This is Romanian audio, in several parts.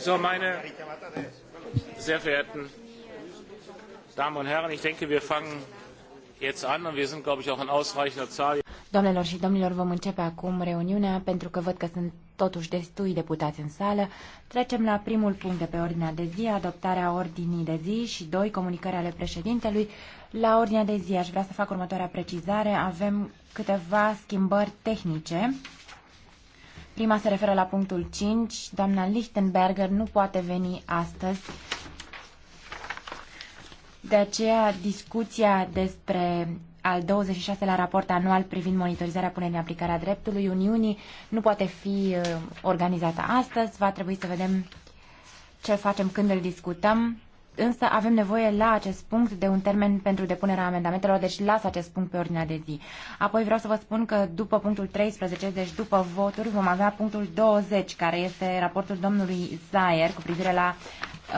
So, meine sehr verehrten Damen und Herren, ich denke, wir fangen jetzt an und wir sind, glaube ich, auch in ausreichender Zahl. Doamnelor și domnilor, vom începe acum reuniunea pentru că văd că sunt totuși destui deputați în sală. Trecem la primul punct de pe ordinea de zi, adoptarea ordinii de zi și doi comunicări ale președintelui. La ordinea de zi aș vrea să fac următoarea precizare. Avem câteva schimbări tehnice Prima se referă la punctul 5. Doamna Lichtenberger nu poate veni astăzi. De aceea, discuția despre al 26-lea raport anual privind monitorizarea punerii în aplicare a dreptului Uniunii nu poate fi uh, organizată astăzi. Va trebui să vedem ce facem când îl discutăm însă avem nevoie la acest punct de un termen pentru depunerea amendamentelor, deci las acest punct pe ordinea de zi. Apoi vreau să vă spun că după punctul 13, deci după voturi, vom avea punctul 20, care este raportul domnului Zaier cu privire la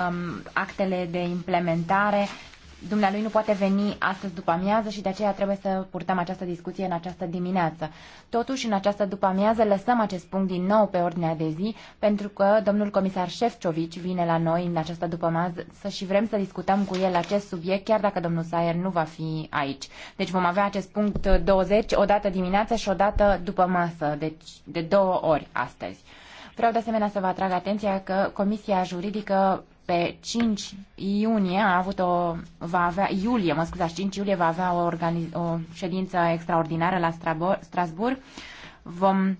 um, actele de implementare dumnealui nu poate veni astăzi după amiază și de aceea trebuie să purtăm această discuție în această dimineață. Totuși, în această după amiază lăsăm acest punct din nou pe ordinea de zi, pentru că domnul comisar Șefciovici vine la noi în această după amiază și vrem să discutăm cu el acest subiect, chiar dacă domnul Sayer nu va fi aici. Deci vom avea acest punct 20, o dată dimineață și o dată după masă, deci de două ori astăzi. Vreau de asemenea să vă atrag atenția că Comisia Juridică pe 5 iunie a avut o, va avea, iulie, mă scuzați, 5 iulie va avea o, organiz, o ședință extraordinară la Strasburg. Vom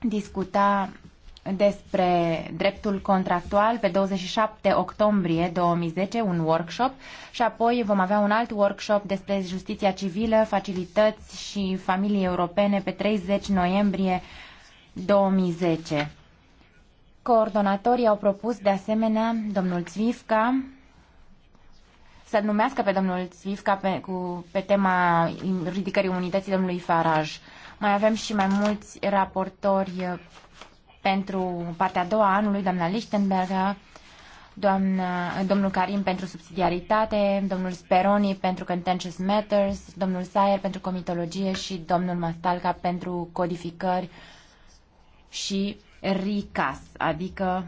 discuta despre dreptul contractual pe 27 octombrie 2010, un workshop, și apoi vom avea un alt workshop despre justiția civilă, facilități și familii europene pe 30 noiembrie 2010. Coordonatorii au propus de asemenea domnul Țvifca să numească pe domnul Țvifca pe, cu, pe tema ridicării unității domnului Faraj. Mai avem și mai mulți raportori uh, pentru partea a doua anului, doamna Lichtenberger, doamna, domnul Karim pentru subsidiaritate, domnul Speroni pentru Contentious Matters, domnul Sayer pentru comitologie și domnul Mastalca pentru codificări și RICAS, adică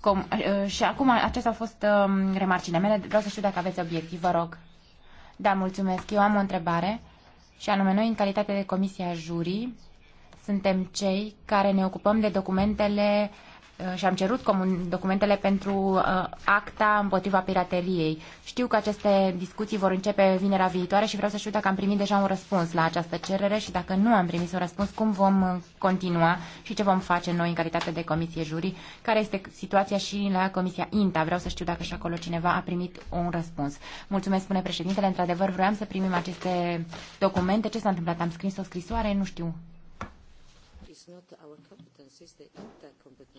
com, uh, și acum acestea au fost um, remarcile mele. Vreau să știu dacă aveți obiectiv, vă rog. Da, mulțumesc. Eu am o întrebare și anume noi, în calitate de Comisia Jurii, suntem cei care ne ocupăm de documentele uh, Uh, și am cerut documentele pentru uh, acta împotriva pirateriei. Știu că aceste discuții vor începe vinerea viitoare și vreau să știu dacă am primit deja un răspuns la această cerere și dacă nu am primit un răspuns, cum vom uh, continua și ce vom face noi în calitate de comisie jurii, care este situația și la comisia INTA. Vreau să știu dacă și acolo cineva a primit un răspuns. Mulțumesc, spune președintele. Într-adevăr, vroiam să primim aceste documente. Ce s-a întâmplat? Am scris o scrisoare? Nu știu. It's not our the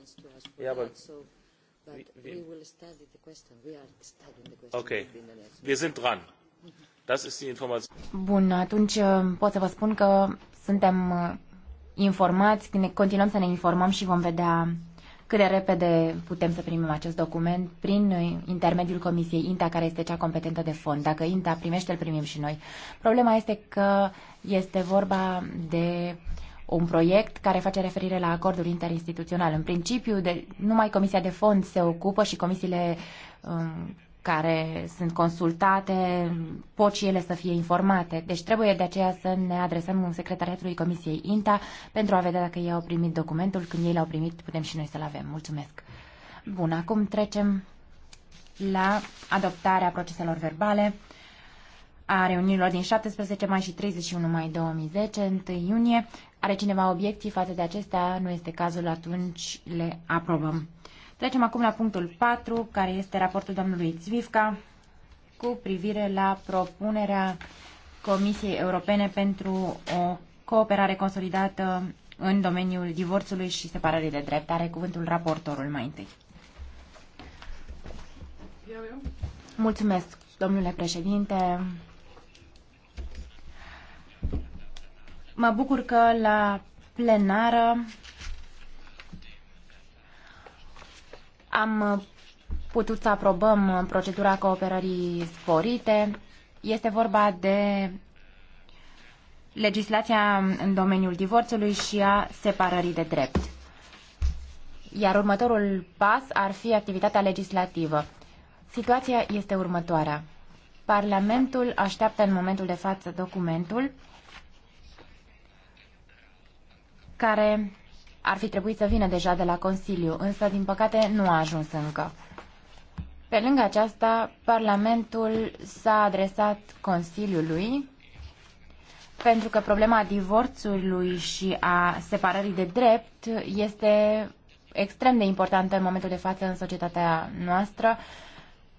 chance to ask for yeah, that, but so but we, we will study the question. We are studying the question. Okay. In the dran. Mm-hmm. Das ist die Information. Bun, atunci uh, pot să vă spun că suntem uh, informați, ne continuăm să ne informăm și vom vedea cât de repede putem să primim acest document prin uh, intermediul Comisiei INTA, care este cea competentă de fond. Dacă INTA primește, îl primim și noi. Problema este că este vorba de uh, un proiect care face referire la acordul interinstituțional. În principiu, de, numai Comisia de Fond se ocupă și comisiile um, care sunt consultate pot și ele să fie informate. Deci trebuie de aceea să ne adresăm secretariatului Comisiei INTA pentru a vedea dacă ei au primit documentul. Când ei l-au primit, putem și noi să-l avem. Mulțumesc! Bun, acum trecem la adoptarea proceselor verbale a reuniunilor din 17 mai și 31 mai 2010, 1 iunie. Are cineva obiecții față de acestea? Nu este cazul, atunci le aprobăm. Trecem acum la punctul 4, care este raportul domnului Zvivca cu privire la propunerea Comisiei Europene pentru o cooperare consolidată în domeniul divorțului și separării de drept. Are cuvântul raportorul mai întâi. Mulțumesc, domnule președinte, Mă bucur că la plenară am putut să aprobăm procedura cooperării sporite. Este vorba de legislația în domeniul divorțului și a separării de drept. Iar următorul pas ar fi activitatea legislativă. Situația este următoarea. Parlamentul așteaptă în momentul de față documentul care ar fi trebuit să vină deja de la Consiliu, însă, din păcate, nu a ajuns încă. Pe lângă aceasta, Parlamentul s-a adresat Consiliului pentru că problema divorțului și a separării de drept este extrem de importantă în momentul de față în societatea noastră.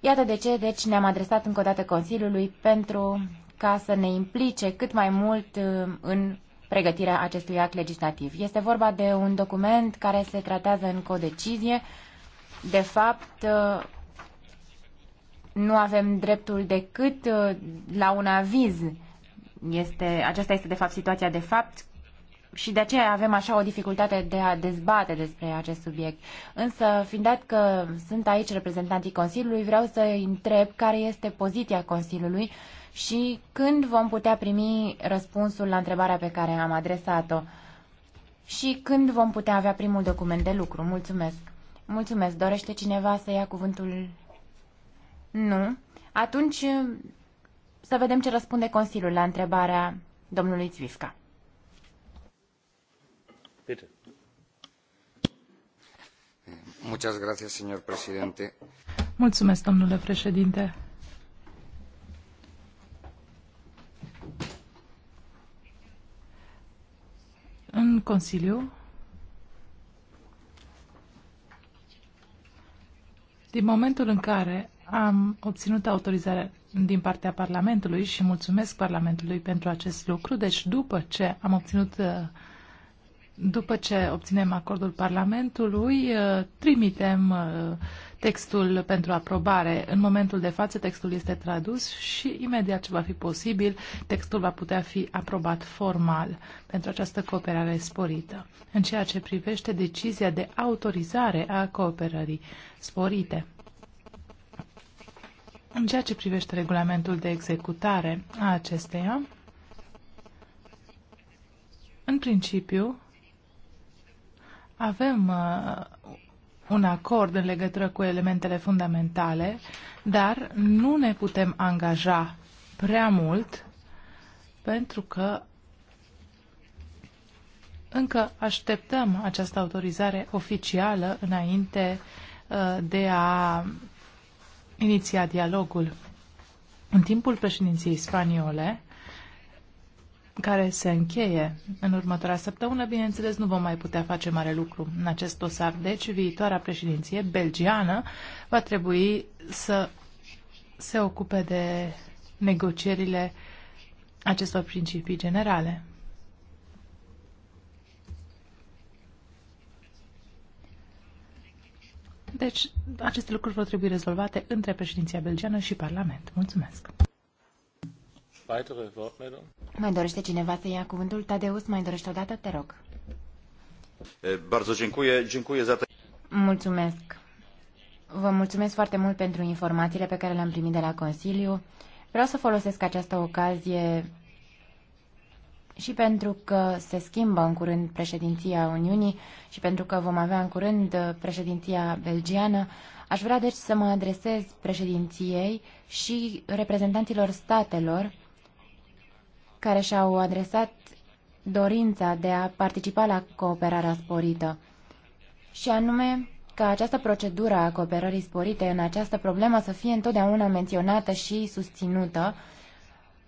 Iată de ce, deci, ne-am adresat încă o dată Consiliului pentru ca să ne implice cât mai mult uh, în pregătirea acestui act legislativ. Este vorba de un document care se tratează în codecizie. De fapt, uh, nu avem dreptul decât uh, la un aviz. Este, aceasta este, de fapt, situația de fapt și de aceea avem așa o dificultate de a dezbate despre acest subiect. Însă, fiind dat că sunt aici reprezentanții Consiliului, vreau să întreb care este poziția Consiliului uh, și când vom putea primi răspunsul la întrebarea pe care am adresat-o și când vom putea avea primul document de lucru. Mulțumesc! Mulțumesc! Dorește cineva să ia cuvântul? Nu? Atunci să vedem ce răspunde Consiliul la întrebarea domnului Țvifca. Peter. Mulțumesc, domnule președinte. Consiliu, din momentul în care am obținut autorizarea din partea Parlamentului și mulțumesc Parlamentului pentru acest lucru, deci după ce am obținut după ce obținem acordul Parlamentului, trimitem textul pentru aprobare. În momentul de față textul este tradus și imediat ce va fi posibil, textul va putea fi aprobat formal pentru această cooperare sporită. În ceea ce privește decizia de autorizare a cooperării sporite. În ceea ce privește regulamentul de executare a acesteia, în principiu, avem uh, un acord în legătură cu elementele fundamentale, dar nu ne putem angaja prea mult pentru că încă așteptăm această autorizare oficială înainte uh, de a iniția dialogul. În timpul președinției spaniole, care se încheie în următoarea săptămână, bineînțeles, nu vom mai putea face mare lucru în acest dosar. Deci, viitoarea președinție belgiană va trebui să se ocupe de negocierile acestor principii generale. Deci, aceste lucruri vor trebui rezolvate între președinția belgiană și Parlament. Mulțumesc! Mai dorește cineva să ia cuvântul? Tadeus, mai dorește o dată? Te rog. Mulțumesc. Vă mulțumesc foarte mult pentru informațiile pe care le-am primit de la Consiliu. Vreau să folosesc această ocazie și pentru că se schimbă în curând președinția Uniunii și pentru că vom avea în curând președinția belgiană, aș vrea deci să mă adresez președinției și reprezentanților statelor care și-au adresat dorința de a participa la cooperarea sporită. Și anume că această procedură a cooperării sporite în această problemă să fie întotdeauna menționată și susținută,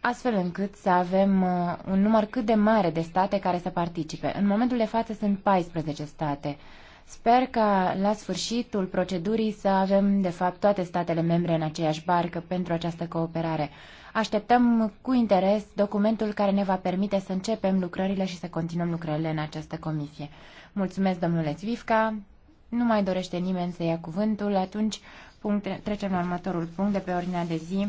astfel încât să avem uh, un număr cât de mare de state care să participe. În momentul de față sunt 14 state. Sper că la sfârșitul procedurii să avem, de fapt, toate statele membre în aceeași barcă pentru această cooperare. Așteptăm cu interes documentul care ne va permite să începem lucrările și să continuăm lucrările în această comisie. Mulțumesc, domnule Zvivca. Nu mai dorește nimeni să ia cuvântul, atunci punct, trecem la următorul punct de pe ordinea de zi,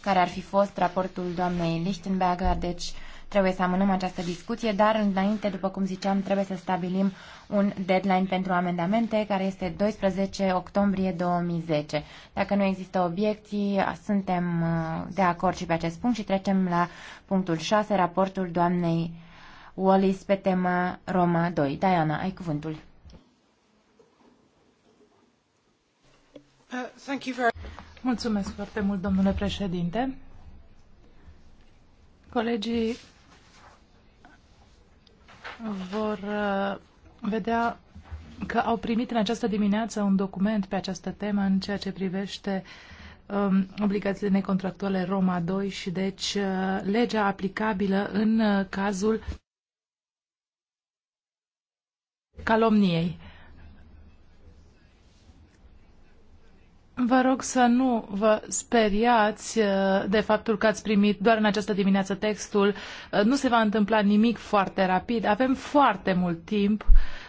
care ar fi fost raportul doamnei Lichtenberger, deci Trebuie să amânăm această discuție, dar înainte, după cum ziceam, trebuie să stabilim un deadline pentru amendamente, care este 12 octombrie 2010. Dacă nu există obiecții, suntem uh, de acord și pe acest punct și trecem la punctul 6, raportul doamnei Wallis pe tema Roma 2. Diana, ai cuvântul. Uh, Mulțumesc foarte mult, domnule președinte. Colegii vor uh, vedea că au primit în această dimineață un document pe această temă în ceea ce privește um, obligațiile necontractuale Roma 2 și deci uh, legea aplicabilă în uh, cazul calomniei. Vă rog să nu vă speriați uh, de faptul că ați primit doar în această dimineață textul. Uh, nu se va întâmpla nimic foarte rapid. Avem foarte mult timp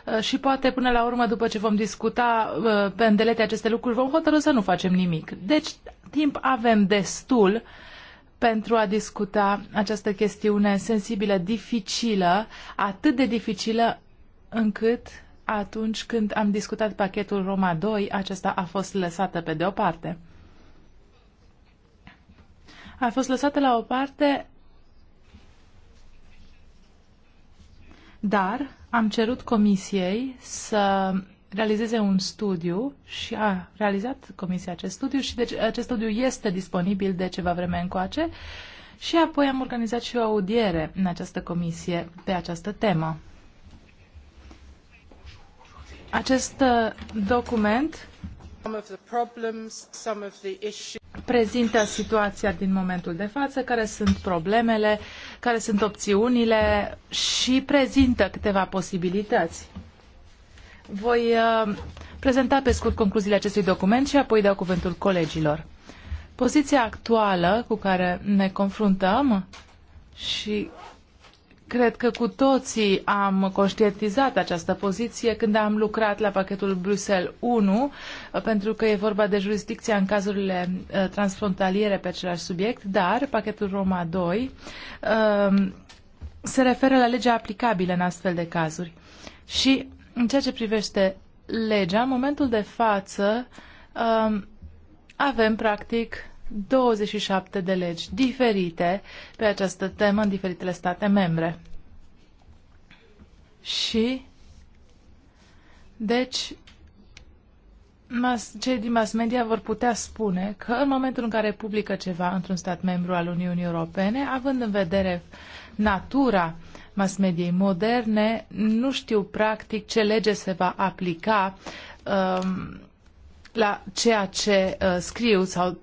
uh, și poate până la urmă, după ce vom discuta pe îndelete aceste lucruri, vom hotărâ să nu facem nimic. Deci, timp avem destul pentru a discuta această chestiune sensibilă, dificilă, atât de dificilă încât atunci când am discutat pachetul Roma 2, acesta a fost lăsată pe deoparte. A fost lăsată la o parte, dar am cerut comisiei să realizeze un studiu și a realizat comisia acest studiu și deci acest studiu este disponibil de ceva vreme încoace și apoi am organizat și o audiere în această comisie pe această temă. Acest uh, document prezintă situația din momentul de față, care sunt problemele, care sunt opțiunile și prezintă câteva posibilități. Voi uh, prezenta pe scurt concluziile acestui document și apoi dau cuvântul colegilor. Poziția actuală cu care ne confruntăm și Cred că cu toții am conștientizat această poziție când am lucrat la pachetul Bruxelles 1, pentru că e vorba de jurisdicția în cazurile uh, transfrontaliere pe același subiect, dar pachetul Roma 2 um, se referă la legea aplicabilă în astfel de cazuri. Și în ceea ce privește legea, în momentul de față um, avem practic 27 de legi diferite pe această temă în diferitele state membre. Și, deci, mas, cei din mass media vor putea spune că în momentul în care publică ceva într-un stat membru al Uniunii Europene, având în vedere natura mass mediei moderne, nu știu practic ce lege se va aplica um, la ceea ce uh, scriu sau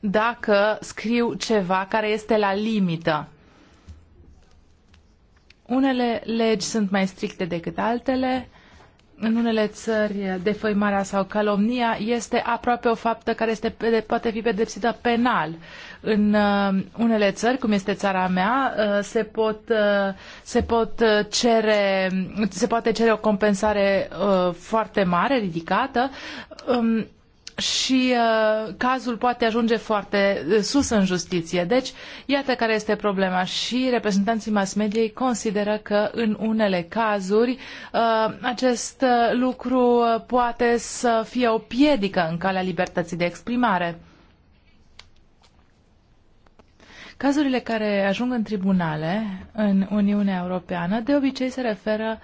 dacă scriu ceva care este la limită. Unele legi sunt mai stricte decât altele. În unele țări, defăimarea sau calomnia este aproape o faptă care este, poate fi pedepsită penal. În uh, unele țări, cum este țara mea, uh, se, pot, uh, se, pot uh, cere, se poate cere o compensare uh, foarte mare, ridicată. Um, și uh, cazul poate ajunge foarte uh, sus în justiție. Deci, iată care este problema și reprezentanții mass mediei consideră că în unele cazuri uh, acest uh, lucru uh, poate să fie o piedică în calea libertății de exprimare. Cazurile care ajung în tribunale în Uniunea Europeană de obicei se referă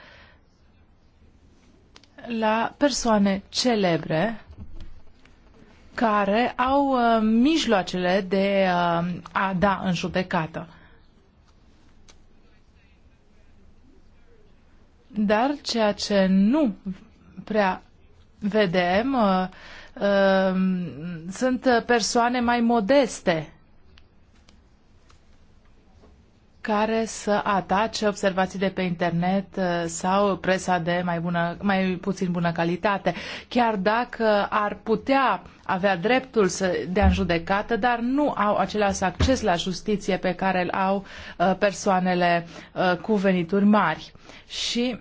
la persoane celebre care au uh, mijloacele de uh, a da în judecată. Dar ceea ce nu prea vedem uh, uh sunt persoane mai modeste care să atace observații de pe internet uh, sau presa de mai, bună, mai puțin bună calitate, chiar dacă ar putea avea dreptul să dea în judecată, dar nu au același acces la justiție pe care îl au uh, persoanele uh, cu venituri mari. Și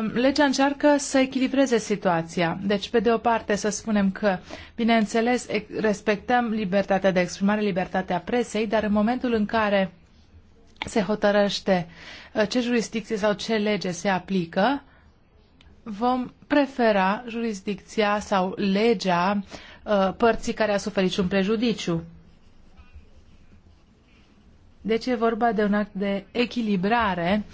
um, Legea încearcă să echilibreze situația. Deci, pe de o parte, să spunem că, bineînțeles, respectăm libertatea de exprimare, libertatea presei, dar în momentul în care se hotărăște uh, ce jurisdicție sau ce lege se aplică, vom prefera jurisdicția sau legea uh, părții care a suferit un prejudiciu. Deci e vorba de un act de echilibrare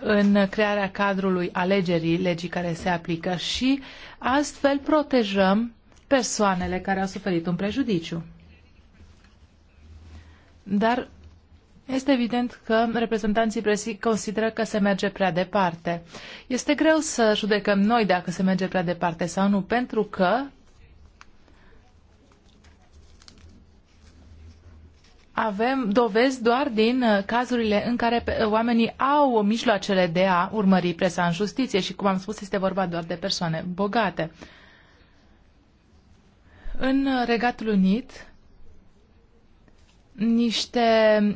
în crearea cadrului alegerii legii care se aplică și astfel protejăm persoanele care au suferit un prejudiciu. Dar este evident că reprezentanții presii consideră că se merge prea departe. Este greu să judecăm noi dacă se merge prea departe sau nu, pentru că avem dovezi doar din uh, cazurile în care uh, oamenii au mijloacele de a urmări presa în justiție și, cum am spus, este vorba doar de persoane bogate. În uh, Regatul Unit, niște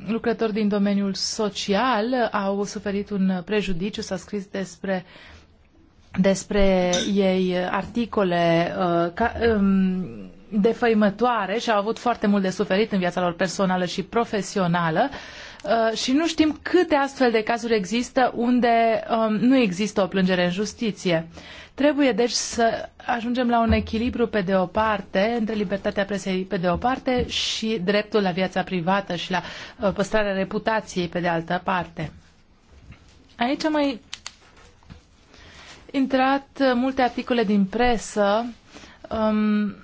lucrători din domeniul social au suferit un prejudiciu, s-a scris despre despre ei articole uh, ca, um, defăimătoare și au avut foarte mult de suferit în viața lor personală și profesională uh, și nu știm câte astfel de cazuri există unde um, nu există o plângere în justiție. Trebuie deci să ajungem la un echilibru pe de o parte între libertatea presei pe de o parte și dreptul la viața privată și la uh, păstrarea reputației pe de altă parte. Aici am mai intrat multe articole din presă um,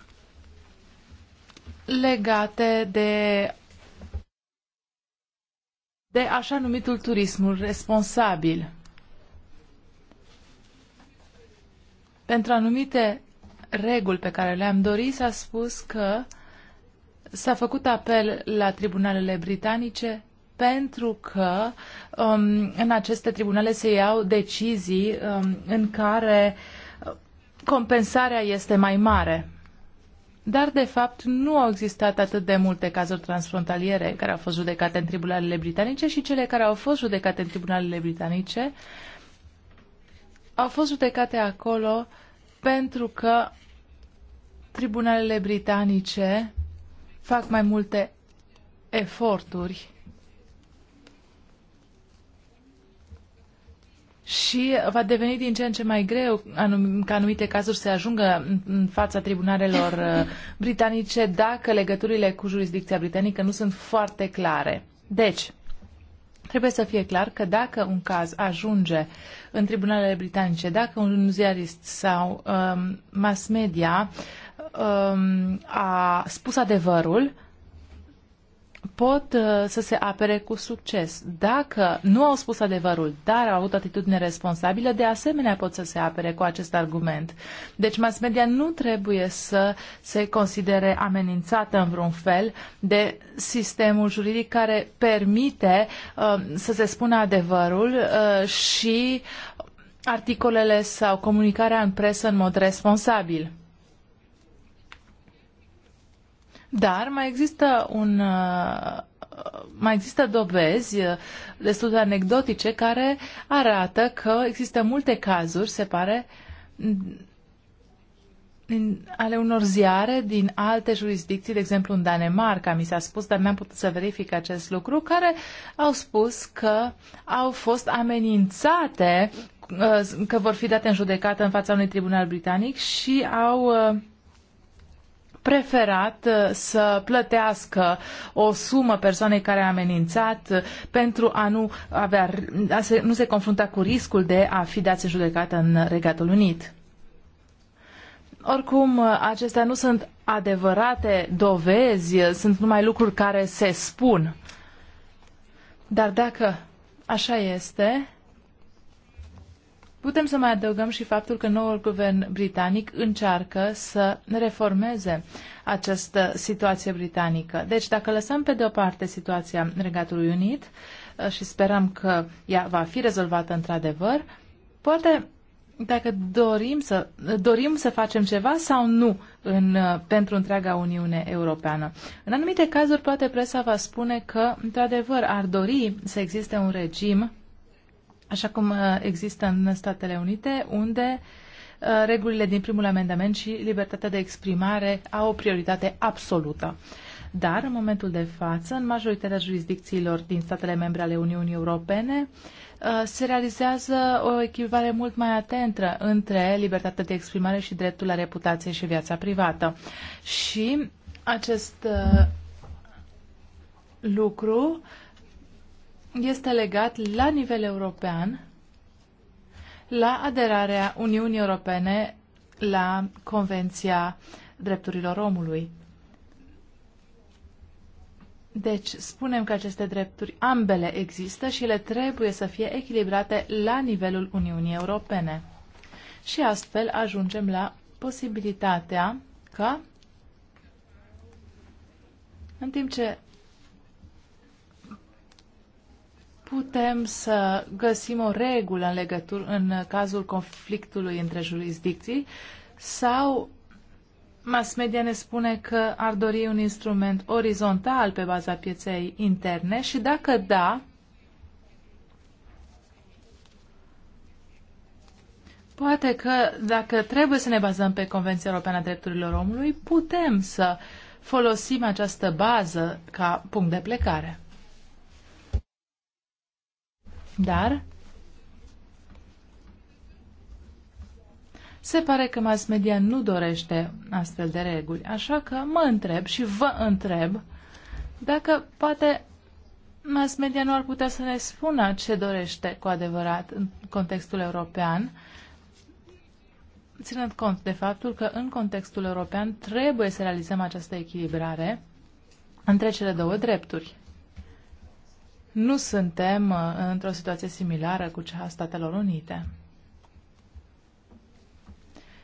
legate de de așa numitul turismul responsabil. pentru anumite reguli pe care le-am dorit, s-a spus că s-a făcut apel la tribunalele britanice pentru că um, în aceste tribunale se iau decizii um, în care compensarea este mai mare. Dar, de fapt, nu au existat atât de multe cazuri transfrontaliere care au fost judecate în tribunalele britanice și cele care au fost judecate în tribunalele britanice uh, au fost judecate acolo pentru că tribunalele britanice fac mai multe eforturi și va deveni din ce în ce mai greu ca anumite cazuri să ajungă în fața tribunalelor uh, britanice dacă legăturile cu jurisdicția britanică nu sunt foarte clare. Deci, trebuie să fie clar că dacă un caz ajunge în tribunalele britanice. Dacă un ziarist sau um, mass media um, a spus adevărul, pot uh, să se apere cu succes. Dacă nu au spus adevărul, dar au avut atitudine responsabilă, de asemenea pot să se apere cu acest argument. Deci mass media nu trebuie să se considere amenințată în vreun fel de sistemul juridic care permite uh, să se spună adevărul uh, și articolele sau comunicarea în presă în mod responsabil. Dar mai există un uh, mai există dovezi uh, destul de anecdotice care arată că există multe cazuri, se pare, din, ale unor ziare din alte jurisdicții, de exemplu în Danemarca, mi s-a spus, dar n-am putut să verific acest lucru, care au spus că au fost amenințate uh, că vor fi date în judecată în fața unui tribunal britanic și au uh, preferat uh, să plătească o sumă persoanei care a amenințat uh, pentru a nu, avea, a se, nu se confrunta cu riscul de a fi dați în judecată în Regatul Unit. Oricum, uh, acestea nu sunt adevărate dovezi, sunt numai lucruri care se spun. Dar dacă așa este, Putem să mai adăugăm și faptul că noul guvern britanic încearcă să reformeze această situație britanică. Deci dacă lăsăm pe de o parte situația Regatului Unit uh, și sperăm că ea va fi rezolvată într-adevăr, poate dacă dorim să, dorim să facem ceva sau nu în, uh, pentru întreaga Uniune Europeană. În anumite cazuri, poate presa va spune că, într-adevăr, ar dori să existe un regim așa cum uh, există în Statele Unite, unde uh, regulile din primul amendament și libertatea de exprimare au o prioritate absolută. Dar, în momentul de față, în majoritatea jurisdicțiilor din statele membre ale Uniunii Europene, uh, se realizează o echivare mult mai atentă între libertatea de exprimare și dreptul la reputație și viața privată. Și acest lucru uh, este legat la nivel european la aderarea Uniunii Europene la Convenția Drepturilor Omului. Deci, spunem că aceste drepturi ambele există și ele trebuie să fie echilibrate la nivelul Uniunii Europene. Și astfel ajungem la posibilitatea ca, în timp ce putem să găsim o regulă în legătură în cazul conflictului între jurisdicții sau mass media ne spune că ar dori un instrument orizontal pe baza pieței interne și dacă da, poate că dacă trebuie să ne bazăm pe Convenția Europeană a Drepturilor Omului, putem să folosim această bază ca punct de plecare. Dar se pare că mass media nu dorește astfel de reguli, așa că mă întreb și vă întreb dacă poate mass media nu ar putea să ne spună ce dorește cu adevărat în contextul european, ținând cont de faptul că în contextul european trebuie să realizăm această echilibrare între cele două drepturi nu suntem uh, într-o situație similară cu cea a Statelor Unite.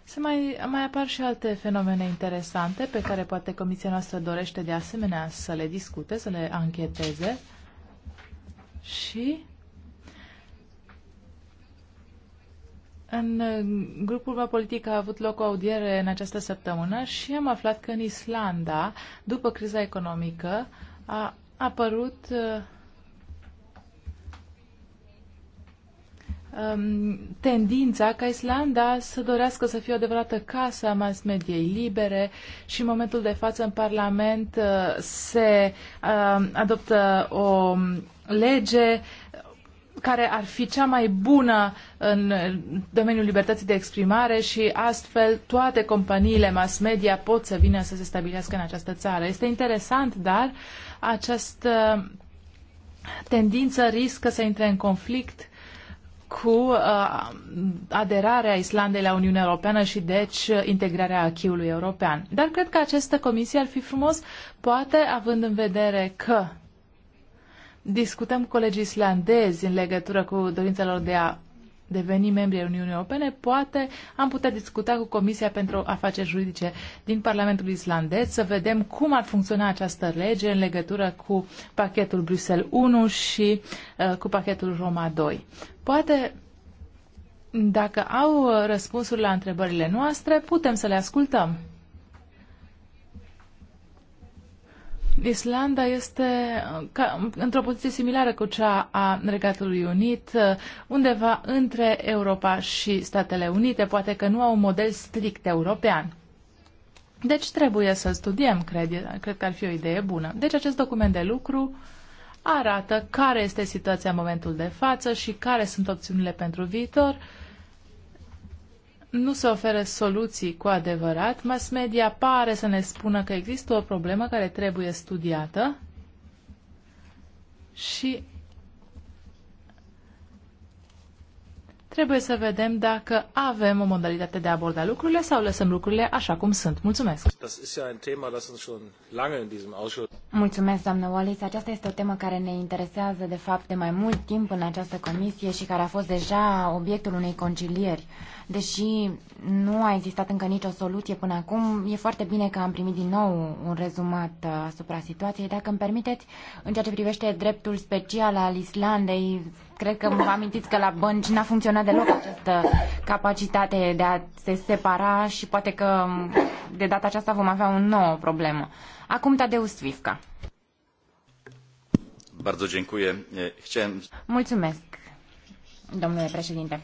Se mai, mai apar și alte fenomene interesante pe care poate comisia noastră dorește de asemenea să le discute, să le ancheteze și În uh, grupul meu politic a avut loc o audiere în această săptămână și am aflat că în Islanda, după criza economică, a apărut uh, um, tendința ca Islanda să dorească să fie o adevărată casă a mass mediei libere și în momentul de față în Parlament uh, se uh, adoptă o lege care ar fi cea mai bună în domeniul libertății de exprimare și astfel toate companiile mass media pot să vină să se stabilească în această țară. Este interesant, dar această tendință riscă să intre în conflict cu uh, aderarea Islandei la Uniunea Europeană și deci integrarea acquis european. Dar cred că această comisie ar fi frumos, poate având în vedere că discutăm cu colegii islandezi în legătură cu dorința lor de a deveni membri ai Uniunii Europene, poate am putea discuta cu Comisia pentru Afaceri Juridice din Parlamentul Islandez să vedem cum ar funcționa această lege în legătură cu pachetul Bruxelles 1 și uh, cu pachetul Roma 2. Poate dacă au uh, răspunsuri la întrebările noastre, putem să le ascultăm. Islanda este uh, ca, într-o poziție similară cu cea a Regatului Unit, uh, undeva între Europa și Statele Unite, poate că nu au un model strict european. Deci trebuie să studiem, cred, cred că ar fi o idee bună. Deci acest document de lucru arată care este situația în momentul de față și care sunt opțiunile pentru viitor nu se oferă soluții cu adevărat. Mass media pare să ne spună că există o problemă care trebuie studiată și trebuie să vedem dacă avem o modalitate de a aborda lucrurile sau lăsăm lucrurile așa cum sunt. Mulțumesc! Mulțumesc, doamnă Wallis. Aceasta este o temă care ne interesează, de fapt, de mai mult timp în această comisie și care a fost deja obiectul unei concilieri Deși nu a existat încă nicio soluție până acum, e foarte bine că am primit din nou un rezumat uh, asupra situației. Dacă îmi permiteți, în ceea ce privește dreptul special al Islandei, cred că vă amintiți că la bănci n-a funcționat deloc această capacitate de a se separa și poate că um, de data aceasta vom avea o nouă problemă. Acum Tadeu Swifka. Bardzo dziękuję. Chciałem... Mulțumesc, domnule președinte.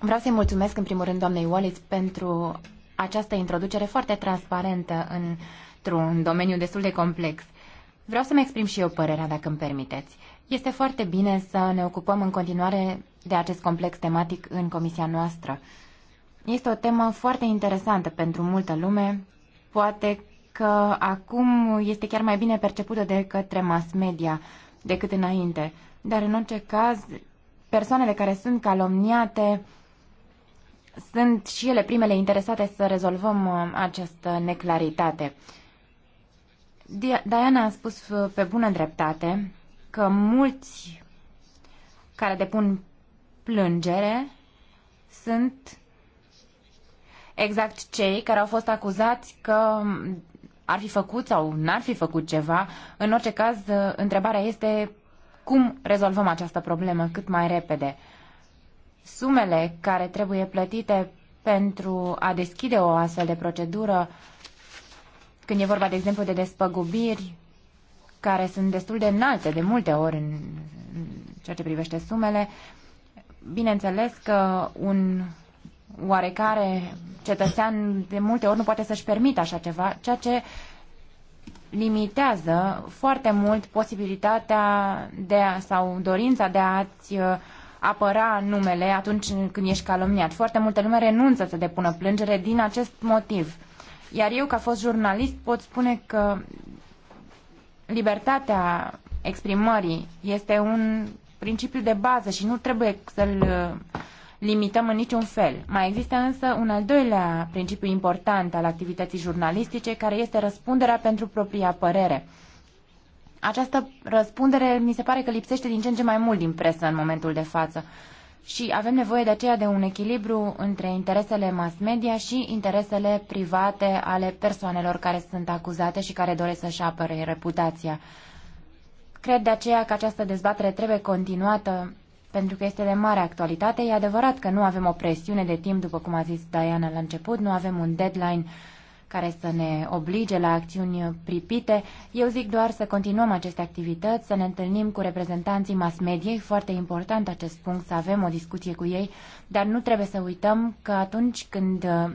Vreau să-i mulțumesc în primul rând doamnei Wallis pentru această introducere foarte transparentă într-un domeniu destul de complex. Vreau să-mi exprim și eu părerea, dacă îmi permiteți. Este foarte bine să ne ocupăm în continuare de acest complex tematic în comisia noastră. Este o temă foarte interesantă pentru multă lume. Poate că acum este chiar mai bine percepută de către mass media decât înainte. Dar în orice caz, persoanele care sunt calomniate sunt și ele primele interesate să rezolvăm uh, această neclaritate. Diana a spus uh, pe bună dreptate că mulți care depun plângere sunt exact cei care au fost acuzați că ar fi făcut sau n-ar fi făcut ceva. În orice caz, uh, întrebarea este cum rezolvăm această problemă cât mai repede sumele care trebuie plătite pentru a deschide o astfel de procedură, când e vorba, de exemplu, de despăgubiri, care sunt destul de înalte de multe ori în ceea ce privește sumele, bineînțeles că un oarecare cetățean de multe ori nu poate să-și permită așa ceva, ceea ce limitează foarte mult posibilitatea de a, sau dorința de a-ți uh, apăra numele atunci când ești calomniat. Foarte multe lume renunță să depună plângere din acest motiv. Iar eu, ca fost jurnalist, pot spune că libertatea exprimării este un principiu de bază și nu trebuie să-l uh, limităm în niciun fel. Mai există însă un al doilea principiu important al activității jurnalistice, care este răspunderea pentru propria părere. Această răspundere mi se pare că lipsește din ce în ce mai mult din presă în momentul de față și avem nevoie de aceea de un echilibru între interesele mass media și interesele private ale persoanelor care sunt acuzate și care doresc să-și apere reputația. Cred de aceea că această dezbatere trebuie continuată pentru că este de mare actualitate. E adevărat că nu avem o presiune de timp, după cum a zis Diana la început, nu avem un deadline care să ne oblige la acțiuni pripite. Eu zic doar să continuăm aceste activități, să ne întâlnim cu reprezentanții mass media, e foarte important acest punct, să avem o discuție cu ei, dar nu trebuie să uităm că atunci când uh,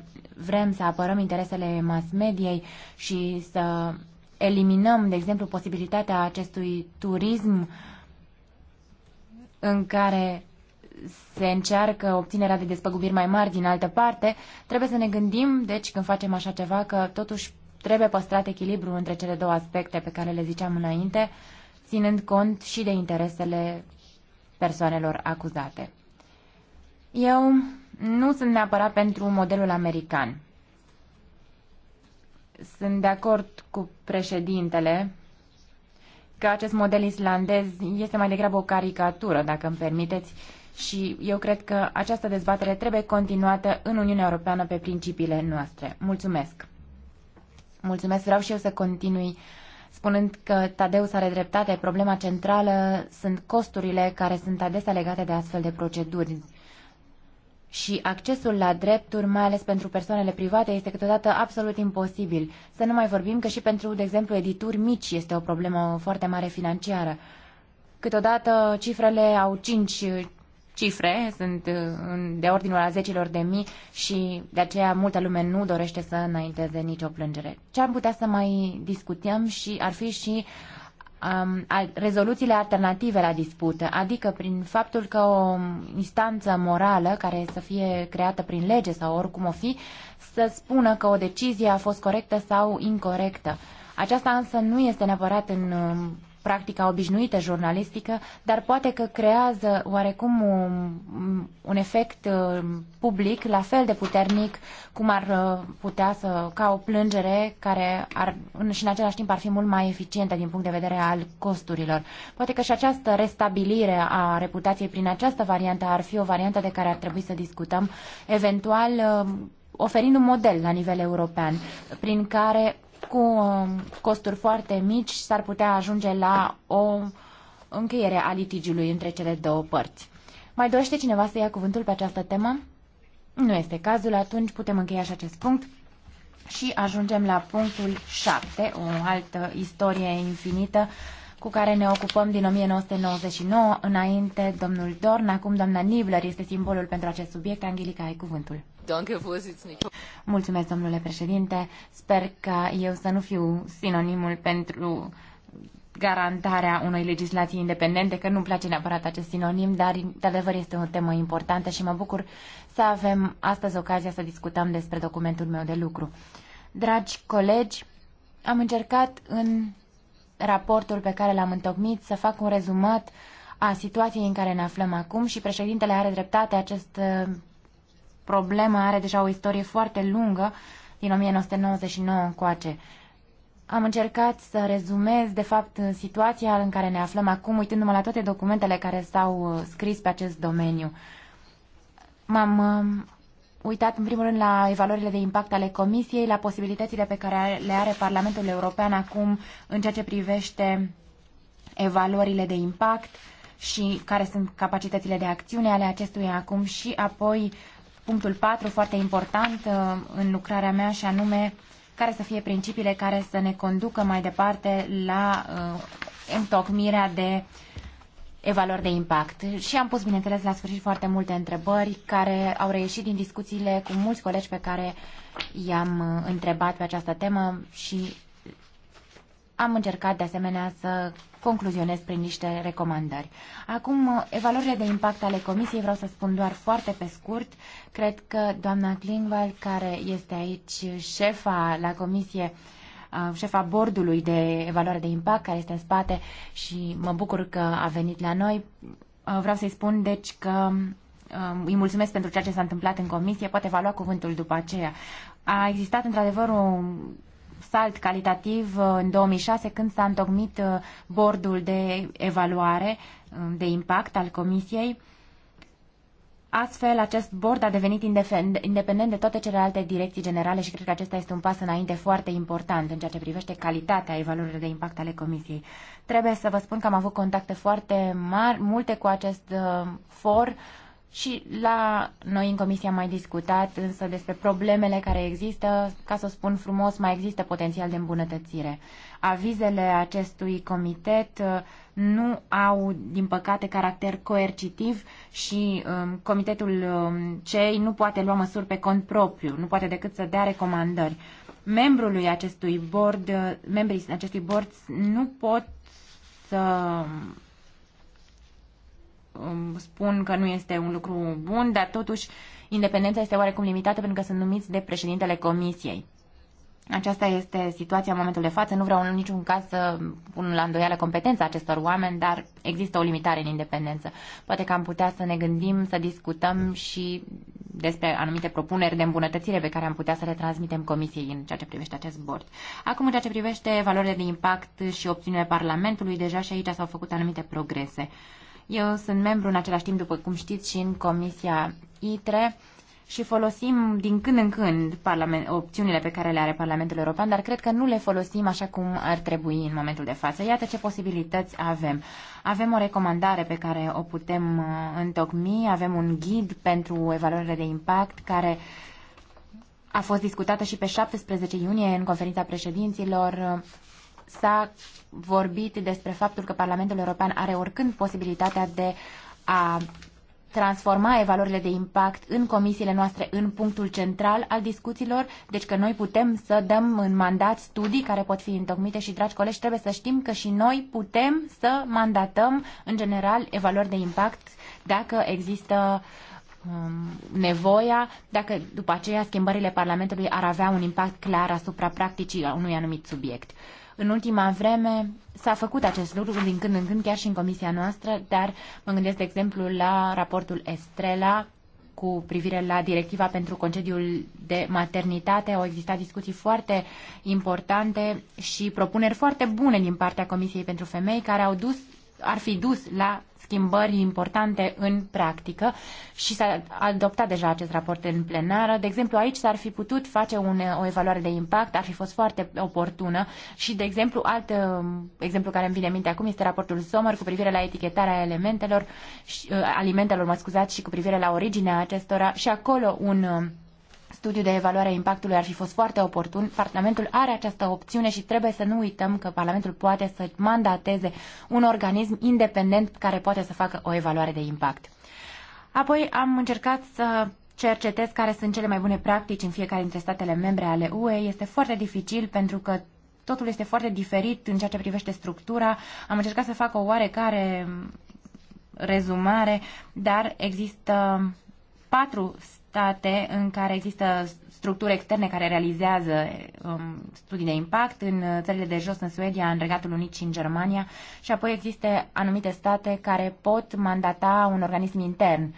vrem să apărăm interesele mass mediei și să eliminăm, de exemplu, posibilitatea acestui turism în care se încearcă obținerea de despăgubiri mai mari din altă parte, trebuie să ne gândim, deci, când facem așa ceva, că totuși trebuie păstrat echilibru între cele două aspecte pe care le ziceam înainte, ținând cont și de interesele persoanelor acuzate. Eu nu sunt neapărat pentru modelul american. Sunt de acord cu președintele că acest model islandez este mai degrabă o caricatură, dacă îmi permiteți, și eu cred că această dezbatere trebuie continuată în Uniunea Europeană pe principiile noastre. Mulțumesc! Mulțumesc, vreau și eu să continui spunând că Tadeus are dreptate, problema centrală sunt costurile care sunt adesea legate de astfel de proceduri și accesul la drepturi, mai ales pentru persoanele private, este câteodată absolut imposibil. Să nu mai vorbim că și pentru, de exemplu, edituri mici este o problemă foarte mare financiară. Câteodată cifrele au 5 cifre, sunt uh, de ordinul a zecilor de mii și de aceea multă lume nu dorește să înainteze nicio plângere. Ce am putea să mai discutăm și ar fi și um, rezoluțiile alternative la dispută, adică prin faptul că o instanță morală care să fie creată prin lege sau oricum o fi, să spună că o decizie a fost corectă sau incorrectă. Aceasta însă nu este neapărat în um, practica obișnuită jurnalistică, dar poate că creează oarecum un, un efect uh, public la fel de puternic cum ar uh, putea să, ca o plângere care ar, și în același timp ar fi mult mai eficientă din punct de vedere al costurilor. Poate că și această restabilire a reputației prin această variantă ar fi o variantă de care ar trebui să discutăm, eventual uh, oferind un model la nivel european prin care cu um, costuri foarte mici s-ar putea ajunge la o încheiere a litigiului între cele două părți. Mai dorește cineva să ia cuvântul pe această temă? Nu este cazul, atunci putem încheia și acest punct și ajungem la punctul 7, o altă istorie infinită cu care ne ocupăm din 1999 înainte, domnul Dorn, acum doamna Nibler este simbolul pentru acest subiect. Angelica, ai cuvântul. Mulțumesc, domnule președinte. Sper că eu să nu fiu sinonimul pentru garantarea unei legislații independente, că nu-mi place neapărat acest sinonim, dar de adevăr este o temă importantă și mă bucur să avem astăzi ocazia să discutăm despre documentul meu de lucru. Dragi colegi, am încercat în raportul pe care l-am întocmit, să fac un rezumat a situației în care ne aflăm acum și președintele are dreptate, acest uh, problemă are deja o istorie foarte lungă din 1999 încoace. Am încercat să rezumez, de fapt, situația în care ne aflăm acum, uitându-mă la toate documentele care s-au uh, scris pe acest domeniu. M-am uh, uitat în primul rând la evaluările de impact ale Comisiei, la posibilitățile pe care le are Parlamentul European acum în ceea ce privește evaluările de impact și care sunt capacitățile de acțiune ale acestuia acum și apoi punctul 4, foarte important uh, în lucrarea mea și anume care să fie principiile care să ne conducă mai departe la uh, întocmirea de uh, evaluări de impact. Și am pus, bineînțeles, la sfârșit foarte multe întrebări care au reieșit din discuțiile cu mulți colegi pe care i-am uh, întrebat pe această temă și am încercat, de asemenea, să concluzionez prin niște recomandări. Acum, uh, evaluările de impact ale Comisiei vreau să spun doar foarte pe scurt. Cred că doamna Klingval, care este aici șefa la Comisie, șefa bordului de evaluare de impact care este în spate și mă bucur că a venit la noi. Uh, vreau să-i spun deci că um, îi mulțumesc pentru ceea ce s-a întâmplat în comisie, poate va lua cuvântul după aceea. A existat într-adevăr un salt calitativ uh, în 2006 când s-a întocmit uh, bordul de evaluare um, de impact al comisiei Astfel, acest board a devenit independent de toate celelalte direcții generale și cred că acesta este un pas înainte foarte important în ceea ce privește calitatea evaluării de impact ale Comisiei. Trebuie să vă spun că am avut contacte foarte mari, multe cu acest uh, for, și la noi în comisie am mai discutat însă despre problemele care există, ca să spun frumos, mai există potențial de îmbunătățire. Avizele acestui comitet uh, nu au, din păcate, caracter coercitiv și um, comitetul um, CEI nu poate lua măsuri pe cont propriu, nu poate decât să dea recomandări. Membrului acestui board, uh, membrii acestui board nu pot să spun că nu este un lucru bun, dar totuși independența este oarecum limitată pentru că sunt numiți de președintele comisiei. Aceasta este situația în momentul de față. Nu vreau în niciun caz să pun la îndoială competența acestor oameni, dar există o limitare în independență. Poate că am putea să ne gândim, să discutăm și despre anumite propuneri de îmbunătățire pe care am putea să le transmitem Comisiei în ceea ce privește acest bord. Acum, în ceea ce privește valorile de impact și opțiunile Parlamentului, deja și aici s-au făcut anumite progrese. Eu sunt membru în același timp, după cum știți, și în Comisia ITRE și folosim din când în când parlament, opțiunile pe care le are Parlamentul European, dar cred că nu le folosim așa cum ar trebui în momentul de față. Iată ce posibilități avem. Avem o recomandare pe care o putem uh, întocmi, avem un ghid pentru evaluările de impact care a fost discutată și pe 17 iunie în conferința președinților s-a vorbit despre faptul că Parlamentul European are oricând posibilitatea de a transforma evaluările de impact în comisiile noastre în punctul central al discuțiilor, deci că noi putem să dăm în mandat studii care pot fi întocmite și, dragi colegi, trebuie să știm că și noi putem să mandatăm, în general, evaluări de impact dacă există um, nevoia, dacă după aceea schimbările Parlamentului ar avea un impact clar asupra practicii unui anumit subiect. În ultima vreme s-a făcut acest lucru din când în când, chiar și în comisia noastră, dar mă gândesc, de exemplu, la raportul Estrela cu privire la directiva pentru concediul de maternitate. Au existat discuții foarte importante și propuneri foarte bune din partea Comisiei pentru Femei care au dus, ar fi dus la schimbări importante în practică și s-a adoptat deja acest raport în plenară. De exemplu, aici s-ar fi putut face un, o evaluare de impact, ar fi fost foarte oportună și, de exemplu, alt uh, exemplu care îmi vine în minte acum este raportul Sommer cu privire la etichetarea elementelor, uh, alimentelor, mă scuzați, și cu privire la originea acestora și acolo un uh, studiu de evaluare a impactului ar fi fost foarte oportun. Parlamentul are această opțiune și trebuie să nu uităm că Parlamentul poate să mandateze un organism independent care poate să facă o evaluare de impact. Apoi am încercat să cercetez care sunt cele mai bune practici în fiecare dintre statele membre ale UE. Este foarte dificil pentru că totul este foarte diferit în ceea ce privește structura. Am încercat să fac o oarecare rezumare, dar există patru state în care există structuri externe care realizează um, studii de impact, în uh, țările de jos, în Suedia, în Regatul Unit și în Germania, și apoi există anumite state care pot mandata un organism intern.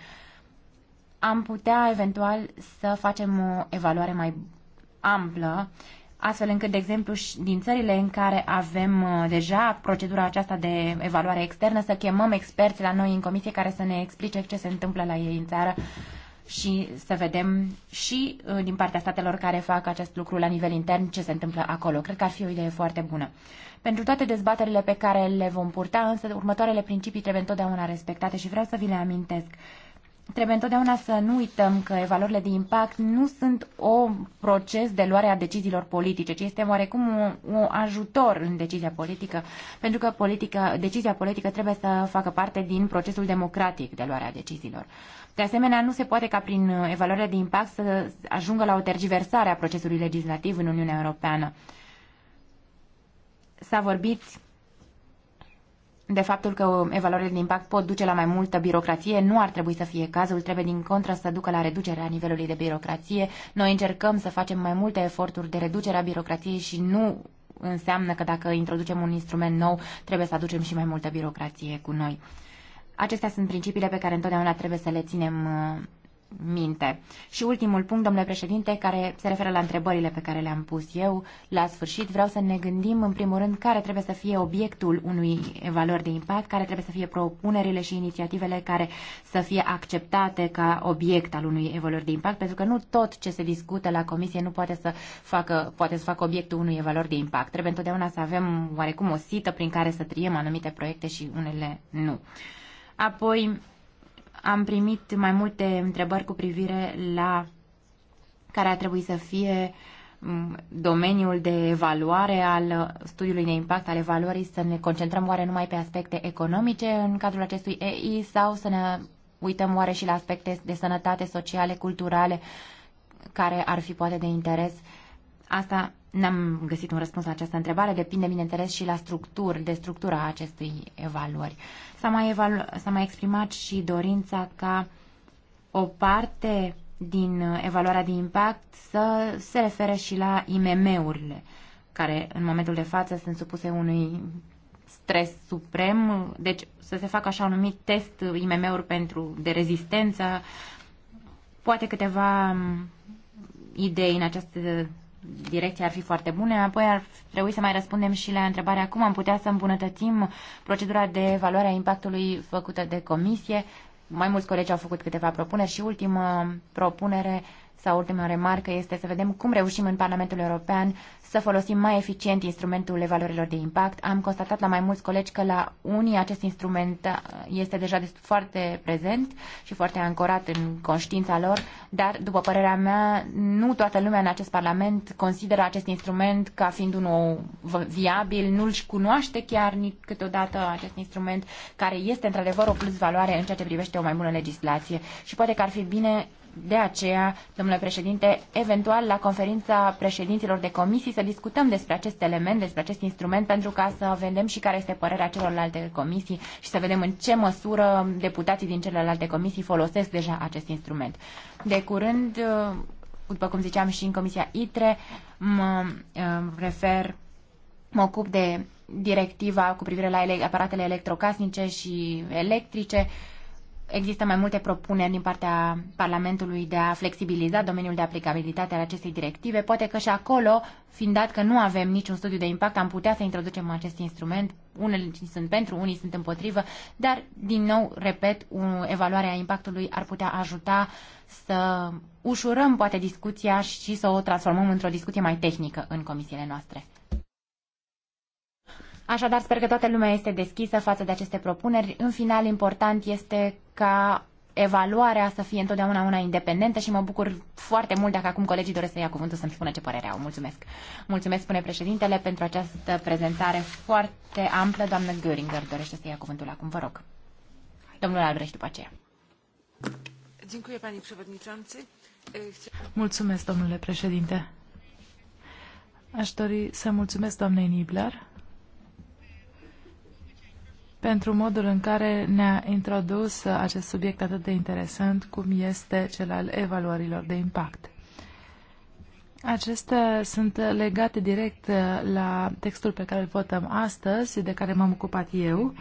Am putea eventual să facem o evaluare mai amplă, astfel încât, de exemplu, din țările în care avem uh, deja procedura aceasta de evaluare externă, să chemăm experți la noi în comisie care să ne explice ce se întâmplă la ei în țară și să vedem și uh, din partea statelor care fac acest lucru la nivel intern ce se întâmplă acolo. Cred că ar fi o idee foarte bună. Pentru toate dezbaterile pe care le vom purta, însă următoarele principii trebuie întotdeauna respectate și vreau să vi le amintesc. Trebuie întotdeauna să nu uităm că evaluările de impact nu sunt o proces de luare a deciziilor politice, ci este oarecum un, un ajutor în decizia politică, pentru că politica, decizia politică trebuie să facă parte din procesul democratic de luare a deciziilor. De asemenea, nu se poate ca prin uh, evaluarea de impact să ajungă la o tergiversare a procesului legislativ în Uniunea Europeană. S-a vorbit de faptul că um, evaluările de impact pot duce la mai multă birocrație, nu ar trebui să fie cazul, trebuie din contră să ducă la reducerea nivelului de birocrație. Noi încercăm să facem mai multe eforturi de reducere a birocrației și nu înseamnă că dacă introducem un instrument nou, trebuie să aducem și mai multă birocrație cu noi. Acestea sunt principiile pe care întotdeauna trebuie să le ținem uh, minte. Și ultimul punct, domnule președinte, care se referă la întrebările pe care le-am pus eu la sfârșit, vreau să ne gândim în primul rând care trebuie să fie obiectul unui evaluări de impact, care trebuie să fie propunerile și inițiativele care să fie acceptate ca obiect al unui evaluări de impact, pentru că nu tot ce se discută la comisie nu poate să facă, poate să facă obiectul unui evaluări de impact. Trebuie întotdeauna să avem oarecum o sită prin care să triem anumite proiecte și unele nu. Apoi am primit mai multe întrebări cu privire la care ar trebui să fie mm, domeniul de evaluare al studiului de impact, al evaluării, să ne concentrăm oare numai pe aspecte economice în cadrul acestui EI sau să ne uităm oare și la aspecte de sănătate, sociale, culturale, care ar fi poate de interes. Asta N-am găsit un răspuns la această întrebare, depinde, bineînțeles, și la structuri, de structura acestui evaluări. S-a mai, evalu- s-a mai exprimat și dorința ca o parte din evaluarea de impact să se refere și la IMM-urile, care în momentul de față sunt supuse unui stres suprem, deci să se facă așa un numit test IMM-uri pentru, de rezistență, poate câteva idei în această direcții ar fi foarte bune. Apoi ar trebui să mai răspundem și la întrebarea cum am putea să îmbunătățim procedura de evaluare a impactului făcută de comisie. Mai mulți colegi au făcut câteva propuneri și ultimă propunere sau ultima remarcă este să vedem cum reușim în Parlamentul European să folosim mai eficient instrumentul evaluărilor de impact. Am constatat la mai mulți colegi că la unii acest instrument este deja foarte prezent și foarte ancorat în conștiința lor, dar, după părerea mea, nu toată lumea în acest Parlament consideră acest instrument ca fiind unul viabil, nu-l cunoaște chiar nici câteodată acest instrument, care este într-adevăr o plus valoare în ceea ce privește o mai bună legislație. Și poate că ar fi bine de aceea, domnule președinte, eventual la conferința președinților de comisii să discutăm despre acest element, despre acest instrument, pentru ca să vedem și care este părerea celorlalte comisii și să vedem în ce măsură deputații din celelalte comisii folosesc deja acest instrument. De curând, după cum ziceam și în Comisia ITRE, mă uh, refer, mă ocup de directiva cu privire la aparatele electrocasnice și electrice, Există mai multe propuneri din partea Parlamentului de a flexibiliza domeniul de aplicabilitate al acestei directive. Poate că și acolo, fiind dat că nu avem niciun studiu de impact, am putea să introducem acest instrument. Unele sunt pentru, unii sunt împotrivă, dar, din nou, repet, evaluarea impactului ar putea ajuta să ușurăm, poate, discuția și să o transformăm într-o discuție mai tehnică în comisiile noastre. Așadar, sper că toată lumea este deschisă față de aceste propuneri. În final, important este ca evaluarea să fie întotdeauna una independentă și mă bucur foarte mult dacă acum colegii doresc să ia cuvântul să-mi spună ce părere au. Mulțumesc. Mulțumesc, spune președintele, pentru această prezentare foarte amplă. Doamnă Göringer dorește să ia cuvântul acum, vă rog. Domnul Albrecht, după aceea. Mulțumesc, domnule președinte. Aș dori să mulțumesc doamnei Nibler pentru modul în care ne-a introdus acest subiect atât de interesant cum este cel al evaluărilor de impact. Acestea sunt legate direct la textul pe care îl votăm astăzi, de care m-am ocupat eu,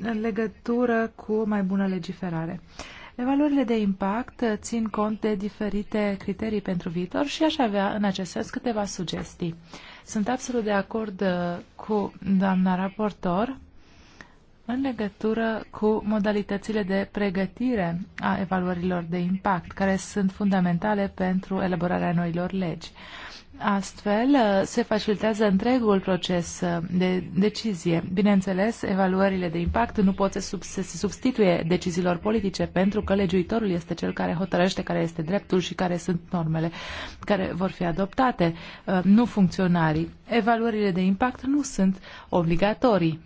în legătură cu mai bună legiferare. Evaluările de impact țin cont de diferite criterii pentru viitor și aș avea în acest sens câteva sugestii. Sunt absolut de acord uh, cu doamna raportor în legătură cu modalitățile de pregătire a evaluărilor de impact, care sunt fundamentale pentru elaborarea noilor legi. Astfel uh, se facilitează întregul proces uh, de decizie. Bineînțeles, evaluările de impact nu pot să, se substituie deciziilor politice pentru că legiuitorul este cel care hotărăște care este dreptul și care sunt normele care vor fi adoptate, uh, nu funcționarii. Evaluările de impact nu sunt obligatorii.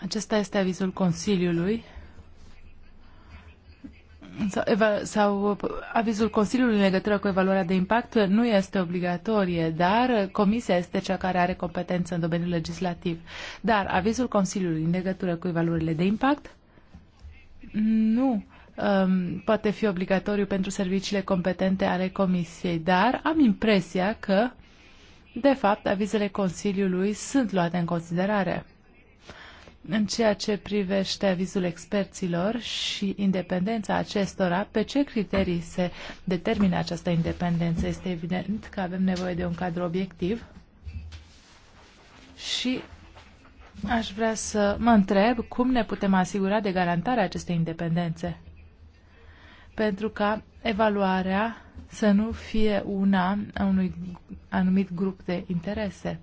Acesta este avizul Consiliului sau, sau avizul Consiliului în legătură cu evaluarea de impact nu este obligatorie, dar Comisia este cea care are competență în domeniul legislativ. Dar avizul Consiliului în legătură cu evaluările de impact nu um, poate fi obligatoriu pentru serviciile competente ale Comisiei, dar am impresia că, de fapt, avizele Consiliului sunt luate în considerare în ceea ce privește avizul experților și independența acestora, pe ce criterii se determină această independență? Este evident că avem nevoie de un cadru obiectiv și aș vrea să mă întreb cum ne putem asigura de garantarea acestei independențe pentru ca evaluarea să nu fie una a unui anumit grup de interese.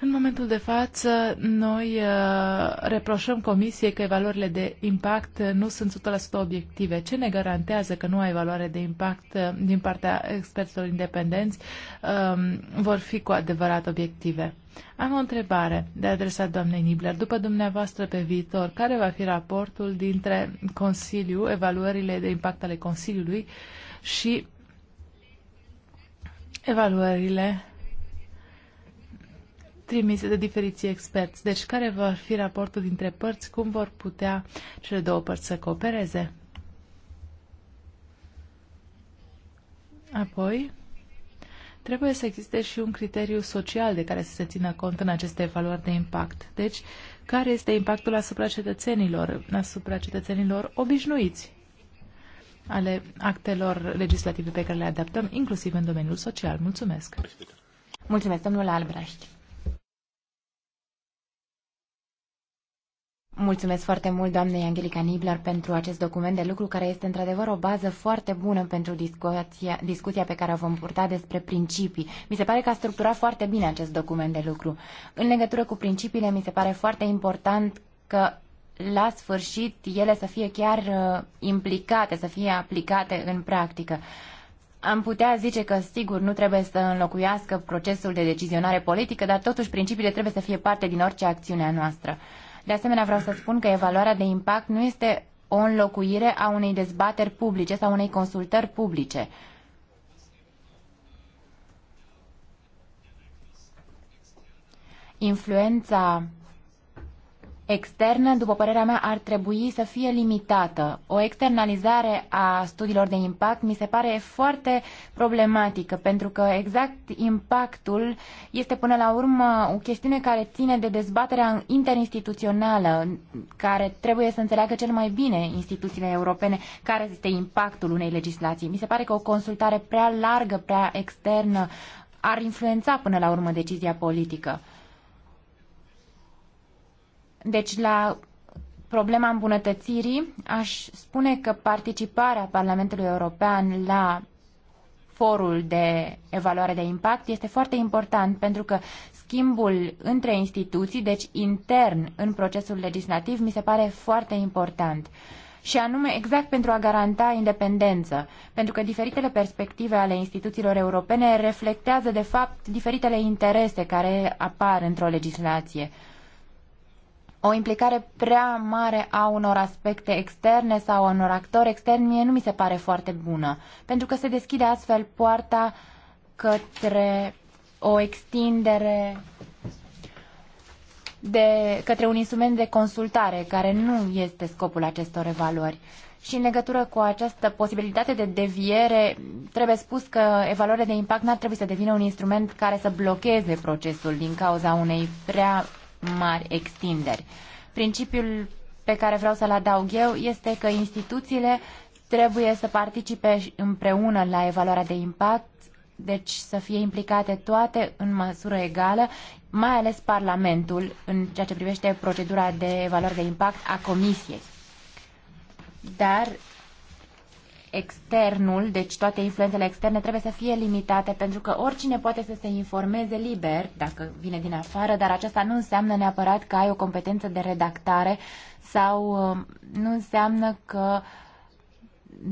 În momentul de față, noi uh, reproșăm Comisiei că evaluările de impact uh, nu sunt 100% obiective. Ce ne garantează că noua evaluare de impact uh, din partea experților independenți um, vor fi cu adevărat obiective? Am o întrebare de adresat doamnei Nibler. După dumneavoastră pe viitor, care va fi raportul dintre Consiliu, evaluările de impact ale Consiliului și evaluările trimise de diferiții experți. Deci care va fi raportul dintre părți? Cum vor putea cele două părți să coopereze? Apoi, trebuie să existe și un criteriu social de care să se țină cont în aceste evaluări de impact. Deci, care este impactul asupra cetățenilor, asupra cetățenilor obișnuiți ale actelor legislative pe care le adaptăm, inclusiv în domeniul social. Mulțumesc! Mulțumesc, domnul Albrecht! Mulțumesc foarte mult, doamnei Angelica Nibler, pentru acest document de lucru, care este într-adevăr o bază foarte bună pentru discuția, discuția pe care o vom purta despre principii. Mi se pare că a structurat foarte bine acest document de lucru. În legătură cu principiile, mi se pare foarte important că la sfârșit ele să fie chiar uh, implicate, să fie aplicate în practică. Am putea zice că, sigur, nu trebuie să înlocuiască procesul de decizionare politică, dar totuși principiile trebuie să fie parte din orice acțiune a noastră. De asemenea, vreau să spun că evaluarea de impact nu este o înlocuire a unei dezbateri publice sau unei consultări publice. Influența externă, după părerea mea, ar trebui să fie limitată. O externalizare a studiilor de impact mi se pare foarte problematică, pentru că exact impactul este până la urmă o chestiune care ține de dezbaterea interinstituțională, care trebuie să înțeleagă cel mai bine instituțiile europene care este impactul unei legislații. Mi se pare că o consultare prea largă, prea externă, ar influența până la urmă decizia politică. Deci, la problema îmbunătățirii, aș spune că participarea Parlamentului European la forul de evaluare de impact este foarte important pentru că schimbul între instituții, deci intern în procesul legislativ, mi se pare foarte important. Și anume exact pentru a garanta independență, pentru că diferitele perspective ale instituțiilor europene reflectează de fapt diferitele interese care apar într-o legislație o implicare prea mare a unor aspecte externe sau a unor actori externi mie nu mi se pare foarte bună, pentru că se deschide astfel poarta către o extindere de, către un instrument de consultare, care nu este scopul acestor evaluări. Și în legătură cu această posibilitate de deviere, trebuie spus că evaluarea de impact n-ar trebui să devină un instrument care să blocheze procesul din cauza unei prea mari extinderi. Principiul pe care vreau să-l adaug eu este că instituțiile trebuie să participe împreună la evaluarea de impact, deci să fie implicate toate în măsură egală, mai ales Parlamentul în ceea ce privește procedura de evaluare de impact a Comisiei. Dar externul, deci toate influențele externe trebuie să fie limitate pentru că oricine poate să se informeze liber dacă vine din afară, dar aceasta nu înseamnă neapărat că ai o competență de redactare sau um, nu înseamnă că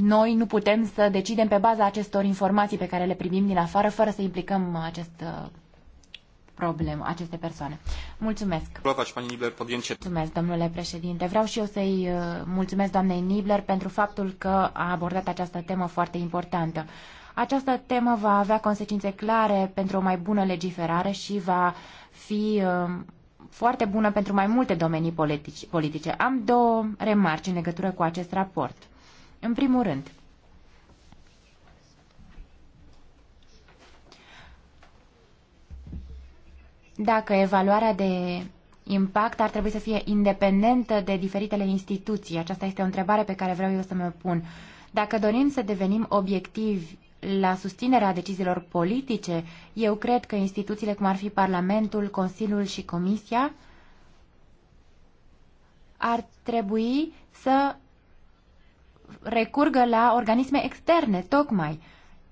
noi nu putem să decidem pe baza acestor informații pe care le primim din afară fără să implicăm acest uh, problem aceste persoane. Mulțumesc. Mulțumesc, domnule președinte. Vreau și eu să-i uh, mulțumesc doamnei Nibler pentru faptul că a abordat această temă foarte importantă. Această temă va avea consecințe clare pentru o mai bună legiferare și va fi uh, foarte bună pentru mai multe domenii politici, politice. Am două remarci în legătură cu acest raport. În primul rând, dacă evaluarea de impact ar trebui să fie independentă de diferitele instituții? Aceasta este o întrebare pe care vreau eu să mă pun. Dacă dorim să devenim obiectivi la susținerea deciziilor politice, eu cred că instituțiile cum ar fi Parlamentul, Consiliul și Comisia ar trebui să recurgă la organisme externe, tocmai,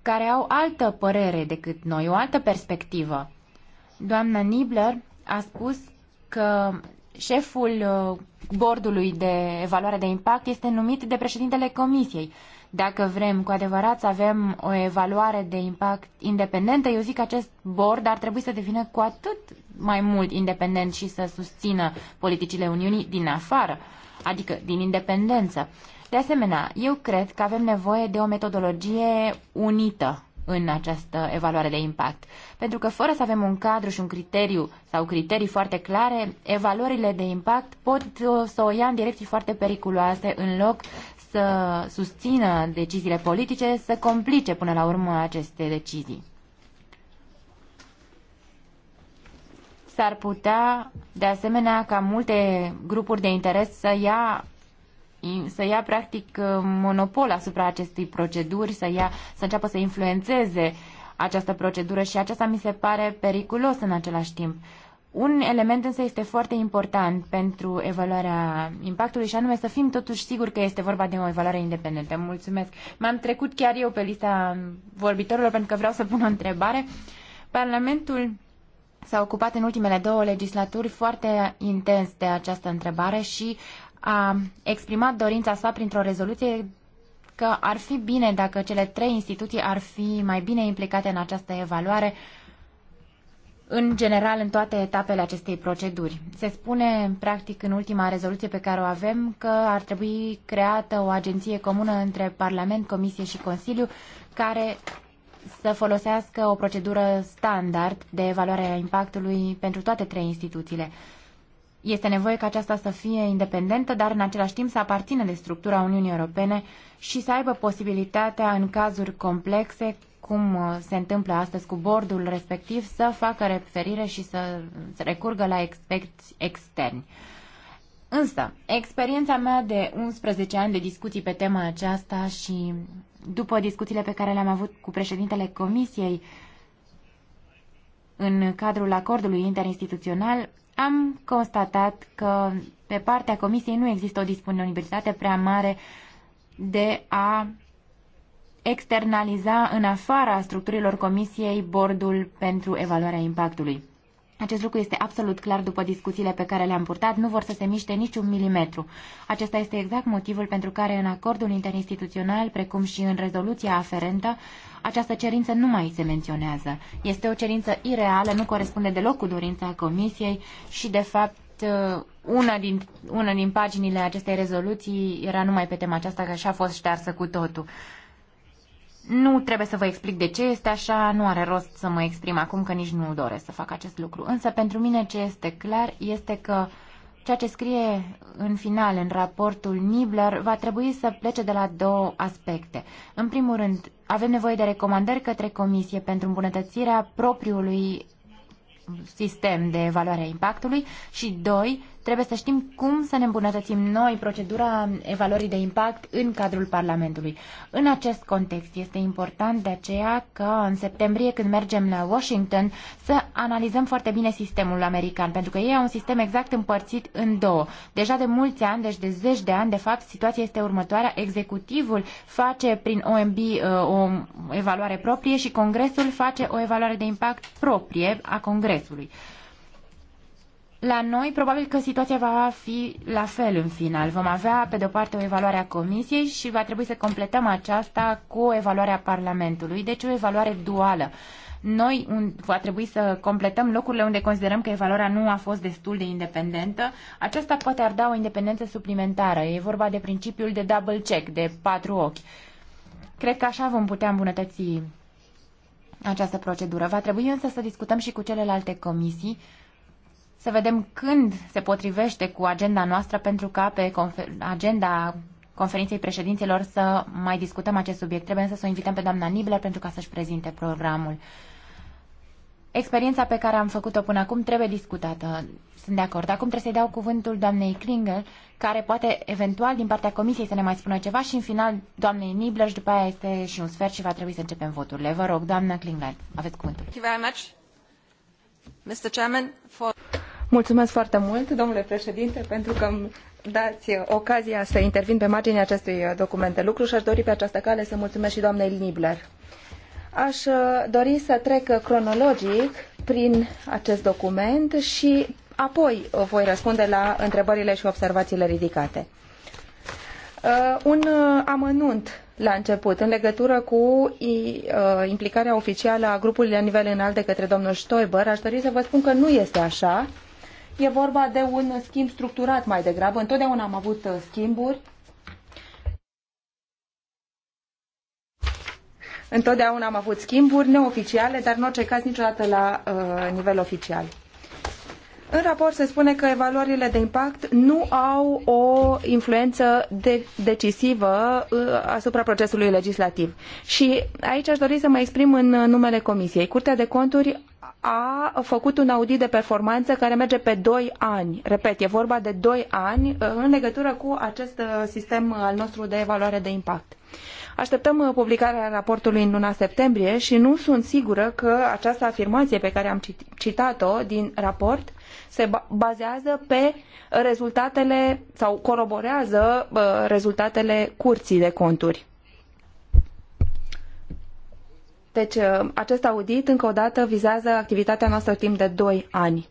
care au altă părere decât noi, o altă perspectivă. Doamna Nibler a spus că șeful uh, bordului de evaluare de impact este numit de președintele comisiei. Dacă vrem cu adevărat să avem o evaluare de impact independentă, eu zic că acest bord ar trebui să devină cu atât mai mult independent și să susțină politicile Uniunii din afară, adică din independență. De asemenea, eu cred că avem nevoie de o metodologie unită în această evaluare de impact. Pentru că fără să avem un cadru și un criteriu sau criterii foarte clare, evaluările de impact pot uh, să o ia în direcții foarte periculoase în loc să susțină deciziile politice, să complice până la urmă aceste decizii. S-ar putea, de asemenea, ca multe grupuri de interes să ia să ia practic uh, monopol asupra acestei proceduri, să, ia, să înceapă să influențeze această procedură și aceasta mi se pare periculos în același timp. Un element însă este foarte important pentru evaluarea impactului și anume să fim totuși siguri că este vorba de o evaluare independentă. Mulțumesc. M-am trecut chiar eu pe lista vorbitorilor pentru că vreau să pun o întrebare. Parlamentul s-a ocupat în ultimele două legislaturi foarte intens de această întrebare și a exprimat dorința sa printr-o rezoluție că ar fi bine dacă cele trei instituții ar fi mai bine implicate în această evaluare, în general în toate etapele acestei proceduri. Se spune, practic, în ultima rezoluție pe care o avem, că ar trebui creată o agenție comună între Parlament, Comisie și Consiliu, care să folosească o procedură standard de evaluare a impactului pentru toate trei instituțiile. Este nevoie ca aceasta să fie independentă, dar în același timp să aparțină de structura Uniunii Europene și să aibă posibilitatea, în cazuri complexe, cum uh, se întâmplă astăzi cu bordul respectiv, să facă referire și să recurgă la experți externi. Însă, experiența mea de 11 ani de discuții pe tema aceasta și după discuțiile pe care le-am avut cu președintele Comisiei în cadrul acordului interinstituțional, am constatat că pe partea Comisiei nu există o disponibilitate prea mare de a externaliza în afara structurilor Comisiei bordul pentru evaluarea impactului. Acest lucru este absolut clar după discuțiile pe care le-am purtat, nu vor să se miște niciun milimetru. Acesta este exact motivul pentru care în acordul interinstituțional, precum și în rezoluția aferentă, această cerință nu mai se menționează. Este o cerință ireală, nu corespunde deloc cu dorința Comisiei și, de fapt, una din, una din paginile acestei rezoluții era numai pe tema aceasta, că așa a fost ștearsă cu totul. Nu trebuie să vă explic de ce este așa, nu are rost să mă exprim acum, că nici nu doresc să fac acest lucru. Însă, pentru mine, ce este clar este că uh, Ceea ce scrie în final în raportul Nibler va trebui să plece de la două aspecte. În primul rând, avem nevoie de recomandări către Comisie pentru îmbunătățirea propriului sistem de evaluare a impactului și, doi, Trebuie să știm cum să ne îmbunătățim noi procedura evaluării de impact în cadrul Parlamentului. În acest context este important de aceea că în septembrie când mergem la Washington să analizăm foarte bine sistemul american, pentru că ei au un sistem exact împărțit în două. Deja de mulți ani, deci de zeci de ani, de fapt, situația este următoarea. Executivul face prin OMB uh, o evaluare proprie și Congresul face o evaluare de impact proprie a Congresului. La noi, probabil că situația va fi la fel în final. Vom avea, pe de-o parte, o evaluare a Comisiei și va trebui să completăm aceasta cu o evaluare a Parlamentului, deci o evaluare duală. Noi un, va trebui să completăm locurile unde considerăm că evaluarea nu a fost destul de independentă. Aceasta poate ar da o independență suplimentară. E vorba de principiul de double check, de patru ochi. Cred că așa vom putea îmbunătăți această procedură. Va trebui însă să discutăm și cu celelalte comisii să vedem când se potrivește cu agenda noastră pentru ca pe confer- agenda conferinței președinților să mai discutăm acest subiect. Trebuie însă să o invităm pe doamna Nibler pentru ca să-și prezinte programul. Experiența pe care am făcut-o până acum trebuie discutată. Sunt de acord. Acum trebuie să-i dau cuvântul doamnei Klinger, care poate eventual din partea comisiei să ne mai spună ceva și în final doamnei Nibler și după aia este și un sfert și va trebui să începem voturile. Vă rog, doamna Klinger, aveți cuvântul. Thank you very much. Mr. Chairman, for... Mulțumesc foarte mult, domnule președinte, pentru că îmi dați ocazia să intervin pe marginea acestui document de lucru și aș dori pe această cale să mulțumesc și doamnei Nibler. Aș uh, dori să trec cronologic prin acest document și apoi voi răspunde la întrebările și observațiile ridicate. Uh, un uh, amănunt la început, în legătură cu implicarea oficială a grupului la nivel înalt de către domnul Stoiber, aș dori să vă spun că nu este așa. E vorba de un schimb structurat mai degrabă. Întotdeauna am avut uh, schimburi. Întotdeauna am avut schimburi neoficiale, dar în orice caz niciodată la uh, nivel oficial. În raport se spune că evaluările de impact nu au o influență de- decisivă uh, asupra procesului legislativ. Și aici aș dori să mă exprim în uh, numele Comisiei. Curtea de Conturi a făcut un audit de performanță care merge pe 2 ani. Repet, e vorba de 2 ani uh, în legătură cu acest uh, sistem al nostru de evaluare de impact. Așteptăm uh, publicarea raportului în luna septembrie și nu sunt sigură că această afirmație pe care am citat-o din raport se bazează pe rezultatele sau coroborează rezultatele curții de conturi. Deci, uh, acest audit, încă o dată, vizează activitatea noastră timp de 2 ani.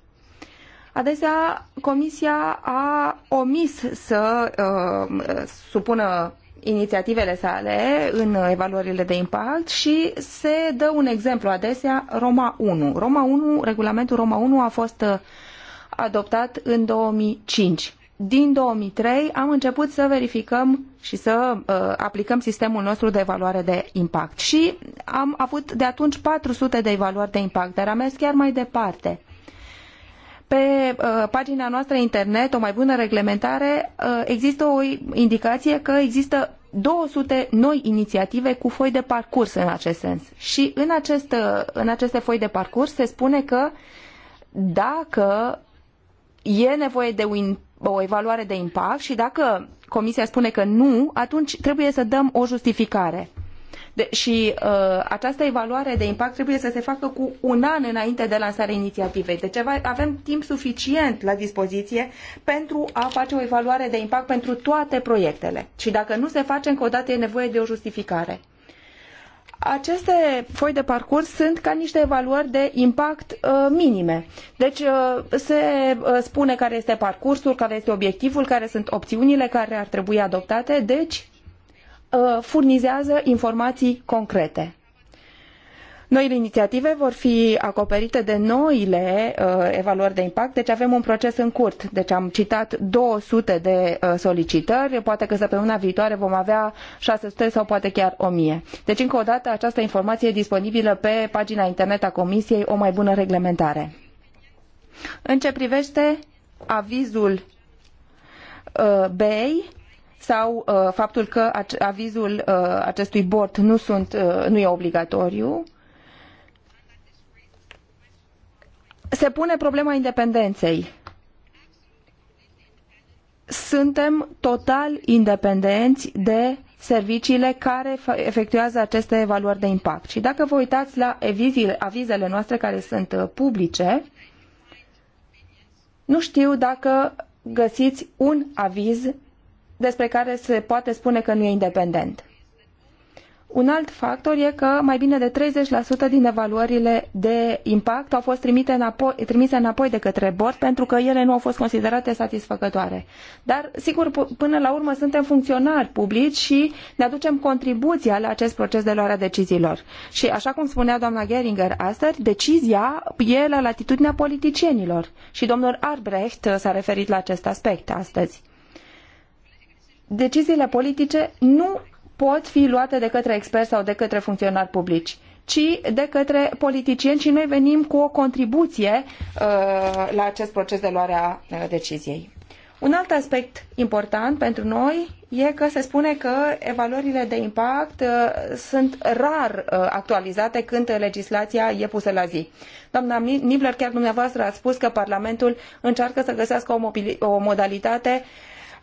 Adesea, Comisia a omis să uh, supună inițiativele sale în evaluările de impact și se dă un exemplu adesea Roma 1. Roma 1, regulamentul Roma 1 a fost uh, adoptat în 2005 din 2003 am început să verificăm și să uh, aplicăm sistemul nostru de evaluare de impact. Și am avut de atunci 400 de evaluări de impact, dar am mers chiar mai departe. Pe uh, pagina noastră internet, o mai bună reglementare, uh, există o indicație că există 200 noi inițiative cu foi de parcurs în acest sens. Și în, acest, uh, în aceste foi de parcurs se spune că dacă e nevoie de un o evaluare de impact și dacă Comisia spune că nu, atunci trebuie să dăm o justificare. De, și uh, această evaluare de impact trebuie să se facă cu un an înainte de lansarea inițiativei. Deci avem timp suficient la dispoziție pentru a face o evaluare de impact pentru toate proiectele. Și dacă nu se face, încă o dată e nevoie de o justificare aceste foi de parcurs sunt ca niște evaluări de impact uh, minime. Deci uh, se uh, spune care este parcursul, care este obiectivul, care sunt opțiunile care ar trebui adoptate, deci furnizează informații concrete. Noile inițiative vor fi acoperite de noile uh, evaluări de impact, deci avem un proces în curs. Deci am citat 200 de uh, solicitări, poate că săptămâna viitoare vom avea 600 sau poate chiar 1000. Deci încă o dată această informație e disponibilă pe pagina internet a Comisiei O mai bună reglementare. În ce privește avizul uh, BEI sau faptul că avizul acestui board nu, sunt, nu e obligatoriu, se pune problema independenței. Suntem total independenți de serviciile care efectuează aceste evaluări de impact. Și dacă vă uitați la avizele noastre care sunt uh, publice, nu știu dacă găsiți un aviz despre care se poate spune că nu e independent. Un alt factor e că mai bine de 30% din evaluările de impact au fost trimite înapoi, trimise înapoi de către bord pentru că ele nu au fost considerate satisfăcătoare. Dar, sigur, până la urmă suntem funcționari publici și ne aducem contribuția la acest proces de luare a deciziilor. Și, așa cum spunea doamna Geringer astăzi, decizia e la latitudinea politicienilor. Și domnul Arbrecht s-a referit la acest aspect astăzi deciziile politice nu pot fi luate de către experți sau de către funcționari publici, ci de către politicieni și noi venim cu o contribuție uh, la acest proces de luare a uh, deciziei. Un alt aspect important pentru noi e că se spune că evaluările de impact uh, sunt rar actualizate când legislația e pusă la zi. Doamna Nibler, chiar dumneavoastră ați spus că Parlamentul încearcă să găsească o, o modalitate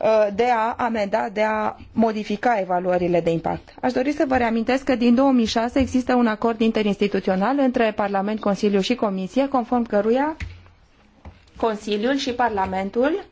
Uh, de a amenda, de a modifica evaluările de impact. Aș dori să vă reamintesc că din 2006 există un acord interinstituțional între Parlament, Consiliu și Comisie, conform căruia Consiliul și Parlamentul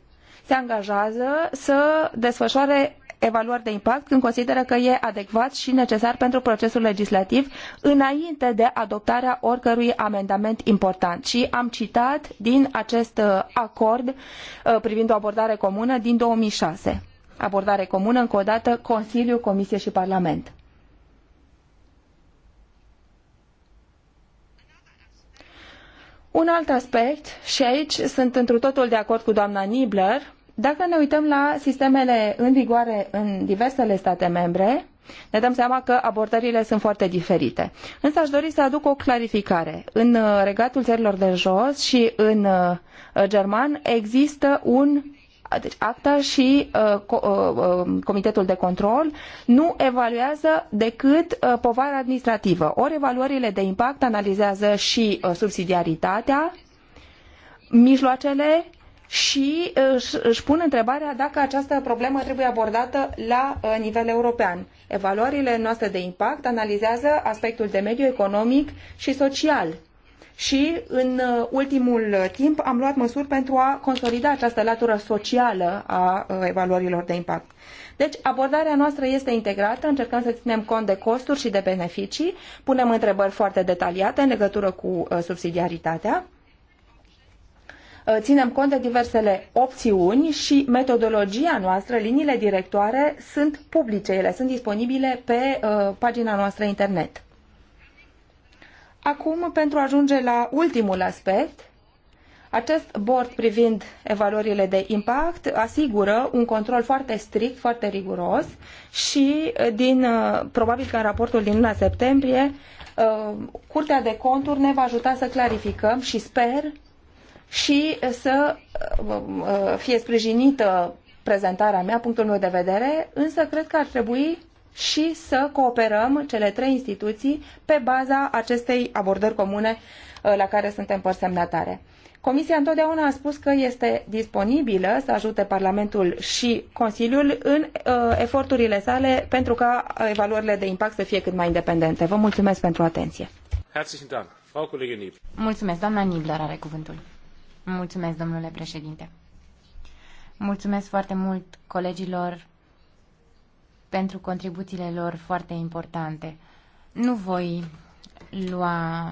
se angajează să desfășoare evaluări de impact când consideră că e adecvat și necesar pentru procesul legislativ înainte de adoptarea oricărui amendament important. Și am citat din acest uh, acord uh, privind o abordare comună din 2006. Abordare comună, încă o dată, Consiliu, Comisie și Parlament. Un alt aspect, și aici sunt întru totul de acord cu doamna Nibler, dacă ne uităm la sistemele în vigoare în diversele state membre, ne dăm seama că abordările sunt foarte diferite. Însă aș dori să aduc o clarificare. În uh, regatul țărilor de jos și în uh, german există un deci acta și uh, uh, comitetul de control nu evaluează decât uh, povara administrativă. Ori evaluările de impact analizează și uh, subsidiaritatea, mijloacele și își pun întrebarea dacă această problemă trebuie abordată la nivel european. Evaluările noastre de impact analizează aspectul de mediu economic și social. Și în ultimul timp am luat măsuri pentru a consolida această latură socială a evaluărilor de impact. Deci abordarea noastră este integrată, încercăm să ținem cont de costuri și de beneficii, punem întrebări foarte detaliate în legătură cu subsidiaritatea Uh, ținem cont de diversele opțiuni și metodologia noastră, liniile directoare, sunt publice, ele sunt disponibile pe uh, pagina noastră internet. Acum, pentru a ajunge la ultimul aspect, acest board privind evaluările de impact asigură un control foarte strict, foarte riguros și uh, din, probabil că în raportul din luna septembrie, Curtea de Conturi ne va ajuta să clarificăm și sper și să uh, uh, fie sprijinită prezentarea mea, punctul meu de vedere, însă cred că ar trebui și să cooperăm cele trei instituții pe baza acestei abordări comune uh, la care suntem părți semnatare. Comisia întotdeauna a spus că este disponibilă să ajute Parlamentul și Consiliul în uh, eforturile sale pentru ca evaluările de impact să fie cât mai independente. Vă mulțumesc pentru atenție. Mulțumesc. Doamna Nibler are cuvântul. Mulțumesc, domnule președinte. Mulțumesc foarte mult colegilor pentru contribuțiile lor foarte importante. Nu voi lua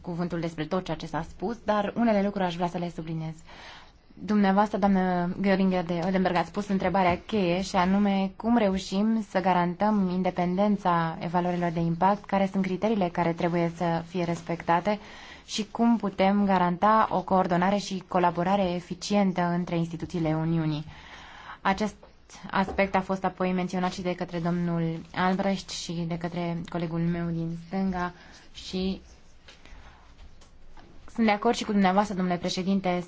cuvântul despre tot ceea ce s-a spus, dar unele lucruri aș vrea să le subliniez. Dumneavoastră, doamnă Göringer de Odenberg, ați spus întrebarea cheie și anume cum reușim să garantăm independența evaluărilor de impact, care sunt criteriile care trebuie să fie respectate și cum putem garanta o coordonare și colaborare eficientă între instituțiile Uniunii. Acest aspect a fost apoi menționat și de către domnul Albrecht și de către colegul meu din stânga și sunt de acord și cu dumneavoastră, domnule președinte,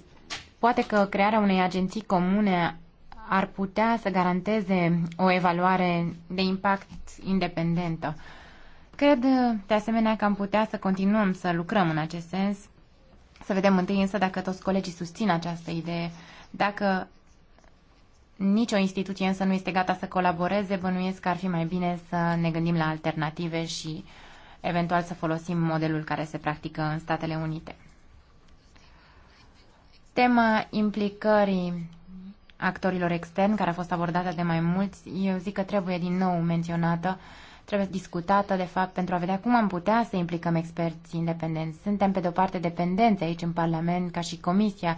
poate că crearea unei agenții comune ar putea să garanteze o evaluare de impact independentă. Cred, de asemenea, că am putea să continuăm să lucrăm în acest sens, să vedem întâi însă dacă toți colegii susțin această idee, dacă nicio instituție însă nu este gata să colaboreze, bănuiesc că ar fi mai bine să ne gândim la alternative și eventual să folosim modelul care se practică în Statele Unite. Tema implicării actorilor externi, care a fost abordată de mai mulți, eu zic că trebuie din nou menționată trebuie discutată, de fapt, pentru a vedea cum am putea să implicăm experți independenți. Suntem, pe de-o parte, dependenți aici în Parlament, ca și Comisia,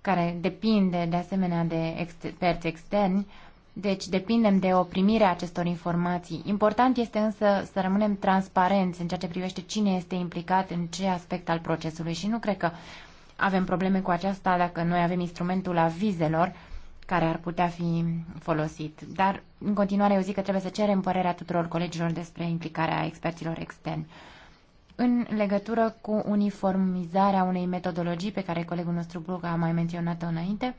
care depinde, de asemenea, de experți externi, deci depindem de o primire a acestor informații. Important este însă să rămânem transparenți în ceea ce privește cine este implicat în ce aspect al procesului și nu cred că avem probleme cu aceasta dacă noi avem instrumentul avizelor, care ar putea fi folosit. Dar, în continuare, eu zic că trebuie să cerem părerea tuturor colegilor despre implicarea experților externi. În legătură cu uniformizarea unei metodologii pe care colegul nostru Bruc a mai menționat-o înainte,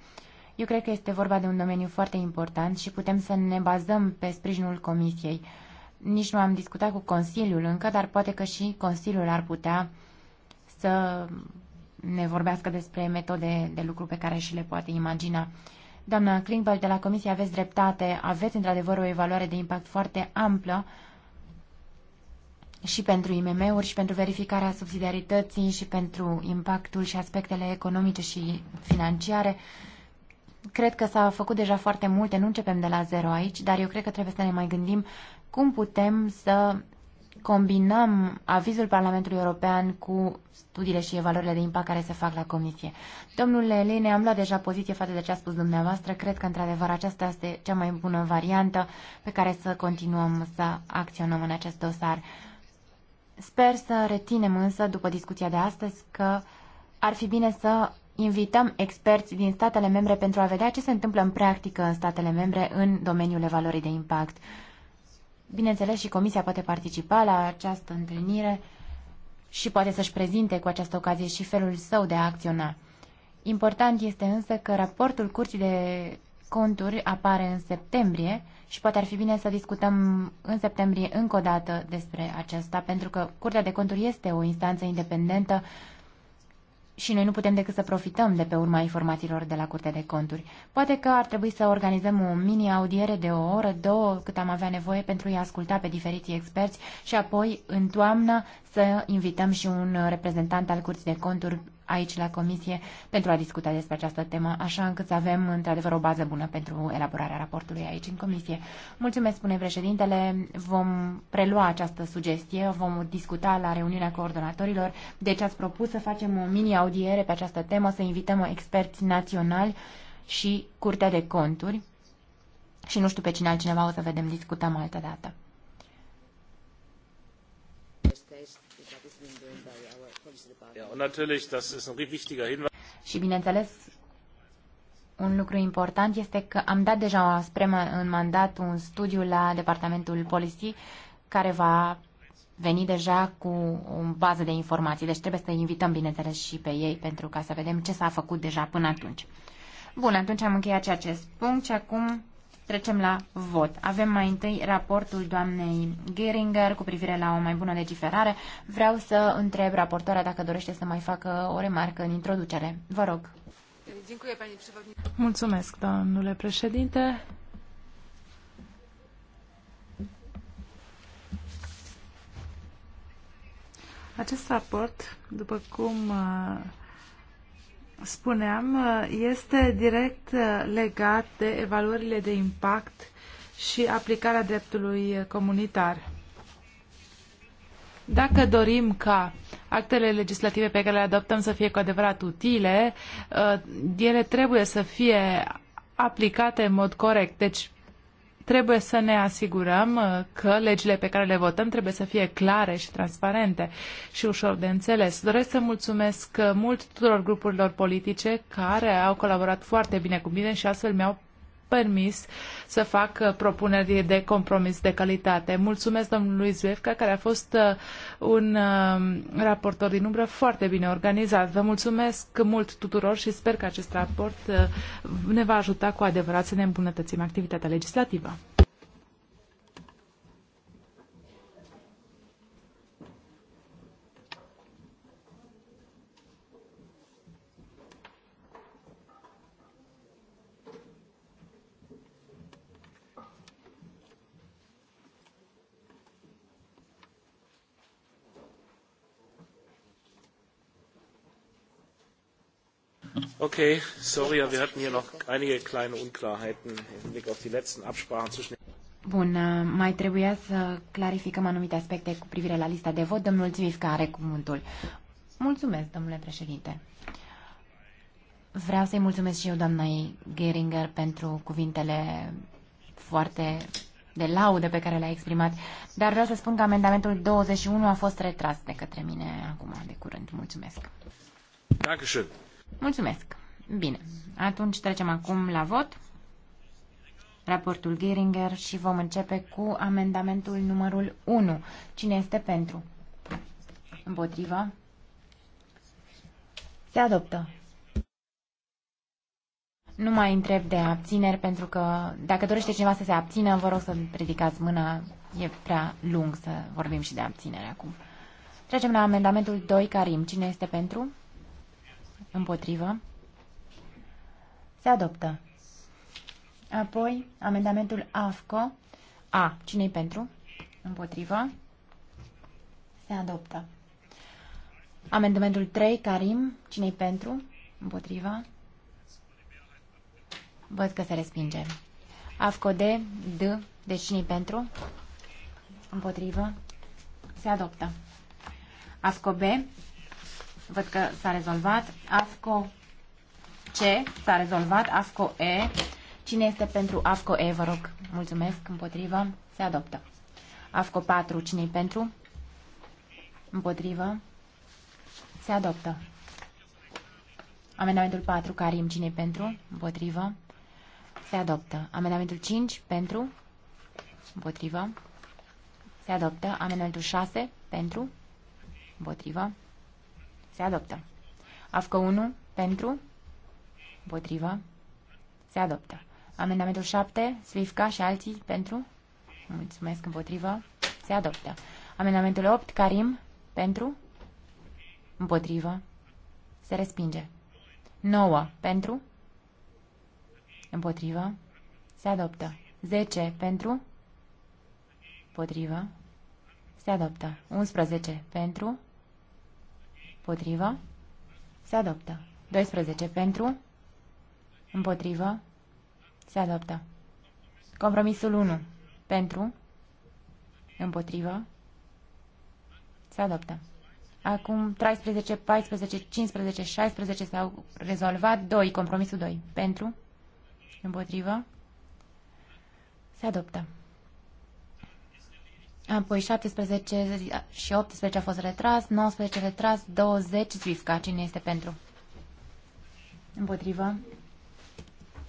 eu cred că este vorba de un domeniu foarte important și putem să ne bazăm pe sprijinul Comisiei. Nici nu am discutat cu Consiliul încă, dar poate că și Consiliul ar putea să ne vorbească despre metode de lucru pe care și le poate imagina. Doamna Klingberg, de la Comisie aveți dreptate, aveți într-adevăr o evaluare de impact foarte amplă și pentru IMM-uri și pentru verificarea subsidiarității și pentru impactul și aspectele economice și financiare. Cred că s-a făcut deja foarte multe, nu începem de la zero aici, dar eu cred că trebuie să ne mai gândim cum putem să combinăm avizul Parlamentului European cu studiile și evaluările de impact care se fac la Comisie. Domnule Elene, am luat deja poziție față de ce a spus dumneavoastră. Cred că, într-adevăr, aceasta este cea mai bună variantă pe care să continuăm să acționăm în acest dosar. Sper să reținem însă, după discuția de astăzi, că ar fi bine să invităm experți din statele membre pentru a vedea ce se întâmplă în practică în statele membre în domeniul evaluării de impact. Bineînțeles, și Comisia poate participa la această întâlnire și poate să-și prezinte cu această ocazie și felul său de a acționa. Important este însă că raportul Curții de Conturi apare în septembrie și poate ar fi bine să discutăm în septembrie încă o dată despre aceasta, pentru că Curtea de Conturi este o instanță independentă și noi nu putem decât să profităm de pe urma informațiilor de la Curtea de Conturi. Poate că ar trebui să organizăm o mini-audiere de o oră, două, cât am avea nevoie pentru a-i asculta pe diferiții experți și apoi, în toamnă, să invităm și un reprezentant al Curții de Conturi aici la Comisie pentru a discuta despre această temă, așa încât să avem într-adevăr o bază bună pentru elaborarea raportului aici în Comisie. Mulțumesc, spune președintele, vom prelua această sugestie, vom discuta la reuniunea coordonatorilor, deci ați propus să facem o mini-audiere pe această temă, să invităm experți naționali și Curtea de Conturi și nu știu pe cine altcineva o să vedem, discutăm altă dată. Și bineînțeles, un lucru important este că am dat deja spre în mandat un studiu la Departamentul Policy care va veni deja cu o bază de informații. Deci trebuie să invităm, bineînțeles, și pe ei pentru ca să vedem ce s-a făcut deja până atunci. Bun, atunci am încheiat și acest punct și acum Trecem la vot. Avem mai întâi raportul doamnei Geringer cu privire la o mai bună legiferare. Vreau să întreb raportoarea dacă dorește să mai facă o remarcă în introducere. Vă rog. Mulțumesc, domnule președinte. Acest raport, după cum uh, spuneam, este direct legat de evaluările de impact și aplicarea dreptului comunitar. Dacă dorim ca actele legislative pe care le adoptăm să fie cu adevărat utile, uh, ele trebuie să fie aplicate în mod corect. Deci, trebuie să ne asigurăm uh, că legile pe care le votăm trebuie să fie clare și transparente și ușor de înțeles. Doresc să mulțumesc uh, mult tuturor grupurilor politice care au colaborat foarte bine cu mine și astfel mi-au permis să fac propuneri de compromis de calitate. Mulțumesc domnului Zvefca, care a fost uh, un uh, raportor din umbră foarte bine organizat. Vă mulțumesc mult tuturor și sper că acest raport uh, ne va ajuta cu adevărat să ne îmbunătățim activitatea legislativă. Okay, sorry, wir hatten hier noch einige kleine Unklarheiten im auf die letzten Absprachen zwischen Bun, uh, mai trebuia să clarificăm anumite aspecte cu privire la lista de vot. Domnul că are cuvântul. Mulțumesc, domnule președinte. Vreau să-i mulțumesc și eu, doamnei Geringer, pentru cuvintele foarte de laudă pe care le-a exprimat, dar vreau să spun că amendamentul 21 a fost retras de către mine acum, de curând. Mulțumesc. Dankeschön. Mulțumesc. Bine. Atunci trecem acum la vot. Raportul Geringer și vom începe cu amendamentul numărul 1. Cine este pentru? Împotriva? Se adoptă. Nu mai întreb de abțineri, pentru că dacă dorește cineva să se abțină, vă rog să ridicați mâna. E prea lung să vorbim și de abținere acum. Trecem la amendamentul 2, Karim. Cine este pentru? Împotrivă. Se adoptă. Apoi, amendamentul AFCO. A. Cine-i pentru? Împotrivă. Se adoptă. Amendamentul 3, Karim. Cine-i pentru? Împotrivă. Văd că se respinge. AFCO D. D. Deci cine-i pentru? Împotrivă. Se adoptă. AFCO B. Văd că s-a rezolvat. AFCO C s-a rezolvat. AFCO E. Cine este pentru AFCO E, vă rog, mulțumesc, împotrivă, se adoptă. AFCO 4, cine pentru? Împotrivă, se adoptă. Amendamentul 4, Karim, cine pentru? Împotrivă, se adoptă. Amendamentul 5, pentru? Împotrivă, se adoptă. Amendamentul 6, pentru? Împotrivă, se adoptă. AFCO 1. Pentru. Împotrivă. Se adoptă. Amendamentul 7. Svifca și alții. Pentru. Mulțumesc. Împotrivă. Se adoptă. Amendamentul 8. Karim. Pentru. Împotrivă. Se respinge. 9. Pentru. Împotrivă. Se adoptă. 10. Pentru. Împotrivă. Se adoptă. 11. Pentru. Potrivă. Se adoptă. 12 pentru. Împotrivă. Se adoptă. Compromisul 1. Pentru. Împotrivă. Se adoptă. Acum 13, 14, 15, 16 s-au rezolvat. 2. Compromisul 2. Pentru. Împotrivă. Se adoptă. Apoi 17 și 18 a fost retras, 19 retras, 20 Zvifca. Cine este pentru? Împotrivă.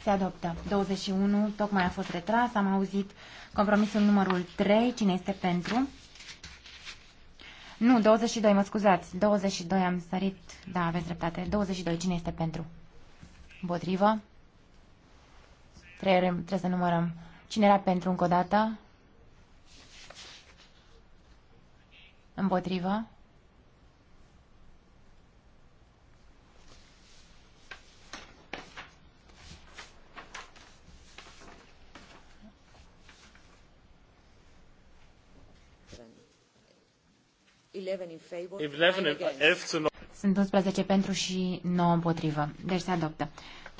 Se adoptă. 21 tocmai a fost retras. Am auzit compromisul numărul 3. Cine este pentru? Nu, 22, mă scuzați. 22 am sărit. Da, aveți dreptate. 22. Cine este pentru? Împotrivă. Trebuie, trebuie să numărăm. Cine era pentru încă o dată? Împotrivă? Sunt 11 pentru și 9 împotrivă. Deci se adoptă.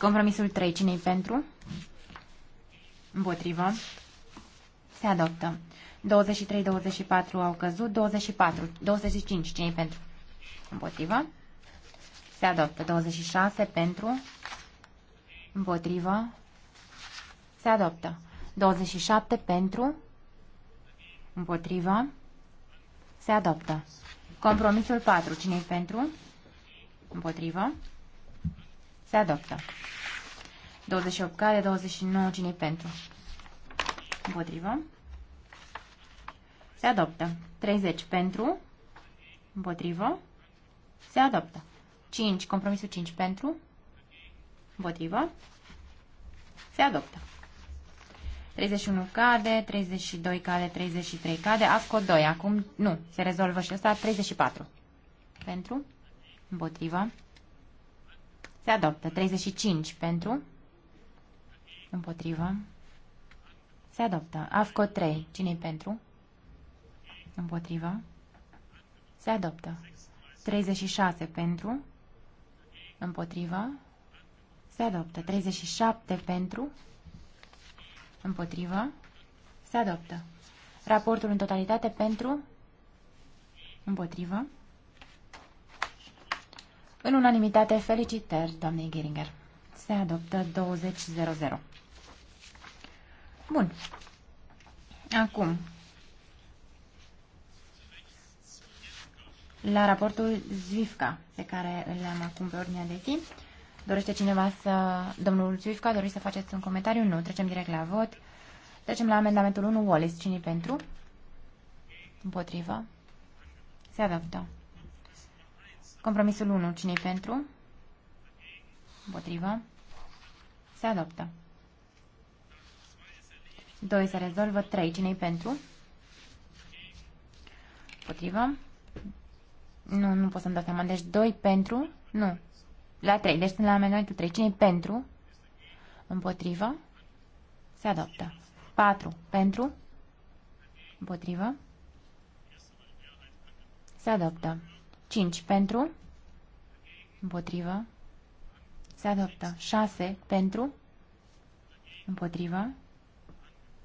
Compromisul 3. Cine-i pentru? Împotrivă. Se adoptă. 23-24 au căzut, 24, 25 cei pentru împotrivă. Se adoptă 26 pentru împotrivă. Se adoptă 27 pentru împotrivă. Se adoptă. Compromisul 4. cine pentru? Împotrivă. Se adoptă. 28 care, 29. cine pentru? Împotrivă. Se adoptă. 30 pentru. Împotrivă. Se adoptă. 5. Compromisul 5 pentru. Împotrivă. Se adoptă. 31 cade, 32 cade, 33 cade, ASCO 2. Acum nu, se rezolvă și ăsta. 34. Pentru. Împotrivă. Se adoptă. 35 pentru. Împotrivă. Se adoptă. AFCO 3. cine pentru? Împotrivă. Se adoptă. 36 pentru. Împotrivă. Se adoptă. 37 pentru. Împotrivă. Se adoptă. Raportul în totalitate pentru. Împotrivă. În unanimitate, felicitări, doamnei Geringer. Se adoptă 20.00. Bun. Acum, la raportul Zvifka, pe care îl am acum pe ordinea de zi. Dorește cineva să... Domnul Zvifka, doriți să faceți un comentariu? Nu. Trecem direct la vot. Trecem la amendamentul 1, Wallace. cine pentru? Împotrivă. Se adoptă. Compromisul 1, cine pentru? Împotrivă. Se adoptă. 2 se rezolvă, 3 cine pentru? Împotrivă. Nu, nu pot să-mi dau seama. Deci 2 pentru? Nu. La 3. Deci sunt la amendamentul 3. cine pentru? Împotrivă? Se adoptă. 4. Pentru? Împotrivă? Se adoptă. 5. Pentru? Împotrivă? Se adoptă. 6. Pentru? Împotrivă?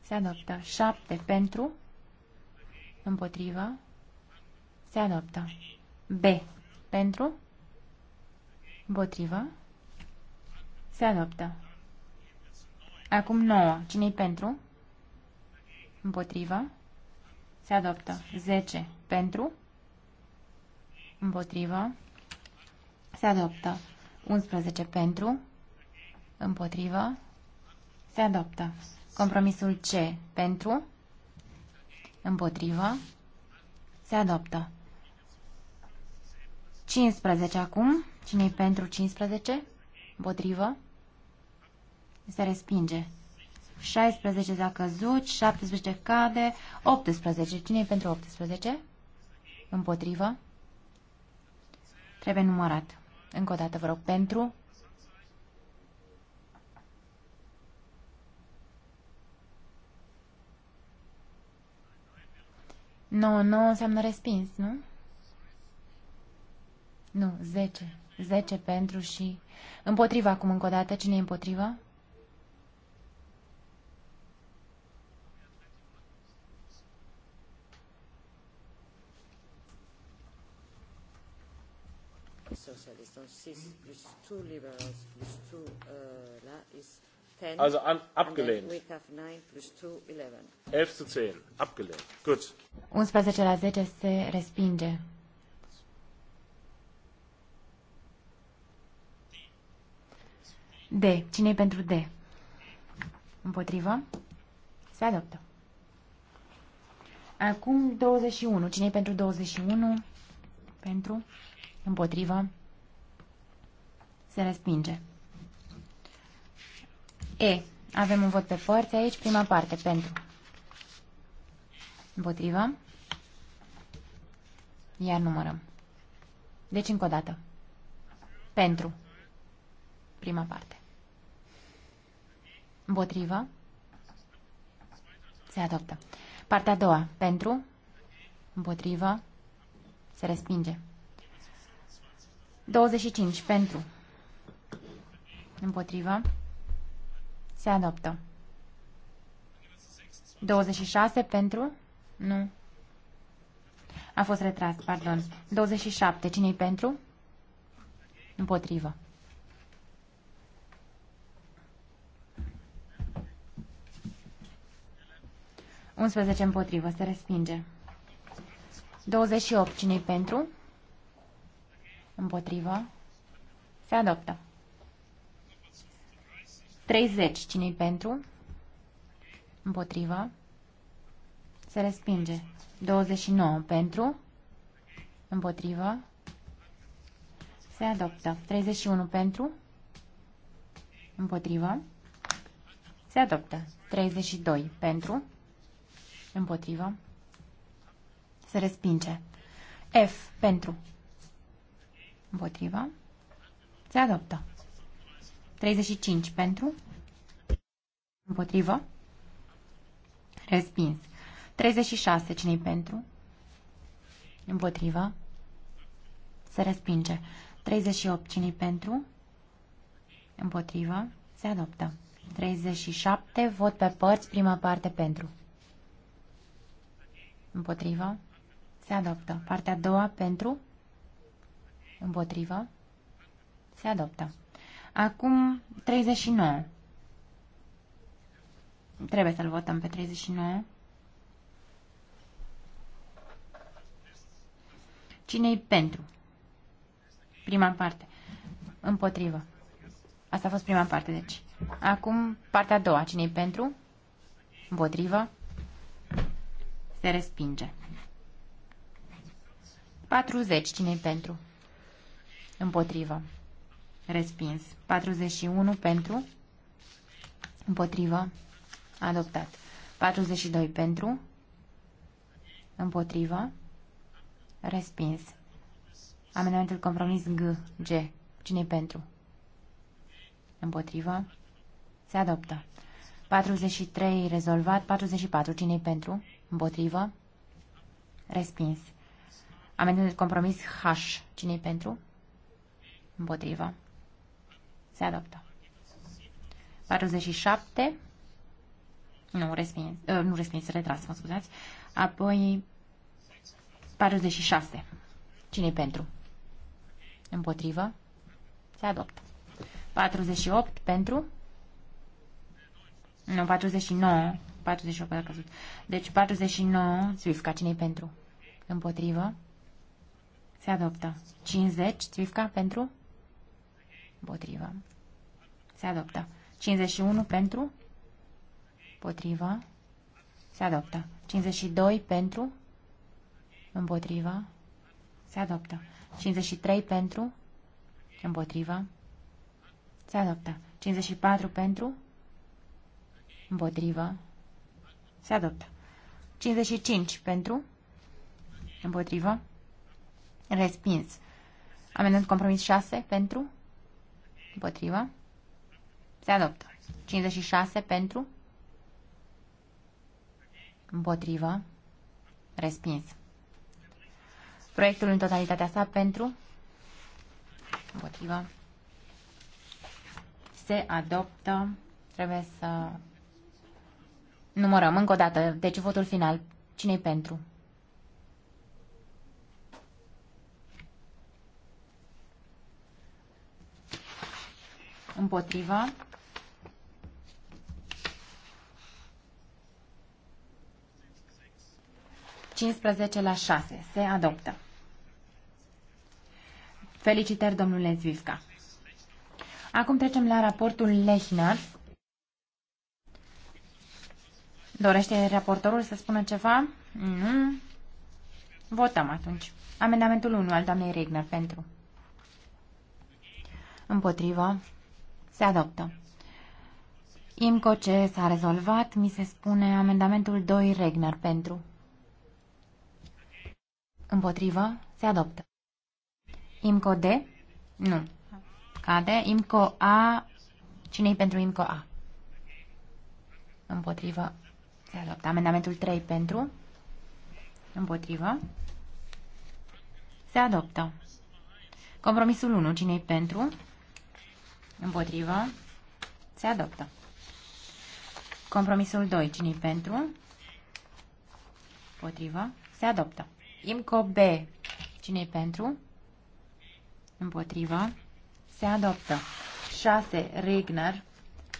Se adoptă. 7. Pentru? Împotrivă? Se adoptă. B. Pentru? Împotrivă? Se adoptă. Acum 9. cine pentru? Împotrivă? Se adoptă. 10. Pentru? Împotrivă? Se adoptă. 11. Pentru? Împotrivă? Se adoptă. Compromisul C. Pentru? Împotrivă? Se adoptă. 15 acum. cine e pentru 15? Împotrivă. Se respinge. 16 s-a căzut, 17 cade, 18. cine e pentru 18? Împotrivă. Trebuie numărat. Încă o dată, vă rog, pentru Nu, No, nu no înseamnă respins, nu? Nu, zece, zece pentru și... Împotriva acum încă o dată. Cine e împotriva? plus 10. Also an, abgelehnt. 11 zu 10. Abgelehnt. Gut. 11 la 10 se respinge. D. Cine-i pentru D? Împotrivă? Se adoptă. Acum 21. cine e pentru 21? Pentru? Împotrivă? Se respinge. E. Avem un vot pe părți aici. Prima parte. Pentru. Împotrivă? Iar numărăm. Deci încă o dată. Pentru. Prima parte. Împotrivă. Se adoptă. Partea a doua. Pentru. Împotrivă. Se respinge. 25. Pentru. Împotrivă. Se adoptă. 26 pentru? Nu. A fost retras, pardon. 27. Cine-i pentru? Împotrivă. 11 împotrivă, se respinge. 28, cine pentru? Împotrivă. Se adoptă. 30, cine pentru? Împotrivă. Se respinge. 29, pentru? Împotrivă. Se adoptă. 31, pentru? Împotrivă. Se adoptă. 32, pentru? Împotrivă. Se respinge. F. Pentru. Împotrivă. Se adoptă. 35. Pentru. Împotrivă. Respins. 36. cine pentru? Împotrivă. Se respinge. 38. cine pentru? Împotrivă. Se adoptă. 37. Vot pe părți. Prima parte pentru. Împotrivă. Se adoptă. Partea a doua pentru. Împotrivă. Se adoptă. Acum 39. Trebuie să-l votăm pe 39. Cine-i pentru? Prima parte. Împotrivă. Asta a fost prima parte, deci. Acum, partea a doua. Cine-i pentru? Împotrivă. Se respinge. 40. cine pentru? Împotrivă. Respins. 41 pentru. Împotrivă. Adoptat. 42 pentru. Împotrivă. Respins. Amendamentul compromis G. G. cine pentru? Împotrivă. Se adoptă. 43 rezolvat. 44. cine pentru? Împotrivă. Respins. Amendament de compromis H. cine pentru? Împotrivă. Se adoptă. 47. Nu, respins. Uh, nu respins, retras, mă scuzați. Apoi 46. cine pentru? Împotrivă. Se adoptă. 48 pentru? Nu, 49 48 a căzut. Deci 49, Zvifca, cine pentru? Împotrivă. Se adoptă. 50, Zvifca, pentru? Împotrivă. Se adoptă. 51 pentru? Împotrivă. Se adoptă. 52 pentru? Împotrivă. Se adoptă. 53 pentru? Împotrivă. Se adoptă. 54 pentru? Împotrivă. Se adoptă. 55 pentru. Împotrivă. Respins. amendament compromis 6 pentru. Împotrivă. Se adoptă. 56 pentru. Împotrivă. Respins. Proiectul în totalitatea sa pentru. Împotrivă. Se adoptă. Trebuie să Numărăm încă o dată. Deci votul final. cine pentru? Împotriva. Cincisprezece la șase. Se adoptă. Felicitări, domnule Zvivka. Acum trecem la raportul Lehner. Dorește raportorul să spună ceva? Nu. Votăm atunci. Amendamentul 1 al doamnei Regner pentru. Împotrivă. Se adoptă. IMCO ce s-a rezolvat, mi se spune amendamentul 2 Regner pentru. Împotrivă. Se adoptă. IMCO D? Nu. Cade. IMCO A. Cine-i pentru IMCO A? Împotrivă. Se adoptă. Amendamentul 3 pentru. Împotrivă. Se adoptă. Compromisul 1. cine pentru? Împotrivă. Se adoptă. Compromisul 2. cine pentru? Împotrivă. Se adoptă. IMCO B. cine pentru? Împotrivă. Se adoptă. 6. Regner.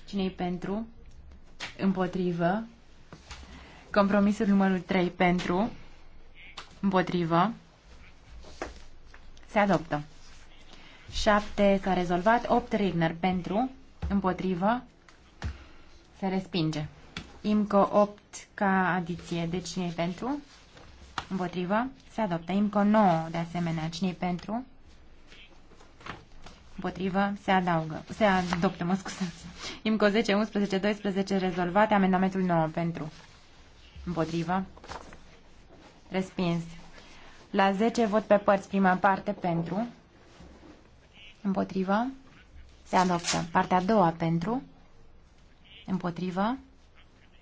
cine pentru? Împotrivă. Compromisul numărul 3 pentru, împotrivă, se adoptă. 7 s-a rezolvat, 8 Rigner pentru, împotrivă, se respinge. IMCO 8 ca adiție, deci cine pentru? Împotrivă, se adoptă. IMCO 9 de asemenea, cine pentru? Împotrivă, se adaugă, se adoptă, mă scuzați. IMCO 10, 11, 12 rezolvate, amendamentul 9 pentru, Împotrivă. Respins. La 10 vot pe părți, prima parte pentru. Împotrivă. Se adoptă. Partea a doua pentru. Împotrivă.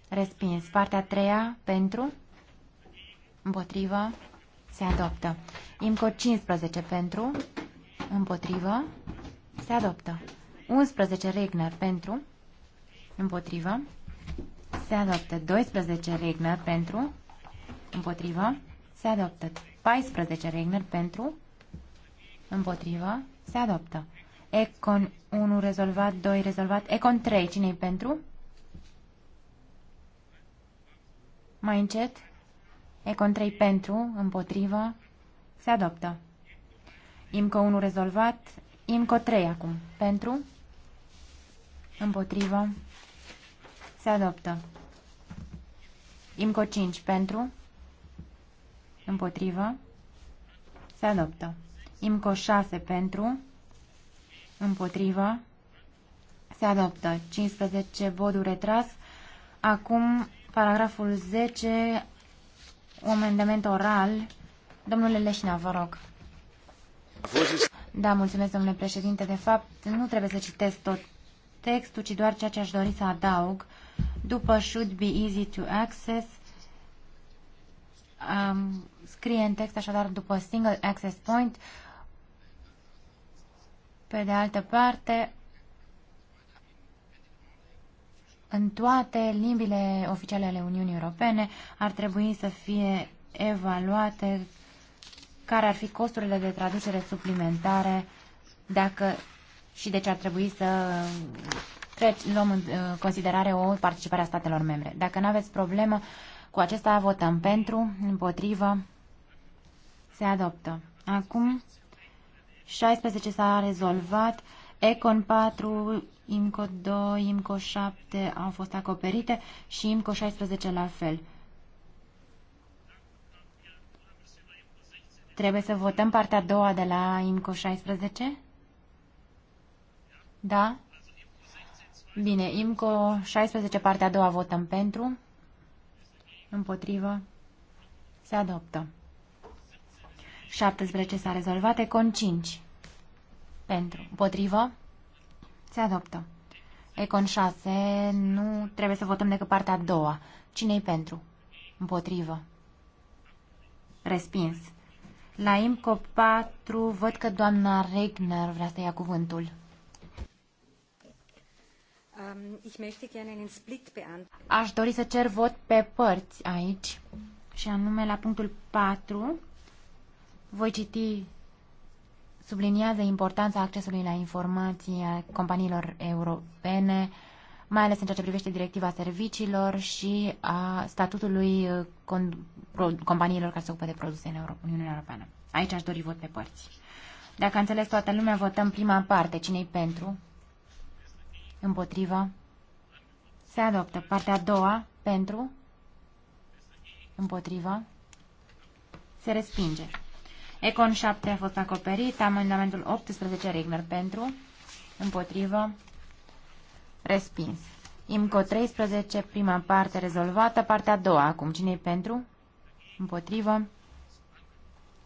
Respins. Partea a treia pentru. Împotrivă. Se adoptă. IMCO 15 pentru. Împotrivă. Se adoptă. 11 Regner pentru. Împotrivă se adoptă 12 Regner pentru, împotrivă, se adoptă 14 Regner pentru, împotrivă, se adoptă. Econ 1 rezolvat, 2 rezolvat, Econ 3, cine e pentru? Mai încet, Econ 3 pentru, împotrivă, se adoptă. IMCO 1 rezolvat, IMCO 3 acum, pentru, împotrivă, se adoptă. IMCO 5 pentru. Împotrivă. Se adoptă. IMCO 6 pentru. Împotrivă. Se adoptă. 15 bodul retras. Acum paragraful 10, amendament oral. Domnule Leșina, vă rog. Da, mulțumesc, domnule președinte. De fapt, nu trebuie să citesc tot textul, ci doar ceea ce aș dori să adaug. Uh, după should be easy to access, um, scrie în text așadar după single access point. Pe de altă parte, în toate limbile oficiale ale Uniunii Europene ar trebui să fie evaluate care ar fi costurile de traducere suplimentare dacă și deci ar trebui să deci luăm în considerare o participare a statelor membre. Dacă nu aveți problemă, cu acesta votăm pentru, împotrivă, se adoptă. Acum, 16 s-a rezolvat, Econ 4, IMCO 2, IMCO 7 au fost acoperite și IMCO 16 la fel. Trebuie să votăm partea a doua de la IMCO 16? Da? Bine, IMCO 16, partea a doua, votăm pentru. Împotrivă. Se adoptă. 17 s-a rezolvat, Econ 5. Pentru. Împotrivă. Se adoptă. Econ 6, nu trebuie să votăm decât partea a doua. Cine-i pentru? Împotrivă. Respins. La IMCO 4, văd că doamna Regner vrea să ia cuvântul. Ähm, aș dori să cer vot pe părți aici, și anume la punctul 4. Voi citi subliniază importanța accesului la informații a companiilor europene, mai ales în ceea ce privește directiva serviciilor și a statutului uh, companiilor care se ocupă de produse în Uniunea Europeană. Aici aș dori vot pe părți. Dacă a înțeles toată lumea, votăm prima parte. Cine-i pentru? Împotrivă. Se adoptă. Partea a doua. Pentru. Împotrivă. Se respinge. Econ 7 a fost acoperit. Amendamentul 18, Regner, pentru. Împotrivă. Respins. IMCO 13, prima parte rezolvată. Partea a doua. Acum, cine pentru? Împotrivă.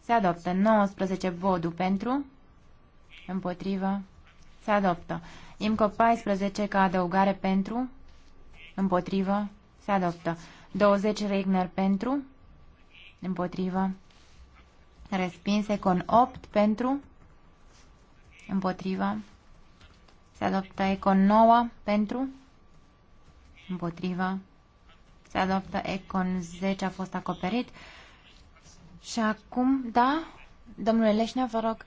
Se adoptă. 19, vodu pentru. Împotrivă. Se adoptă. IMCO 14 ca adăugare pentru, împotrivă, se adoptă. 20 Regner pentru, împotrivă, respinse con 8 pentru, împotrivă, se adoptă Econ 9 pentru, împotrivă, se adoptă Econ 10 a fost acoperit. Și acum, da, domnule Leșnea, vă rog,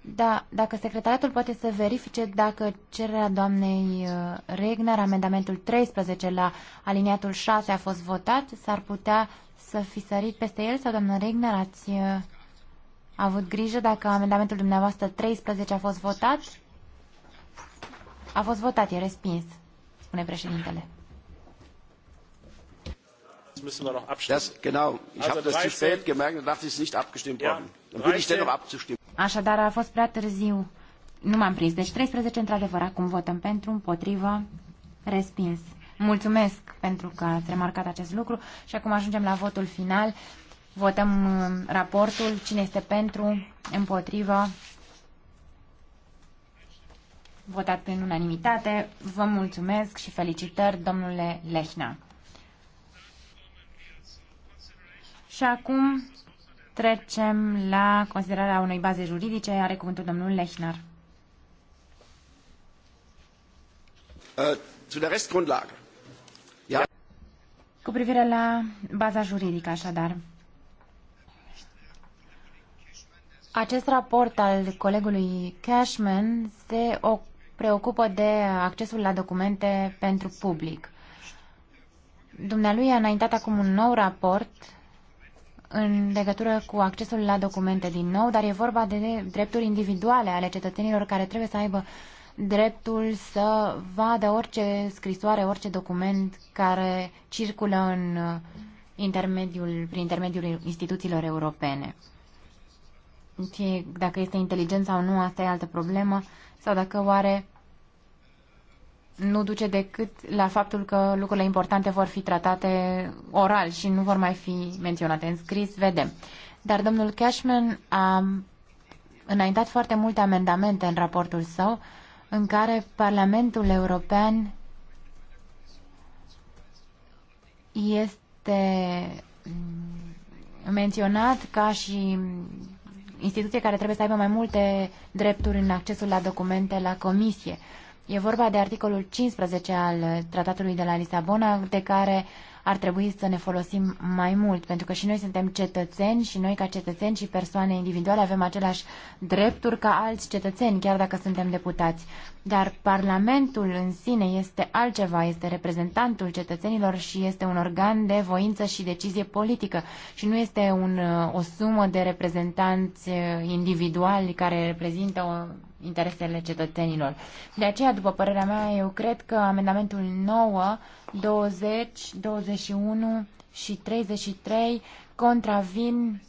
da, dacă secretariatul poate să verifice dacă cererea doamnei uh, Regner, amendamentul 13 la aliniatul 6 a fost votat, s-ar putea să fi sărit peste el sau, doamna Regner, ați uh, avut grijă dacă amendamentul dumneavoastră 13 a fost votat? A fost votat, e respins, spune președintele. Das, genau. Ich habe das zu spät gemerkt und dachte, es ist nicht abgestimmt worden. Dann bin ich dennoch abzustimmen. Așadar, a fost prea târziu. Nu m-am prins. Deci 13, într-adevăr, acum votăm pentru, împotrivă, respins. Mulțumesc pentru că ați remarcat acest lucru și acum ajungem la votul final. Votăm uh, raportul. Cine este pentru, împotrivă, votat prin unanimitate. Vă mulțumesc și felicitări, domnule Lehna. Și acum Trecem la considerarea unei baze juridice. Are cuvântul domnul Lechner. Uh, Cu privire la baza juridică, așadar. Acest raport al colegului Cashman se preocupă de accesul la documente pentru public. Dumnealui a înaintat acum un nou raport în legătură cu accesul la documente din nou, dar e vorba de drepturi individuale ale cetățenilor care trebuie să aibă dreptul să vadă orice scrisoare, orice document care circulă în uh, intermediul, prin intermediul instituțiilor europene. Deci, dacă este inteligent sau nu, asta e altă problemă, sau dacă oare nu duce decât la faptul că lucrurile importante vor fi tratate oral și nu vor mai fi menționate în scris, vedem. Dar domnul Cashman a înaintat foarte multe amendamente în raportul său în care Parlamentul European este menționat ca și instituție care trebuie să aibă mai multe drepturi în accesul la documente la comisie. E vorba de articolul 15 al Tratatului de la Lisabona, de care ar trebui să ne folosim mai mult, pentru că și noi suntem cetățeni și noi ca cetățeni și persoane individuale avem aceleași drepturi ca alți cetățeni, chiar dacă suntem deputați. Dar Parlamentul în sine este altceva, este reprezentantul cetățenilor și este un organ de voință și decizie politică și nu este un, o sumă de reprezentanți individuali care reprezintă o interesele cetățenilor. De aceea, după părerea mea, eu cred că amendamentul 9, 20, 21 și 33 contravin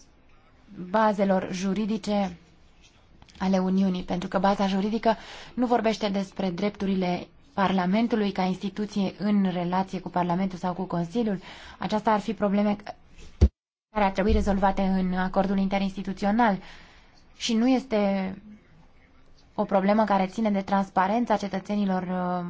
bazelor juridice ale Uniunii, pentru că baza juridică nu vorbește despre drepturile Parlamentului ca instituție în relație cu Parlamentul sau cu Consiliul. Aceasta ar fi probleme care ar trebui rezolvate în acordul interinstituțional și nu este o problemă care ține de transparența cetățenilor uh,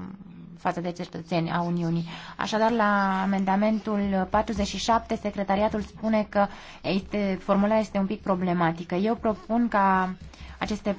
față de cetățeni a Uniunii. Așadar, la amendamentul 47, secretariatul spune că este, formula este un pic problematică. Eu propun ca aceste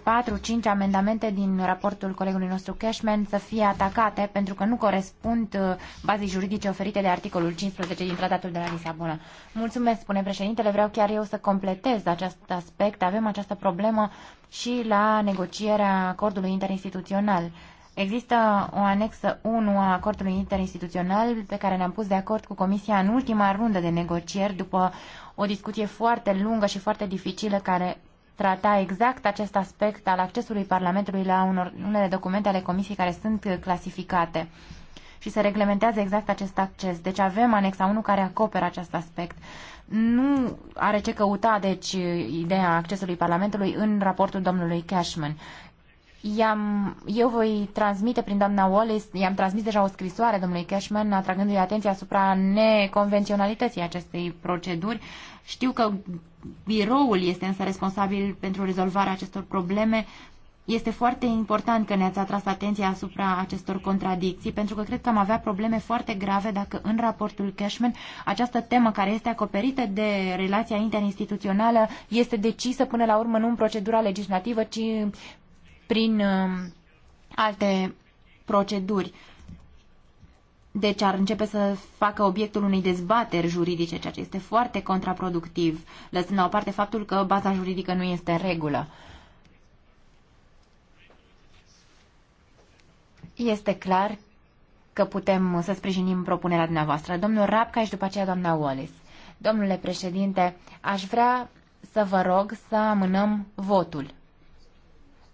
4-5 amendamente din raportul colegului nostru Cashman să fie atacate pentru că nu corespund uh, bazei juridice oferite de articolul 15 din Tratatul de la Lisabona. Mulțumesc, spune președintele, vreau chiar eu să completez acest aspect. Avem această problemă și la negocierea acordului interinstituțional. Există o anexă 1 a acordului interinstituțional pe care ne-am pus de acord cu Comisia în ultima rundă de negocieri după o discuție foarte lungă și foarte dificilă care trata exact acest aspect al accesului Parlamentului la unor, unele documente ale Comisiei care sunt clasificate și se reglementează exact acest acces. Deci avem anexa 1 care acoperă acest aspect. Nu are ce căuta, deci, ideea accesului Parlamentului în raportul domnului Cashman. I-am, eu voi transmite prin doamna Wallace, i-am transmis deja o scrisoare domnului Cashman, atragându-i atenția asupra neconvenționalității acestei proceduri. Știu că biroul este însă responsabil pentru rezolvarea acestor probleme, este foarte important că ne-ați atras atenția asupra acestor contradicții, pentru că cred că am avea probleme foarte grave dacă în raportul Cashman această temă care este acoperită de relația interinstituțională este decisă până la urmă nu în procedura legislativă, ci prin um, alte proceduri. Deci ar începe să facă obiectul unei dezbateri juridice, ceea ce este foarte contraproductiv, lăsând la o parte faptul că baza juridică nu este în regulă. Este clar că putem să sprijinim propunerea dumneavoastră. Domnul Rapca și după aceea doamna Wallace. Domnule președinte, aș vrea să vă rog să amânăm votul.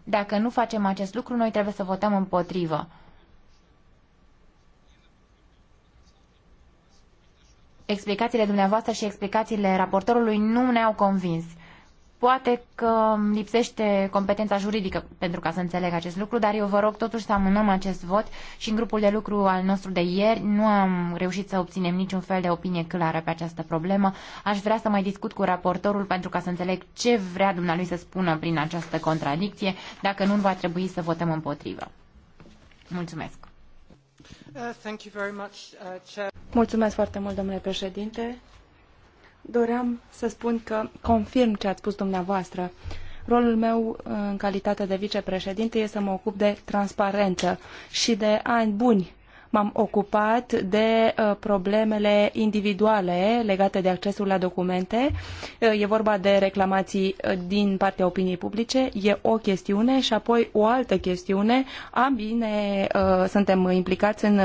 Dacă nu facem acest lucru, noi trebuie să votăm împotrivă. Explicațiile dumneavoastră și explicațiile raportorului nu ne-au convins. Poate că lipsește competența juridică pentru ca să înțeleg acest lucru, dar eu vă rog totuși să amânăm acest vot și în grupul de lucru al nostru de ieri nu am reușit să obținem niciun fel de opinie clară pe această problemă. Aș vrea să mai discut cu raportorul pentru ca să înțeleg ce vrea dumnealui să spună prin această contradicție, dacă nu va trebui să votăm împotrivă. Mulțumesc. Uh, uh, Mulțumesc foarte mult, domnule președinte doream să spun că confirm ce ați spus dumneavoastră. Rolul meu în calitate de vicepreședinte este să mă ocup de transparență și de ani buni m-am ocupat de uh, problemele individuale legate de accesul la documente. Uh, e vorba de reclamații uh, din partea opiniei publice, e o chestiune și apoi o altă chestiune. Ambii ne, suntem implicați în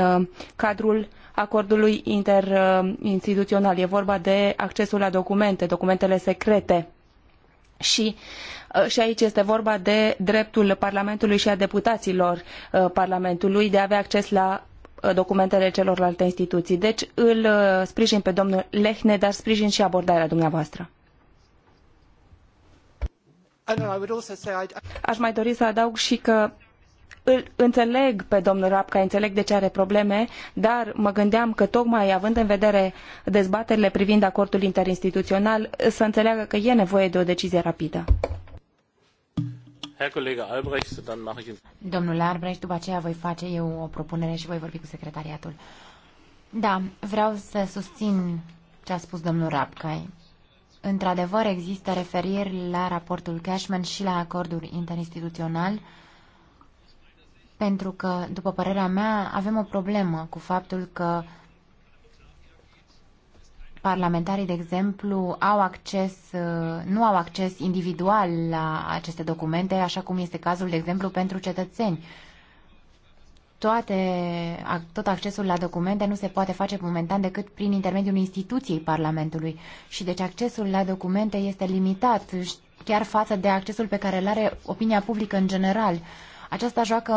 cadrul acordului interinstituțional. E vorba de accesul la documente, documentele secrete. Și și aici este vorba de dreptul Parlamentului și a deputaților Parlamentului de a avea acces la Uh, documentele celorlalte instituții. Deci îl uh, sprijin pe domnul Lehne, dar sprijin și abordarea dumneavoastră. Aș mai dori să adaug și că îl înțeleg pe domnul Rapca, înțeleg de ce are probleme, dar mă gândeam că tocmai având în vedere dezbaterile privind acordul interinstituțional, să înțeleagă că e nevoie de o decizie rapidă. Domnule Albrecht, după aceea voi face eu o propunere și voi vorbi cu secretariatul. Da, vreau să susțin ce a spus domnul Rapkay. Într-adevăr, există referiri la raportul Cashman și la acordul interinstituțional, pentru că, după părerea mea, avem o problemă cu faptul că parlamentarii, de exemplu, au acces, uh, nu au acces individual la aceste documente, așa cum este cazul, de exemplu, pentru cetățeni. Toate, tot accesul la documente nu se poate face momentan decât prin intermediul instituției Parlamentului și deci accesul la documente este limitat chiar față de accesul pe care îl are opinia publică în general. Uh, aceasta joacă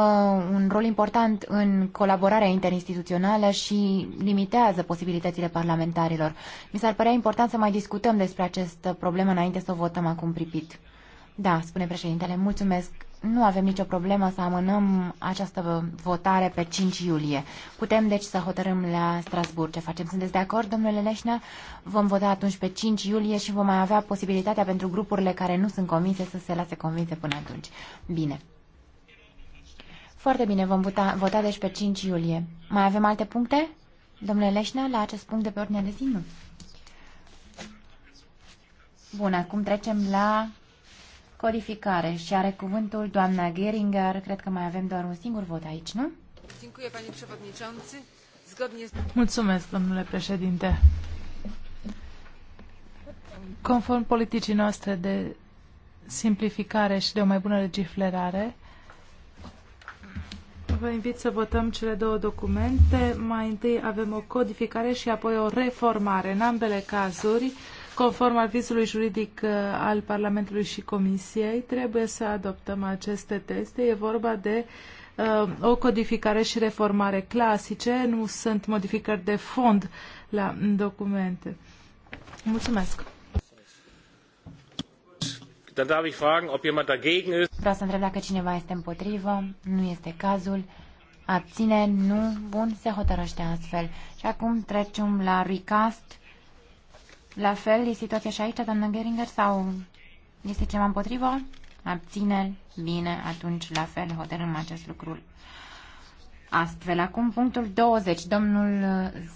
un rol important în colaborarea interinstituțională și limitează posibilitățile parlamentarilor. Mi s-ar părea important să mai discutăm despre această problemă înainte să o votăm acum pripit. Da, spune președintele, mulțumesc. Nu avem nicio problemă să amânăm această votare pe 5 iulie. Putem, deci, să hotărâm la Strasburg ce facem. Sunteți de acord, domnule Leșnea? Vom vota atunci pe 5 iulie și vom mai avea posibilitatea pentru grupurile care nu sunt convinse să se lase convinse până atunci. Bine. Foarte bine, vom vota, vota deci pe 5 iulie. Mai avem alte puncte? Domnule Leșnea, la acest punct de pe ordinea de zi, nu. Bun, acum trecem la codificare și are cuvântul doamna Geringer. Cred că mai avem doar un singur vot aici, nu? Mulțumesc, domnule președinte. Conform politicii noastre de simplificare și de o mai bună legiferare, Vă invit să votăm cele două documente. Mai întâi avem o codificare și apoi o reformare. În ambele cazuri, conform avizului juridic uh, al Parlamentului și Comisiei, trebuie să adoptăm aceste teste. E vorba de uh, o codificare și reformare clasice, nu sunt modificări de fond la documente. Mulțumesc! Dann darf ich fragen, ob jemand dagegen ist. Vreau să întreb dacă cineva este împotrivă. Nu este cazul. Abține, nu. Bun, se hotărăște astfel. Și acum trecem la recast. La fel, e situația și aici, doamnă Geringer, sau este ceva împotrivă? Abțineri? Bine, atunci la fel hotărâm acest lucru. Astfel, acum punctul 20. Domnul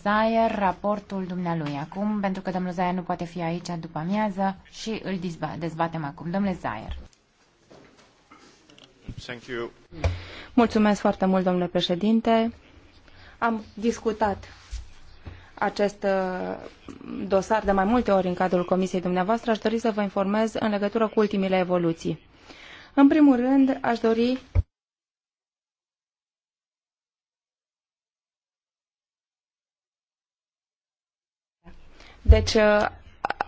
Zaier, raportul dumnealui. Acum, pentru că domnul Zaier nu poate fi aici după amiază și îl dezbatem acum. Domnule Zaier. Thank you. Mulțumesc foarte mult, domnule președinte. Am discutat acest uh, dosar de mai multe ori în cadrul comisiei dumneavoastră. Aș dori să vă informez în legătură cu ultimile evoluții. În primul rând, aș dori Deci uh,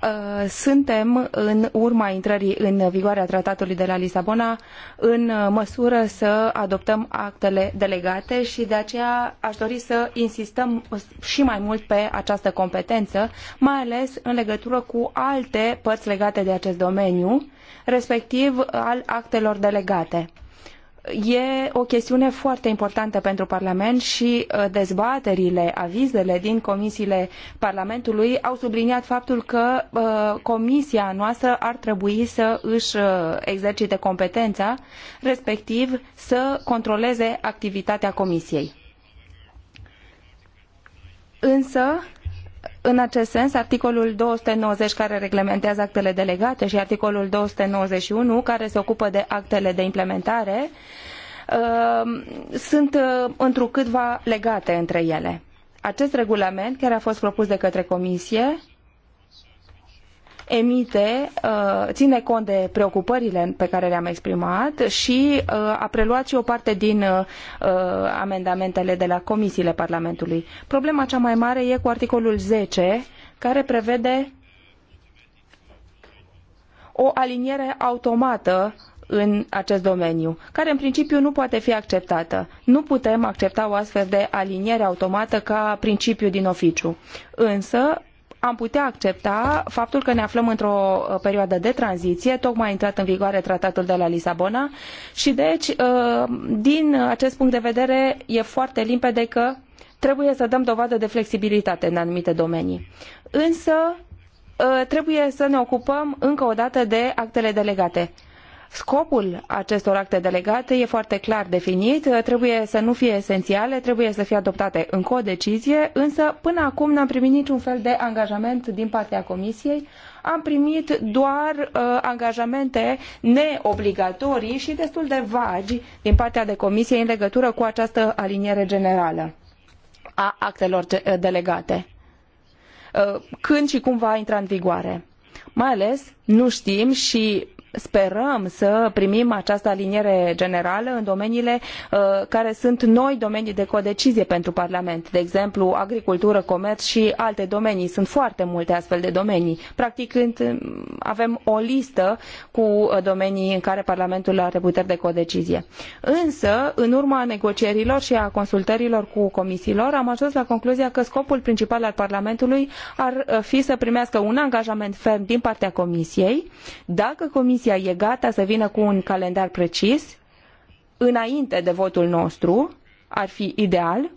uh, suntem în urma intrării în vigoare a tratatului de la Lisabona în uh, măsură să adoptăm actele delegate și de aceea aș dori să insistăm și mai mult pe această competență, mai ales în legătură cu alte părți legate de acest domeniu, respectiv al actelor delegate e o chestiune foarte importantă pentru Parlament și uh, dezbaterile, avizele din comisiile Parlamentului au subliniat faptul că uh, comisia noastră ar trebui să își uh, exercite competența, respectiv să controleze activitatea comisiei. Însă, în acest sens, articolul 290 care reglementează actele delegate și articolul 291 care se ocupă de actele de implementare uh, sunt uh, întrucâtva legate între ele. Acest regulament, care a fost propus de către Comisie, emite, uh, ține cont de preocupările pe care le-am exprimat și uh, a preluat și o parte din uh, amendamentele de la comisiile Parlamentului. Problema cea mai mare e cu articolul 10, care prevede o aliniere automată în acest domeniu, care în principiu nu poate fi acceptată. Nu putem accepta o astfel de aliniere automată ca principiu din oficiu. Însă, am putea accepta faptul că ne aflăm într-o uh, perioadă de tranziție, tocmai a intrat în vigoare tratatul de la Lisabona și deci, uh, din acest punct de vedere, e foarte limpede că trebuie să dăm dovadă de flexibilitate în anumite domenii. Însă, uh, trebuie să ne ocupăm încă o dată de actele delegate. Scopul acestor acte delegate e foarte clar definit, trebuie să nu fie esențiale, trebuie să fie adoptate în codecizie, însă până acum n-am primit niciun fel de angajament din partea Comisiei, am primit doar uh, angajamente neobligatorii și destul de vagi din partea de Comisie în legătură cu această aliniere generală a actelor uh, delegate. Uh, când și cum va intra în vigoare? Mai ales nu știm și sperăm să primim această aliniere generală în domeniile uh, care sunt noi domenii de codecizie pentru Parlament, de exemplu agricultură, comerț și alte domenii. Sunt foarte multe astfel de domenii. Practic avem o listă cu domenii în care Parlamentul are puteri de codecizie. Însă, în urma negocierilor și a consultărilor cu comisiilor, am ajuns la concluzia că scopul principal al Parlamentului ar fi să primească un angajament ferm din partea Comisiei, dacă Comisia Comisia e gata să vină cu un calendar precis înainte de votul nostru, ar fi ideal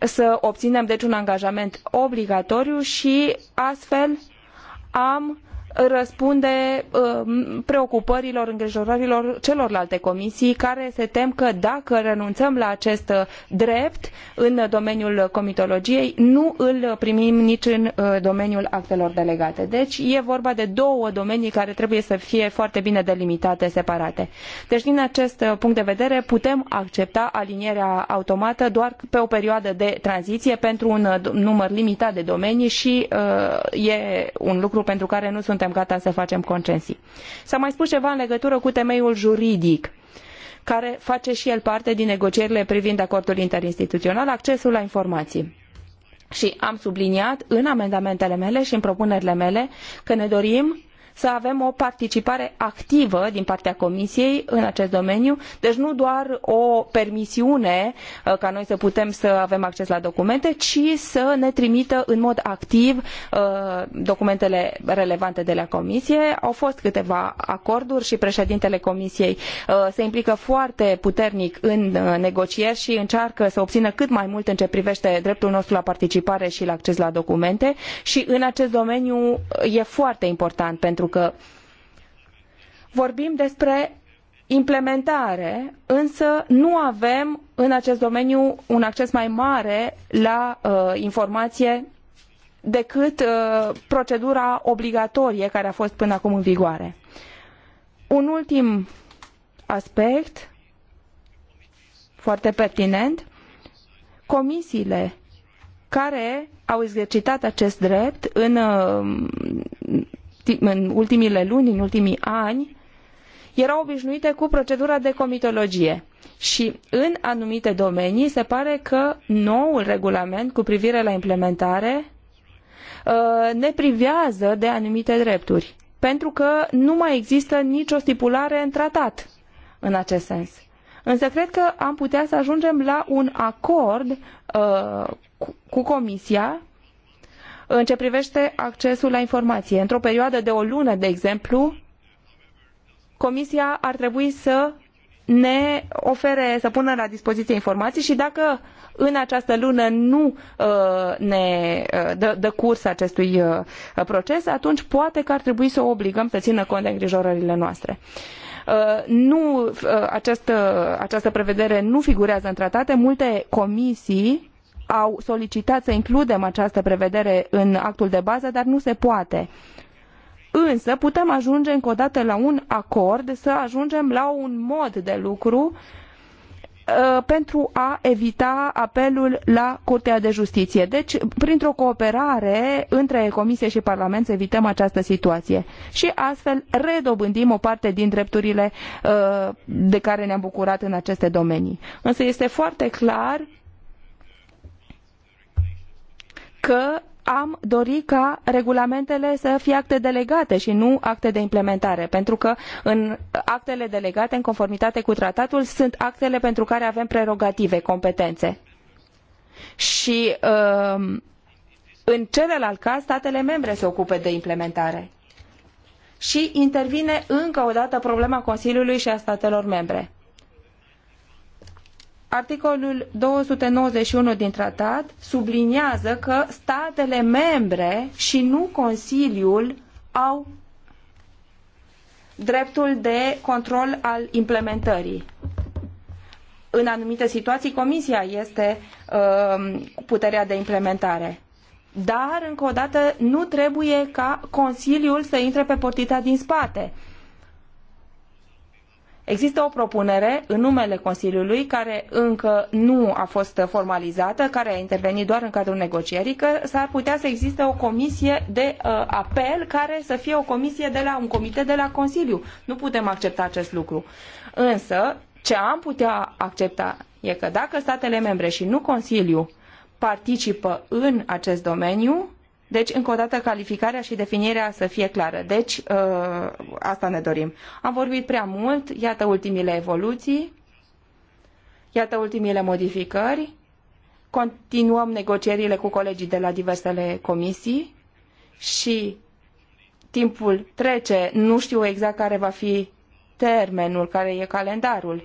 să obținem deci un angajament obligatoriu și astfel am răspunde um, preocupărilor, îngrijorărilor celorlalte comisii care se tem că dacă renunțăm la acest drept în domeniul comitologiei, nu îl primim nici în uh, domeniul actelor delegate. Deci e vorba de două domenii care trebuie să fie foarte bine delimitate, separate. Deci din acest uh, punct de vedere putem accepta alinierea automată doar pe o perioadă de tranziție pentru un uh, număr limitat de domenii și e un lucru pentru care nu suntem suntem gata să facem concesii. S-a mai spus ceva în legătură cu temeiul juridic care face și el parte din negocierile privind acordul interinstituțional, accesul la informații. Și am subliniat în amendamentele mele și în propunerile mele că ne dorim să avem o participare activă din partea Comisiei în acest domeniu, deci nu doar o permisiune uh, ca noi să putem să avem acces la documente, ci să ne trimită în mod activ uh, documentele relevante de la Comisie. Au fost câteva acorduri și președintele Comisiei uh, se implică foarte puternic în negocieri și încearcă să obțină cât mai mult în ce privește dreptul nostru la participare și la acces la documente și în acest domeniu e foarte important pentru pentru că vorbim despre implementare, însă nu avem în acest domeniu un acces mai mare la uh, informație decât uh, procedura obligatorie care a fost până acum în vigoare. Un ultim aspect foarte pertinent, comisiile care au exercitat acest drept în uh, în ultimile luni, în ultimii ani, erau obișnuite cu procedura de comitologie. Și în anumite domenii se pare că noul regulament cu privire la implementare uh, ne privează de anumite drepturi, pentru că nu mai există nicio stipulare în tratat în acest sens. Însă cred că am putea să ajungem la un acord uh, cu, cu Comisia în ce privește accesul la informaie. Într-o perioadă de o lună, de exemplu, Comisia ar trebui să ne ofere să pună la dispoziție informații și dacă în această lună nu uh, ne uh, dă, dă curs acestui uh, proces, atunci poate că ar trebui să o obligăm să țină cont de îngrijorările noastre. Nu, această, această prevedere nu figurează în tratate. Multe comisii au solicitat să includem această prevedere în actul de bază, dar nu se poate. Însă putem ajunge încă o dată la un acord, să ajungem la un mod de lucru uh, pentru a evita apelul la Curtea de Justiție. Deci, printr-o cooperare între Comisie și Parlament, să evităm această situație. Și astfel redobândim o parte din drepturile uh, de care ne-am bucurat în aceste domenii. Însă este foarte clar că am dori ca regulamentele să fie acte delegate și nu acte de implementare, pentru că în actele delegate, în conformitate cu tratatul, sunt actele pentru care avem prerogative, competențe. Și um, în celălalt caz, statele membre se ocupe de implementare. Și intervine încă o dată problema Consiliului și a statelor membre Articolul 291 din tratat subliniază că statele membre și nu Consiliul au dreptul de control al implementării. În anumite situații, Comisia este uh, puterea de implementare. Dar, încă o dată, nu trebuie ca Consiliul să intre pe portita din spate. Uh, Există o propunere în numele Consiliului care încă nu a fost formalizată, care a intervenit doar în cadrul negocierii, că s-ar putea să existe o comisie de uh, apel care să fie o comisie de la un comitet de la Consiliu. Nu putem accepta acest lucru. Însă, ce am putea accepta e că dacă statele membre și nu Consiliu participă în acest domeniu, deci, încă o dată, calificarea și definirea să fie clară. Deci, uh, asta ne dorim. Am vorbit prea mult, iată ultimile evoluții, iată ultimile modificări, continuăm negocierile cu colegii de la diversele comisii și timpul trece, nu știu exact care va fi termenul, care e calendarul. Uh,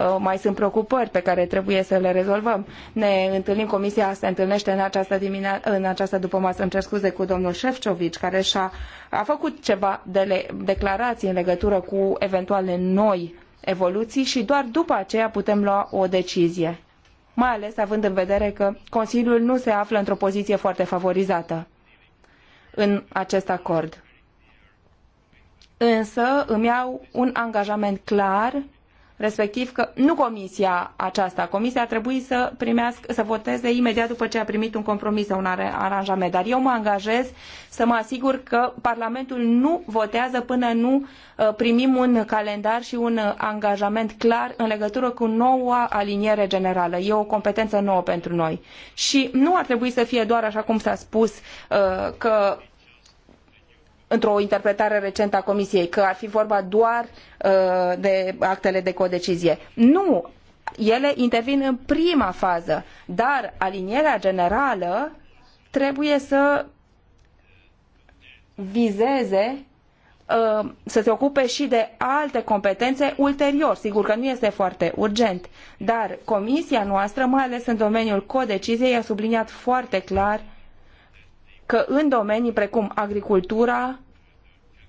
Uh, mai sunt preocupări pe care trebuie să le rezolvăm. Ne întâlnim, comisia se întâlnește în această, dimine- în această dupămasă, îmi cer scuze, cu domnul Șefcovici, care și-a a făcut ceva de declarații în legătură cu eventuale noi evoluții și doar după aceea putem lua o decizie mai ales având în vedere că Consiliul nu se află într-o poziție foarte favorizată în acest acord. Însă îmi iau un angajament clar respectiv că nu comisia aceasta, comisia ar trebui să primească, să voteze imediat după ce a primit un compromis sau un aranjament, dar eu mă angajez să mă asigur că Parlamentul nu votează până nu uh, primim un calendar și un uh, angajament clar în legătură cu noua aliniere generală. E o competență nouă pentru noi. Și nu ar trebui să fie doar, așa cum s-a spus, uh, că într-o interpretare recentă a Comisiei, că ar fi vorba doar uh, de actele de codecizie. Nu! Ele intervin în prima fază, dar alinierea generală trebuie să vizeze uh, să se ocupe și de alte competențe ulterior. Sigur că nu este foarte urgent, dar comisia noastră, mai ales în domeniul codeciziei, a subliniat foarte clar uh, că în domenii precum agricultura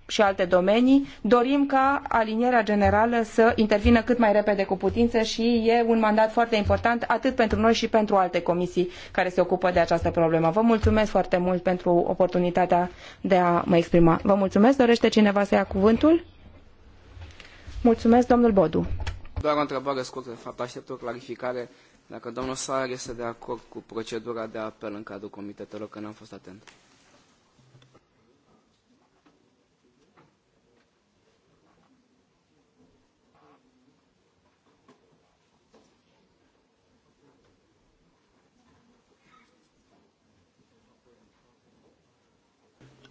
și alte domenii, dorim ca alinierea generală să intervină cât mai repede cu putință și e un mandat foarte important atât pentru noi și pentru alte comisii care se ocupă de această problemă. Vă mulțumesc foarte mult pentru oportunitatea de a mă exprima. Vă mulțumesc. Dorește cineva să ia cuvântul? Mulțumesc, domnul Bodu. Doar o întrebare scurtă, de fapt, aștept o clarificare dacă domnul Saar este de acord cu procedura de apel în cadrul comitetelor, că n-am fost atent.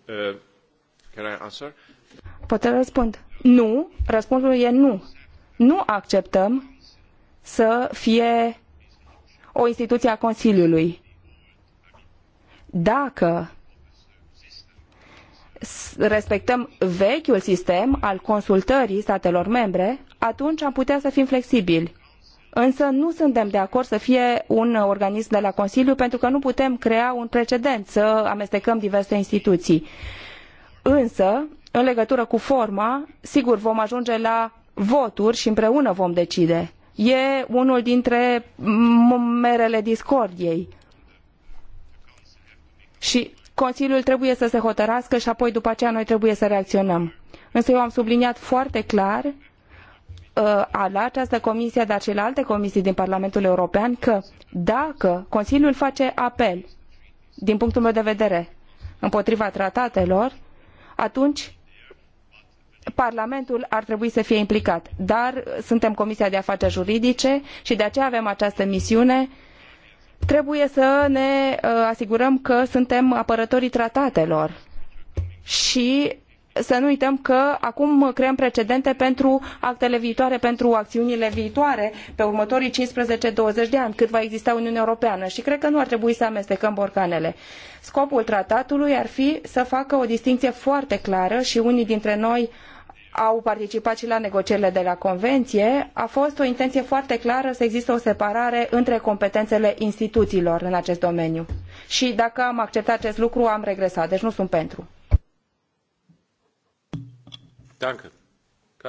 Uh, Pot să Pot răspund. Nu. Răspunsul e nu. Nu acceptăm să fie o instituție a Consiliului. Dacă respectăm vechiul sistem al consultării statelor membre, atunci am putea să fim flexibili. Însă nu suntem de acord să fie un organism de la Consiliu pentru că nu putem crea un precedent să amestecăm diverse instituții. Însă, în legătură cu forma, sigur vom ajunge la voturi și împreună vom decide e unul dintre merele discordiei. Și Consiliul trebuie să se hotărască și apoi după aceea noi trebuie să reacționăm. Însă eu am subliniat foarte clar uh, la această comisie, dar și la alte comisii din Parlamentul European, că dacă Consiliul face apel, din punctul meu de vedere, împotriva tratatelor, atunci Parlamentul ar trebui să fie implicat, dar suntem Comisia de Afaceri Juridice și de aceea avem această misiune. Trebuie să ne uh, asigurăm că suntem apărătorii tratatelor și să nu uităm că acum creăm precedente pentru actele viitoare, pentru acțiunile viitoare, pe următorii 15-20 de ani, cât va exista Uniunea Europeană și cred că nu ar trebui să amestecăm borcanele. Scopul tratatului ar fi să facă o distincie foarte clară și unii dintre noi au participat și la negocierile de la convenție, a fost o intenție foarte clară să existe o separare între competențele instituțiilor în acest domeniu. Și dacă am acceptat acest lucru, am regresat, deci nu sunt pentru.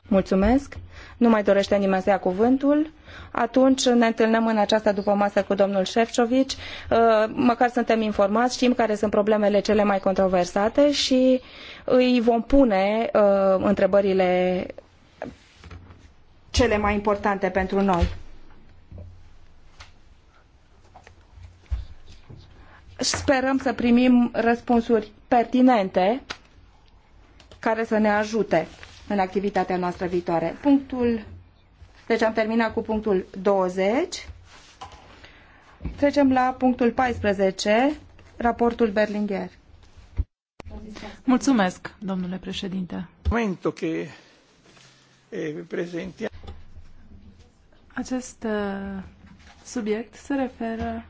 Mulțumesc. Nu mai dorește nimeni să ia cuvântul. Atunci ne întâlnim în această după masă cu domnul Șefcovici. Uh, măcar suntem informați, știm care sunt problemele cele mai controversate și îi vom pune uh, întrebările cele mai importante pentru noi. Sperăm să primim răspunsuri pertinente care să ne ajute în activitatea noastră viitoare. Punctul, deci am terminat cu punctul 20. Trecem la punctul 14, raportul Berlinger. Mulțumesc, domnule președinte. Momentul că eh, prezentiam. Acest eh, subiect se referă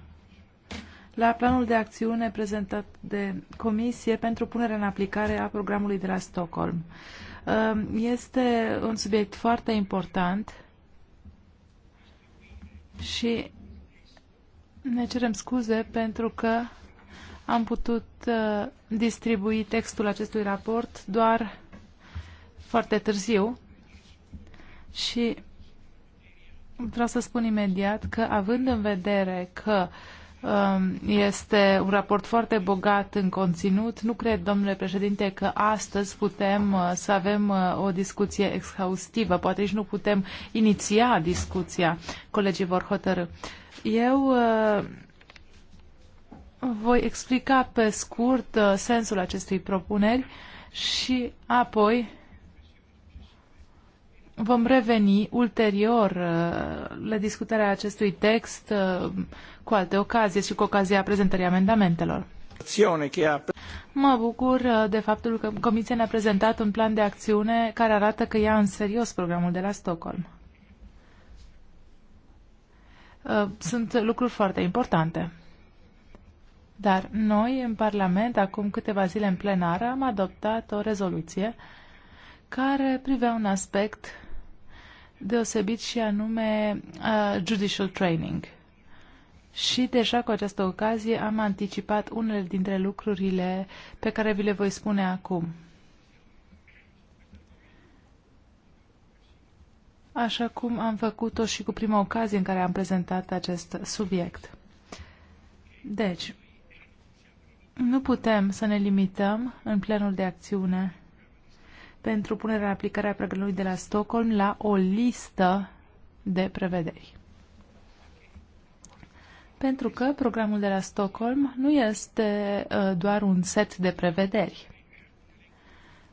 la planul de acțiune prezentat de Comisie pentru punerea în aplicare a programului de la Stockholm. Um, este un subiect foarte important și ne cerem scuze pentru că am putut uh, distribui textul acestui raport doar foarte târziu și vreau să spun imediat că având în vedere că uh, Um, este un raport foarte bogat în conținut. Nu cred, domnule președinte, că astăzi putem uh, să avem uh, o discuție exhaustivă. Poate nici nu putem iniția discuția. Colegii vor hotărâ. Eu uh, voi explica pe scurt sensul acestei propuneri și apoi Vom reveni ulterior uh, la discutarea acestui text uh, cu alte ocazie și cu ocazia prezentării amendamentelor. Mă bucur uh, de faptul că Comisia ne-a prezentat un plan de acțiune care arată că ia în serios programul de la Stockholm. Sunt lucruri foarte importante. Dar noi, în Parlament, acum câteva zile în plenară, am adoptat o rezoluție care privea un aspect deosebit și anume uh, judicial training. Și deja cu această ocazie am anticipat unele dintre lucrurile pe care vi le voi spune acum. Așa cum am făcut-o și cu prima ocazie în care am prezentat acest subiect. Deci, nu putem să ne limităm în planul de acțiune pentru punerea în aplicare a programului de la Stockholm la o listă de prevederi. Pentru că programul de la Stockholm nu este uh, doar un set de prevederi.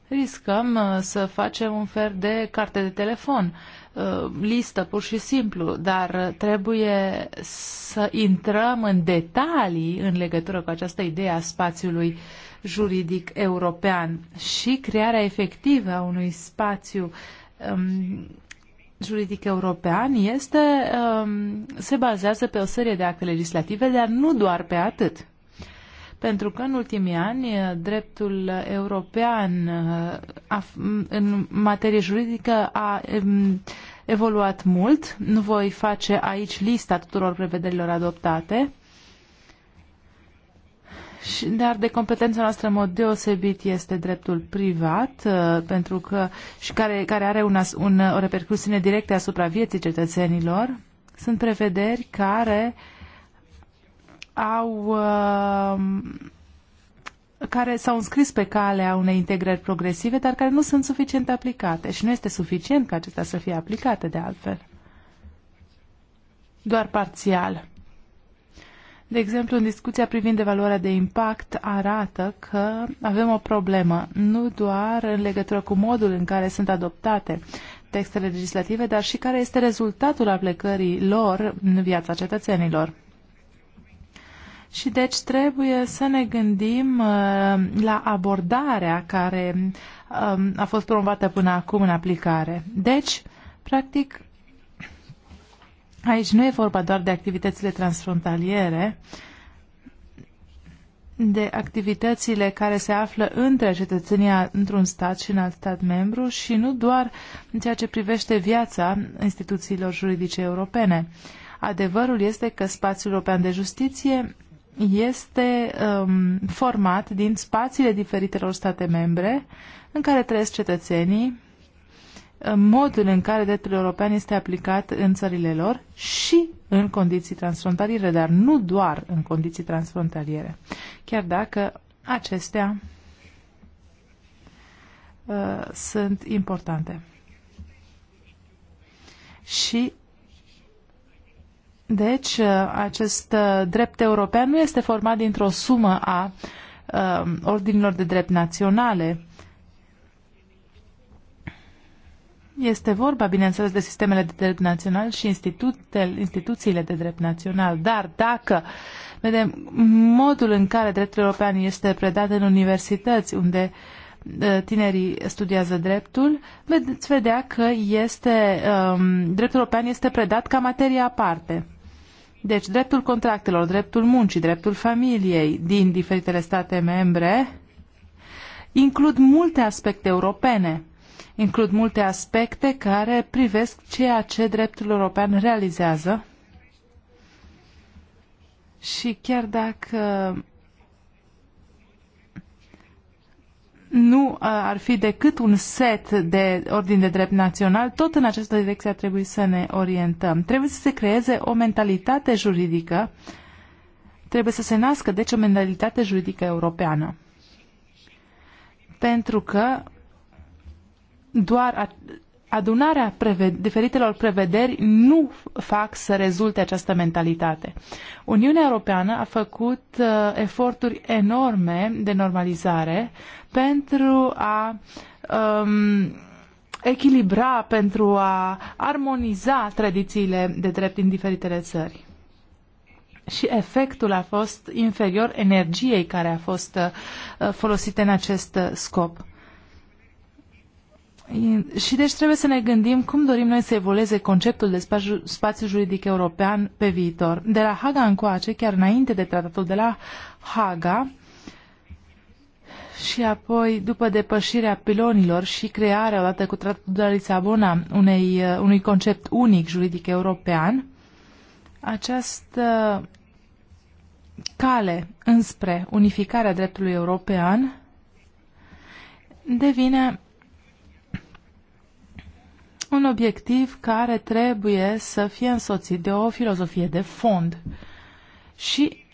Riscăm uh, să facem un fel de carte de telefon, uh, listă pur și simplu, dar trebuie să intrăm în detalii în legătură cu această idee a spațiului uh, juridic european și crearea efectivă a unui spațiu um, juridic european este, um, se bazează pe o serie de acte legislative, dar nu doar pe atât. Pentru că în ultimii ani uh, dreptul european uh, a, în materie juridică a um, evoluat mult. Nu voi face aici lista tuturor prevederilor adoptate, dar de competența noastră în mod deosebit este dreptul privat, uh, pentru că și care, care are un, un, o repercusiune directă asupra vieții cetățenilor. Sunt prevederi care au uh, care s-au înscris pe calea unei integrări progresive, dar care nu sunt suficient aplicate și nu este suficient ca acestea să fie aplicate de altfel. Doar parțial. De exemplu, în discuția privind evaluarea de impact arată că avem o problemă, nu doar în legătură cu modul în care sunt adoptate textele legislative, dar și care este rezultatul aplicării lor în viața cetățenilor. Și deci trebuie să ne gândim uh, la abordarea care um, a fost promovată până acum în aplicare. Deci, practic, Aici nu e vorba doar de activitățile transfrontaliere, de activitățile care se află între cetățenia într-un stat și în alt stat membru și nu doar în ceea ce privește viața instituțiilor juridice europene. Adevărul este că spațiul european de justiție este um, format din spațiile diferitelor state membre în care trăiesc cetățenii Uh, modul în care dreptul european este aplicat în țările lor și în condiții transfrontaliere, dar nu doar în condiții transfrontaliere, chiar dacă acestea uh, sunt importante. Și deci, uh, acest uh, drept european nu este format dintr-o sumă a uh, ordinilor de drept naționale, Este vorba, bineînțeles, de sistemele de drept național și instituțiile de drept național, dar dacă vedem modul în care dreptul european este predat în universități, unde uh, tinerii studiază dreptul, veți vedea că este, um, dreptul european este predat ca materie aparte. Deci dreptul contractelor, dreptul muncii, dreptul familiei din diferitele state membre includ multe aspecte europene includ multe aspecte care privesc ceea ce dreptul european realizează și chiar dacă nu uh, ar fi decât un set de ordini de drept național, tot în această direcție trebuie să ne orientăm. Trebuie să se creeze o mentalitate juridică, trebuie să se nască, deci, o mentalitate juridică europeană. Pentru că doar adunarea preved- diferitelor prevederi nu fac să rezulte această mentalitate. Uniunea Europeană a făcut uh, eforturi enorme de normalizare pentru a um, echilibra, pentru a armoniza tradițiile de drept din diferitele țări. Și efectul a fost inferior energiei care a fost uh, folosită în acest scop. Și deci trebuie să ne gândim cum dorim noi să evolueze conceptul de spațiu, juridic european pe viitor. De la Haga încoace, chiar înainte de tratatul de la Haga, și apoi, după depășirea pilonilor și crearea, odată cu tratatul de la Lisabona, unei, uh, unui concept unic juridic european, această cale înspre unificarea dreptului european devine un obiectiv care trebuie să fie însoțit de o filozofie de fond. Și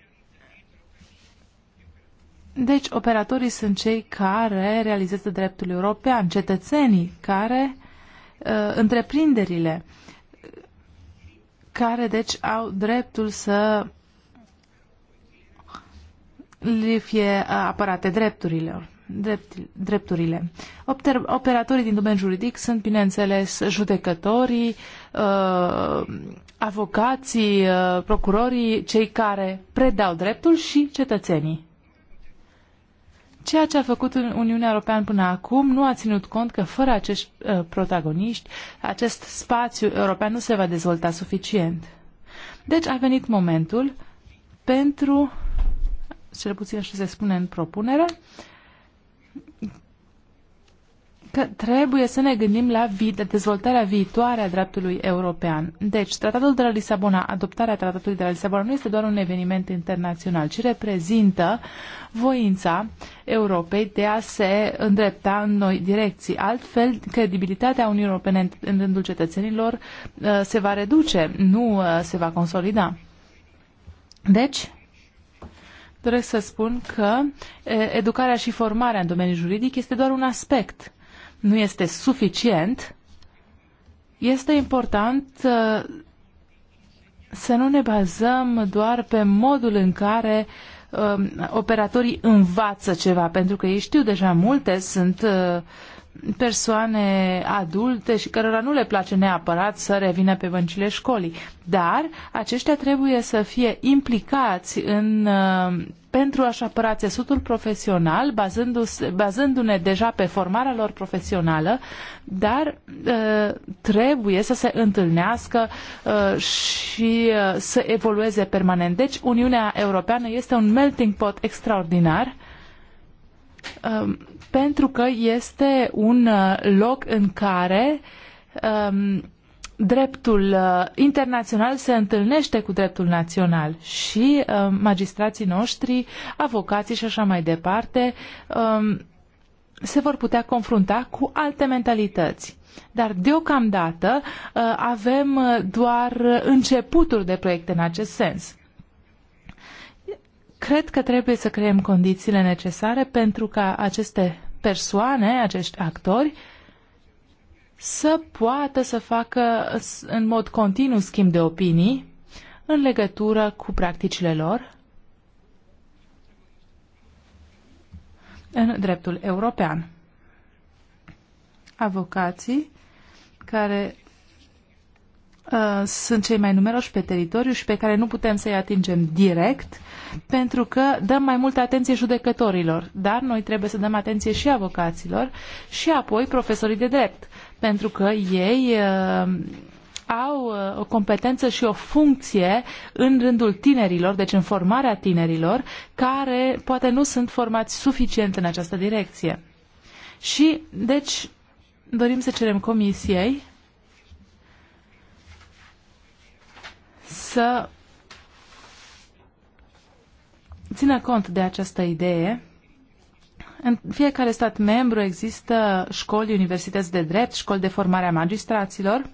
deci operatorii sunt cei care realizează dreptul european, cetățenii care uh, întreprinderile care deci au dreptul să le fie uh, apărate drepturile drept, drepturile. Opter, operatorii din domeniul juridic sunt, bineînțeles, judecătorii, uh, avocații, uh, procurorii, cei care predau dreptul și cetățenii. Ceea ce a făcut Uniunea Europeană până acum nu a ținut cont că fără acești uh, protagoniști, acest spațiu european nu se va dezvolta suficient. Deci a venit momentul pentru, cel puțin așa se spune în propunere, uh, că trebuie să ne gândim la vi- de dezvoltarea viitoare a dreptului european. Deci, tratatul de la Lisabona, adoptarea tratatului de la Lisabona nu este doar un eveniment internațional, ci reprezintă voința Europei de a se îndrepta în noi direcții. Altfel, credibilitatea Uniunii Europene în rândul cetățenilor uh, se va reduce, nu uh, se va consolida. Deci, doresc să spun că educarea și formarea în domeniul juridic este doar un aspect nu este suficient, este important uh, să nu ne bazăm doar pe modul în care um, operatorii învață ceva, pentru că ei știu deja multe, sunt uh, persoane adulte și cărora nu le place neapărat să revină pe băncile școlii. Dar aceștia trebuie să fie implicați în, uh, pentru a-și apăra țesutul profesional, bazându-ne bazându deja pe formarea lor profesională, dar uh, trebuie să se întâlnească uh, și să evolueze permanent. Deci Uniunea Europeană este un melting pot extraordinar Um, pentru că este un uh, loc în care um, dreptul uh, internațional se întâlnește cu dreptul național și um, magistrații noștri, avocații și așa mai departe se vor putea confrunta cu alte mentalități. Dar deocamdată uh, avem doar începuturi de proiecte în acest sens. Cred că trebuie să creăm condițiile necesare pentru ca aceste persoane, acești actori, să poată să facă în mod continuu schimb de opinii în legătură cu practicile lor în dreptul european. Avocații care Uh, sunt cei mai numeroși pe teritoriu și pe care nu putem să-i atingem direct, pentru că dăm mai multă atenție judecătorilor, dar noi trebuie să dăm atenție și avocaților și apoi profesorii de drept, pentru că ei uh, au uh, o competență și o funcție în rândul tinerilor, deci în formarea tinerilor, care poate nu sunt formați suficient în această direcție. Și, deci, dorim să cerem comisiei să țină cont de această idee. În fiecare stat membru există școli, universități de drept, școli de formare a magistraților,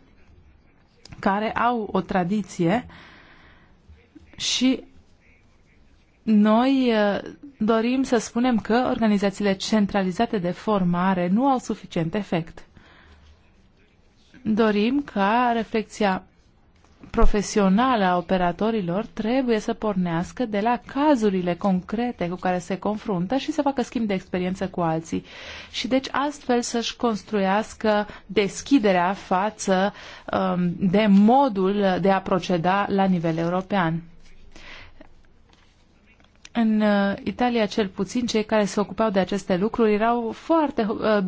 care au o tradiție și noi uh, dorim să spunem că organizațiile centralizate de formare nu au suficient efect. Dorim ca reflexia profesională a operatorilor trebuie să pornească de la cazurile concrete cu care se confruntă și să facă schimb de experiență cu alții. Și deci astfel să-și construiască deschiderea față um, de modul de a proceda la nivel european. În uh, Italia, cel puțin, cei care se ocupau de aceste lucruri erau foarte, uh,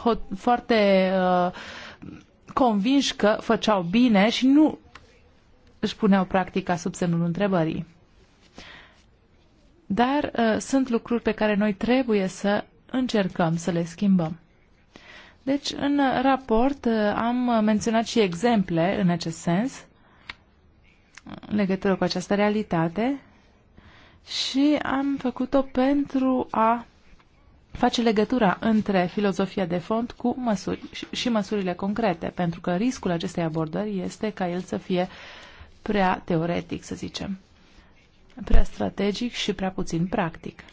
hot, foarte uh, convinși că făceau bine și nu își puneau practica sub semnul întrebării. Dar uh, sunt lucruri pe care noi trebuie să încercăm să le schimbăm. Deci, în raport uh, am menționat și exemple în acest sens, în legătură cu această realitate, și am făcut-o pentru a face legătura între filozofia de fond cu măsuri și măsurile concrete, pentru că riscul acestei abordări este ca el să fie prea teoretic, să zicem, prea strategic și prea puțin practic.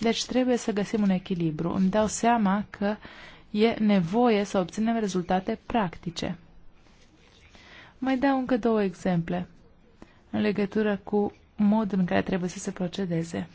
Deci trebuie să găsim un echilibru. Îmi dau seama că e nevoie să obținem rezultate practice. Mai dau încă două exemple în legătură cu modul în care trebuie să se procedeze.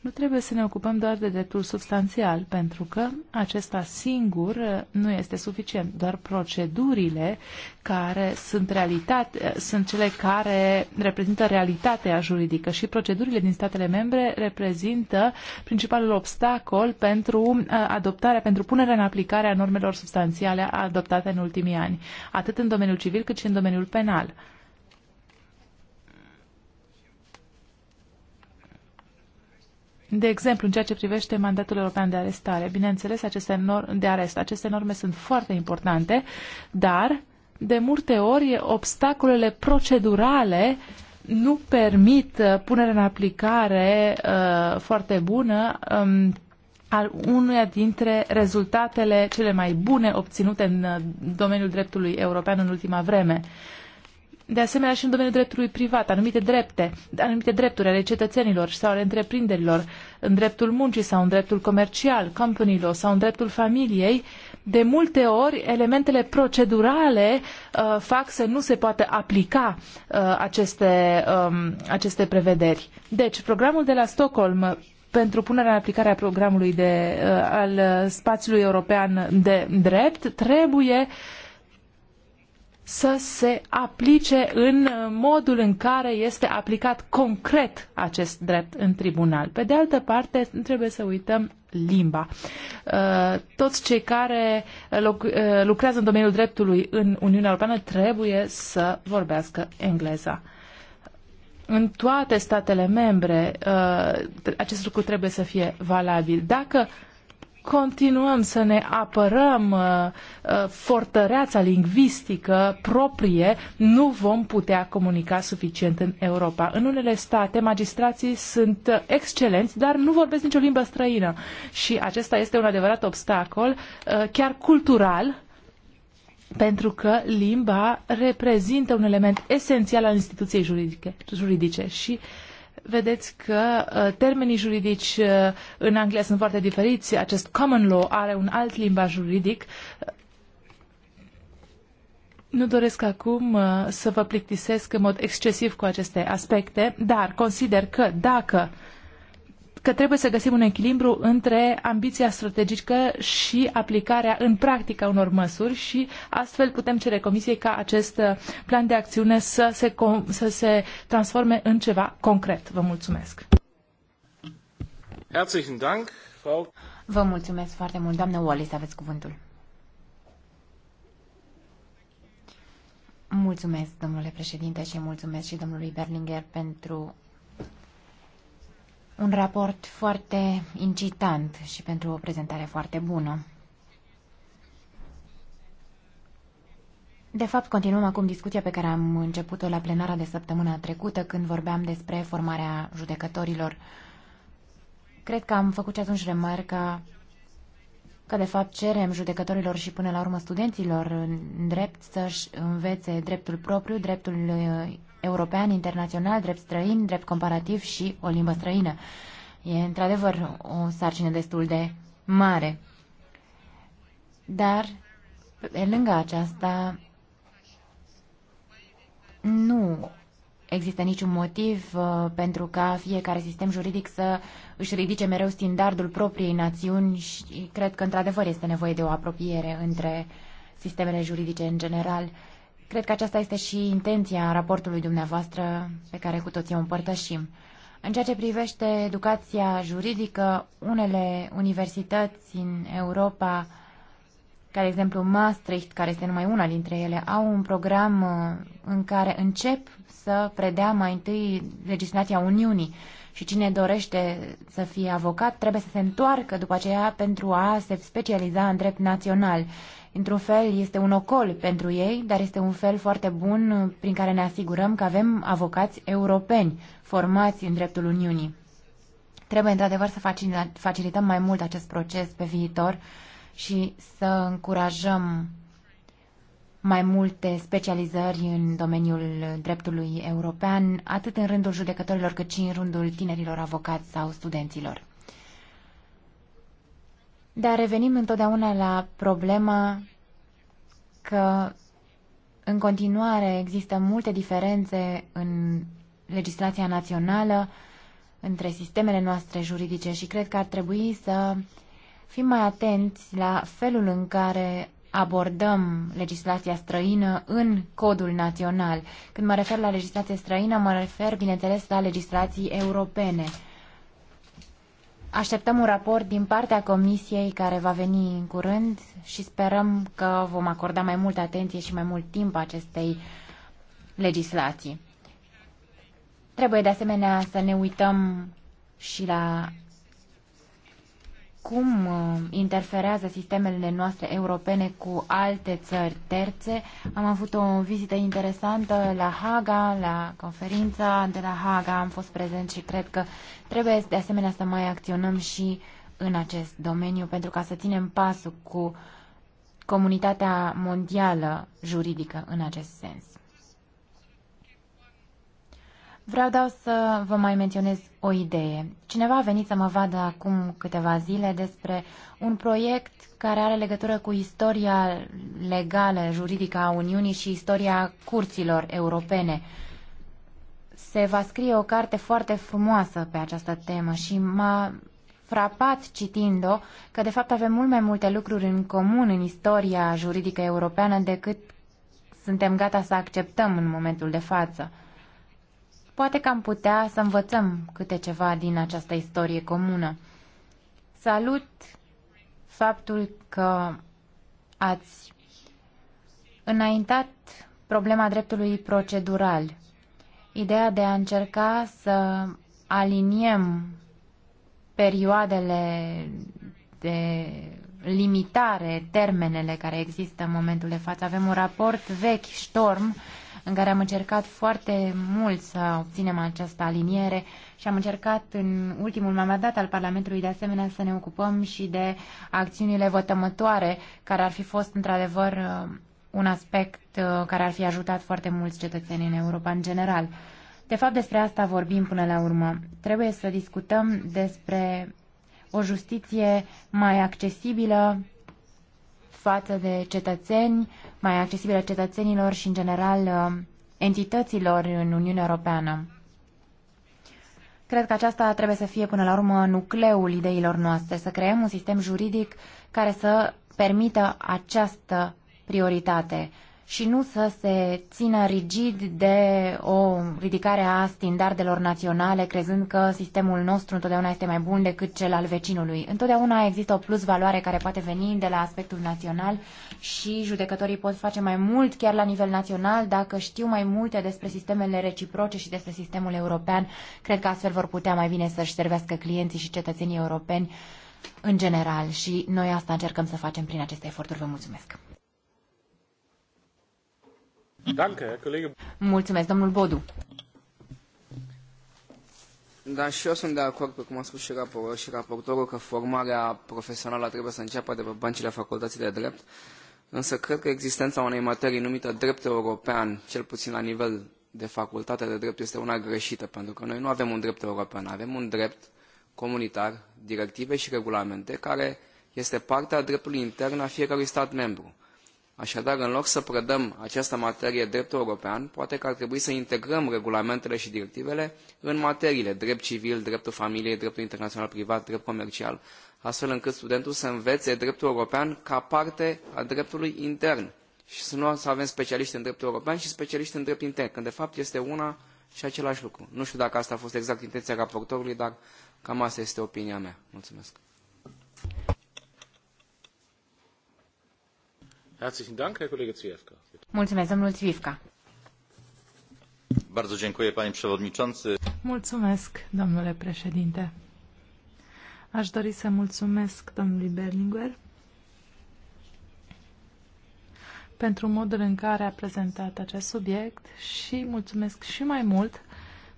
Nu trebuie să ne ocupăm doar de dreptul substanțial, pentru că acesta singur uh, nu este suficient. Doar procedurile care sunt, realitate, uh, sunt cele care reprezintă realitatea juridică și procedurile din statele membre reprezintă principalul obstacol pentru uh, adoptarea, pentru punerea în aplicare a normelor substanțiale adoptate în ultimii ani, atât în domeniul civil cât și în domeniul penal. De exemplu, în ceea ce privește mandatul european de arestare, bineînțeles, aceste norme de arest, aceste norme sunt foarte importante, dar de multe ori obstacolele procedurale nu permit uh, punerea în aplicare uh, foarte bună um, al unuia dintre rezultatele cele mai bune obținute în uh, domeniul dreptului european în ultima vreme. Uh, de asemenea, și în domeniul dreptului privat, anumite drepte, anumite drepturi ale cetățenilor sau ale întreprinderilor, în dreptul muncii sau în dreptul comercial, companiilor sau în dreptul familiei, de multe ori elementele procedurale uh, fac să nu se poată aplica uh, aceste, um, aceste prevederi. Deci, programul de la Stockholm pentru punerea în aplicare a programului de, uh, al spațiului european de drept trebuie uh, să se aplice în modul în care este aplicat concret acest drept în tribunal. Pe de altă parte, trebuie să uităm limba. Uh, toți cei care uh, uh, lucrează în domeniul dreptului în Uniunea Europeană trebuie să vorbească engleza în toate statele membre acest lucru trebuie să fie valabil. Dacă continuăm să ne apărăm uh, uh, fortăreața lingvistică proprie, nu vom putea comunica suficient în Europa. În unele state, magistrații sunt excelenți, dar nu vorbesc nicio limbă străină. Și acesta este un adevărat obstacol, uh, chiar cultural, pentru că limba reprezintă un element esențial al instituției juridice, juridice și uh, vedeți că uh, termenii juridici uh, în Anglia sunt foarte diferiți. Acest common law are un alt limbaj juridic. Nu doresc acum uh, să vă plictisesc în mod excesiv cu aceste aspecte, dar consider că dacă uh, că trebuie să găsim un echilibru între ambiția strategică și aplicarea în practică a unor măsuri și astfel putem cere Comisiei ca acest uh, plan de acțiune să se, să se transforme în ceva concret. Vă mulțumesc! Herzlichen Dank, Frau... Vă mulțumesc foarte mult, doamnă Wallis, aveți cuvântul. Mulțumesc, domnule președinte, și mulțumesc și domnului Berlinger pentru un raport foarte incitant și pentru o prezentare foarte bună. De fapt, continuăm acum discuția pe care am început-o la plenara de săptămâna trecută, când vorbeam despre formarea judecătorilor. Cred că am făcut și atunci remarca că, de fapt, cerem judecătorilor și, până la urmă, studenților în drept să-și învețe dreptul propriu, dreptul european, internațional, drept străin, drept comparativ și o limbă străină. E într-adevăr o sarcină destul de mare. Dar, pe lângă aceasta, nu există niciun motiv uh, pentru ca fiecare sistem juridic să își ridice mereu standardul propriei națiuni și cred că într-adevăr este nevoie de o apropiere între sistemele juridice în general. Cred că aceasta este și intenția raportului dumneavoastră pe care cu toții o împărtășim. În ceea ce privește educația juridică, unele universități în Europa ca de exemplu Maastricht, care este numai una dintre ele, au un program uh, în care încep să predea mai întâi legislația Uniunii și cine dorește să fie avocat trebuie să se întoarcă după aceea pentru a se specializa în drept național. Într-un fel este un ocol pentru ei, dar este un fel foarte bun uh, prin care ne asigurăm că avem avocați europeni formați în dreptul Uniunii. Trebuie într-adevăr să facilităm mai mult acest proces pe viitor și să încurajăm mai multe specializări în domeniul dreptului european, atât în rândul judecătorilor, cât și în rândul tinerilor avocați sau studenților. Dar revenim întotdeauna la problema că în continuare există multe diferențe în legislația națională între sistemele noastre juridice și cred că ar trebui să fim mai atenți la felul în care abordăm legislația străină în codul național. Când mă refer la legislație străină, mă refer, bineînțeles, la legislații europene. Așteptăm un raport din partea Comisiei care va veni în curând și sperăm că vom acorda mai multă atenție și mai mult timp acestei legislații. Trebuie de asemenea să ne uităm și la cum uh, interferează sistemele noastre europene cu alte țări terțe. Am avut o vizită interesantă la Haga, la conferința de la Haga, am fost prezent și cred că trebuie de asemenea să mai acționăm și în acest domeniu pentru ca să ținem pasul cu comunitatea mondială juridică în acest sens. Vreau doar să vă mai menționez o idee. Cineva a venit să mă vadă acum câteva zile despre un proiect care are legătură cu istoria legală, juridică a Uniunii și istoria curților europene. Se va scrie o carte foarte frumoasă pe această temă și m-a frapat citind-o că de fapt avem mult mai multe lucruri în comun în istoria juridică europeană decât suntem gata să acceptăm în momentul de față. Poate că am putea să învățăm câte ceva din această istorie comună. Salut faptul că ați înaintat problema dreptului procedural. Ideea de a încerca să aliniem perioadele de limitare, termenele care există în momentul de față. Avem un raport vechi, Storm, în care am încercat foarte mult să obținem această aliniere și am încercat în ultimul mandat al Parlamentului de asemenea să ne ocupăm și de acțiunile vătămătoare, care ar fi fost într-adevăr uh, un aspect uh, care ar fi ajutat foarte mulți cetățenii în Europa în general. De fapt, despre asta vorbim până la urmă. Trebuie să discutăm despre o justiție mai accesibilă față de cetățeni, mai accesibile cetățenilor și, în general, entităților în Uniunea Europeană. Cred că aceasta trebuie să fie, până la urmă, nucleul ideilor noastre, să creăm un sistem juridic care să permită această prioritate și nu să se țină rigid de o ridicare a standardelor naționale, crezând că sistemul nostru întotdeauna este mai bun decât cel al vecinului. Întotdeauna există o plus valoare care poate veni de la aspectul național și judecătorii pot face mai mult chiar la nivel național dacă știu mai multe despre sistemele reciproce și despre sistemul european. Cred că astfel vor putea mai bine să-și servească clienții și cetățenii europeni în general și noi asta încercăm să facem prin aceste eforturi. Vă mulțumesc! Danke, Mulțumesc, domnul Bodu. Da, și eu sunt de acord, pe cum a spus și, rapor, și raportorul, că formarea profesională trebuie să înceapă de pe băncile facultății de drept, însă cred că existența unei materii numită drept european, cel puțin la nivel de facultate de drept, este una greșită, pentru că noi nu avem un drept european, avem un drept comunitar, directive și regulamente, care este parte a dreptului intern a fiecărui stat membru. Așadar, în loc să prădăm această materie dreptul european, poate că ar trebui să integrăm regulamentele și directivele în materiile drept civil, dreptul familiei, dreptul internațional privat, drept comercial, astfel încât studentul să învețe dreptul european ca parte a dreptului intern și să nu să avem specialiști în dreptul european și specialiști în drept intern, când de fapt este una și același lucru. Nu știu dacă asta a fost exact intenția raportorului, dar cam asta este opinia mea. Mulțumesc. Herzlichen Dank, Herr Kollege Zwiefka. Mulțumesc, domnul Zwiefka. Bardzo dziękuję, panie przewodniczący. Mulțumesc, domnule președinte. Aș dori să mulțumesc domnului Berlinguer pentru modul în care a prezentat acest subiect și mulțumesc și mai mult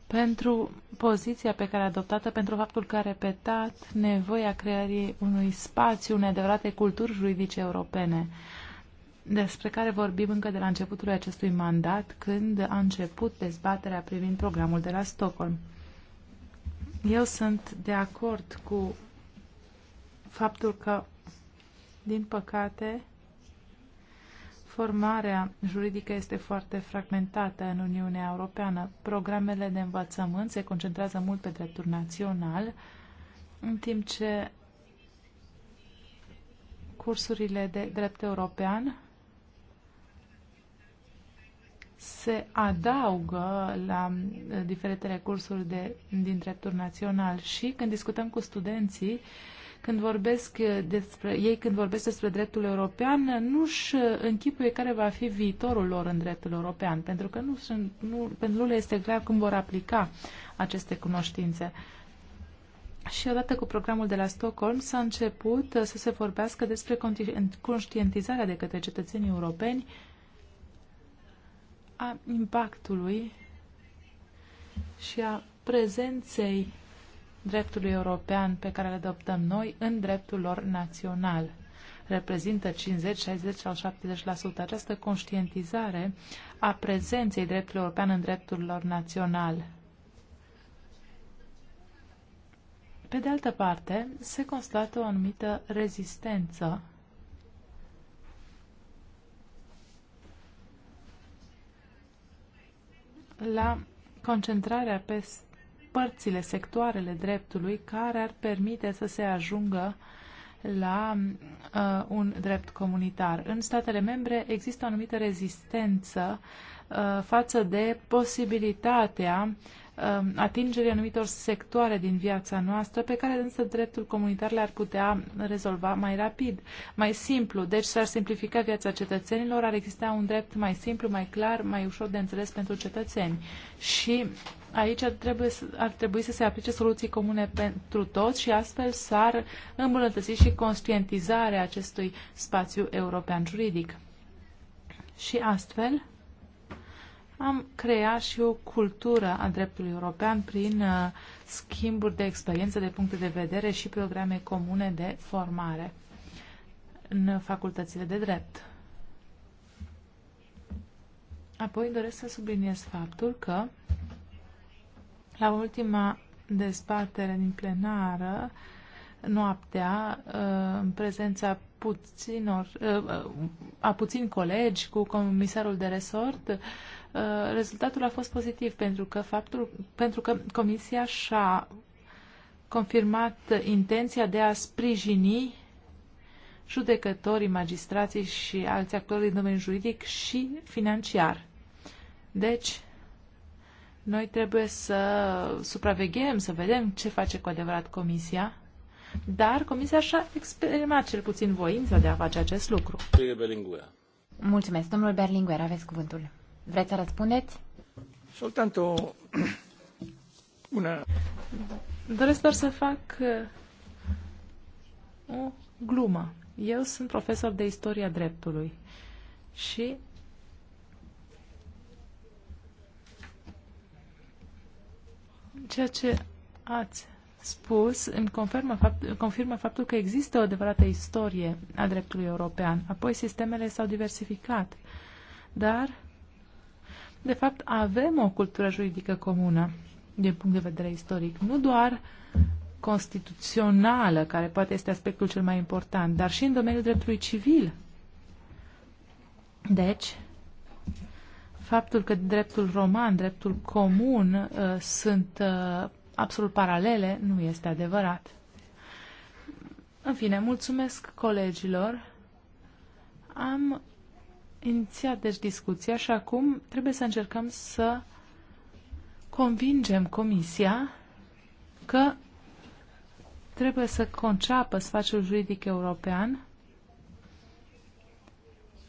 pentru poziția pe care a adoptată, pentru faptul că a repetat nevoia creării unui spațiu, unei adevărate culturi juridice europene despre care vorbim încă de la începutul acestui mandat, când a început dezbaterea privind programul de la Stockholm. Eu sunt de acord cu faptul că, din păcate, formarea juridică este foarte fragmentată în Uniunea Europeană. Programele de învățământ se concentrează mult pe dreptul național, în timp ce cursurile de drept european se adaugă la eh, diferitele cursuri de, din dreptul național și când discutăm cu studenții, când vorbesc eh, despre, ei când vorbesc despre dreptul european, eh, nu-și închipuie care va fi viitorul lor în dreptul european, pentru că nu, sunt, nu, pentru le este clar cum vor aplica aceste cunoștințe. Și odată cu programul de la Stockholm s-a început să se vorbească despre conștientizarea de către cetățenii europeni a impactului și a prezenței dreptului european pe care le adoptăm noi în dreptul lor național. Reprezintă 50, 60 sau 70%. Această conștientizare a prezenței dreptului european în dreptul lor național. Pe de altă parte, se constată o anumită rezistență la concentrarea pe părțile, sectoarele dreptului care ar permite să se ajungă la uh, un drept comunitar. În statele membre există o anumită rezistență uh, față de posibilitatea Um, atingerii anumitor sectoare din viața noastră, pe care însă dreptul comunitar le-ar putea rezolva mai rapid, mai simplu. Deci s-ar simplifica viața cetățenilor, ar exista un drept mai simplu, mai clar, mai ușor de înțeles pentru cetățeni. Și aici ar trebui, ar trebui să se aplice soluții comune pentru toți și astfel s-ar îmbunătăți și conștientizarea acestui spațiu european juridic. Și astfel, am creat și o cultură a dreptului european prin uh, schimburi de experiență, de puncte de vedere și programe comune de formare în facultățile de drept. Apoi doresc să subliniez faptul că la ultima dezbatere din plenară, noaptea, uh, în prezența puținor, uh, a puțin colegi cu comisarul de resort, Uh, rezultatul a fost pozitiv pentru că, faptul, pentru că Comisia și-a confirmat intenția de a sprijini judecătorii, magistrații și alți actori din domeniul juridic și financiar. Deci, noi trebuie să supraveghem, să vedem ce face cu adevărat Comisia, dar Comisia și-a exprimat cel puțin voința de a face acest lucru. Mulțumesc, domnul Berlinguer, aveți cuvântul. Vreți să răspundeți? Soltanto una... Doresc doar să fac uh, o glumă. Eu sunt profesor de istoria dreptului și ceea ce ați spus îmi confirmă, fapt, confirmă faptul că există o adevărată istorie a dreptului european. Apoi sistemele s-au diversificat, dar de fapt, avem o cultură juridică comună din punct de vedere istoric, nu doar constituțională, care poate este aspectul cel mai important, dar și în domeniul dreptului civil. Deci, faptul că dreptul roman, dreptul comun uh, sunt uh, absolut paralele nu este adevărat. În fine, mulțumesc colegilor. Am inițiat deci discuția și acum trebuie să încercăm să convingem Comisia că trebuie să conceapă spațiul juridic european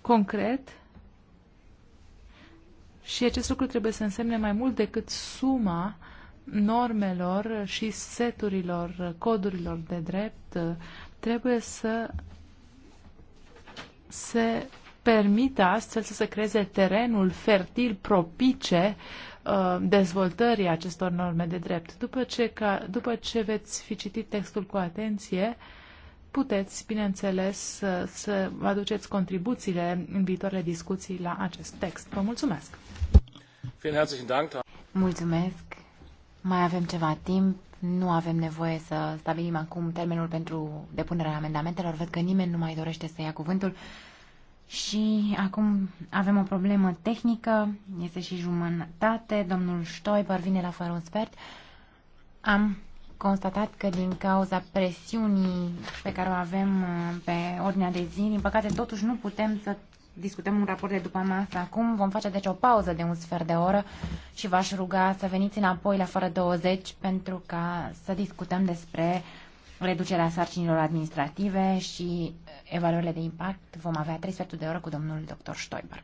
concret și acest lucru trebuie să însemne mai mult decât suma normelor și seturilor, codurilor de drept. Trebuie să se permită astfel să se creeze terenul fertil, propice uh, dezvoltării acestor norme de drept. După ce, ca, după ce veți fi citit textul cu atenție, puteți, bineînțeles, să, să aduceți contribuțiile în viitoarele discuții la acest text. Vă mulțumesc! Mulțumesc! Mai avem ceva timp. Nu avem nevoie să stabilim acum termenul pentru depunerea amendamentelor. Văd că nimeni nu mai dorește să ia cuvântul. Și acum avem o problemă tehnică, este și jumătate, domnul Stoiber vine la fără un sfert. Am constatat că din cauza presiunii pe care o avem uh, pe ordinea de zi, din păcate totuși nu putem să discutăm un raport de după masă acum. Vom face deci o pauză de un sfert de oră și v-aș ruga să veniți înapoi la fără 20 pentru ca să discutăm despre reducerea sarcinilor administrative și eh, evaluările de impact, vom avea 3 sferturi de oră cu domnul dr. Stoiber.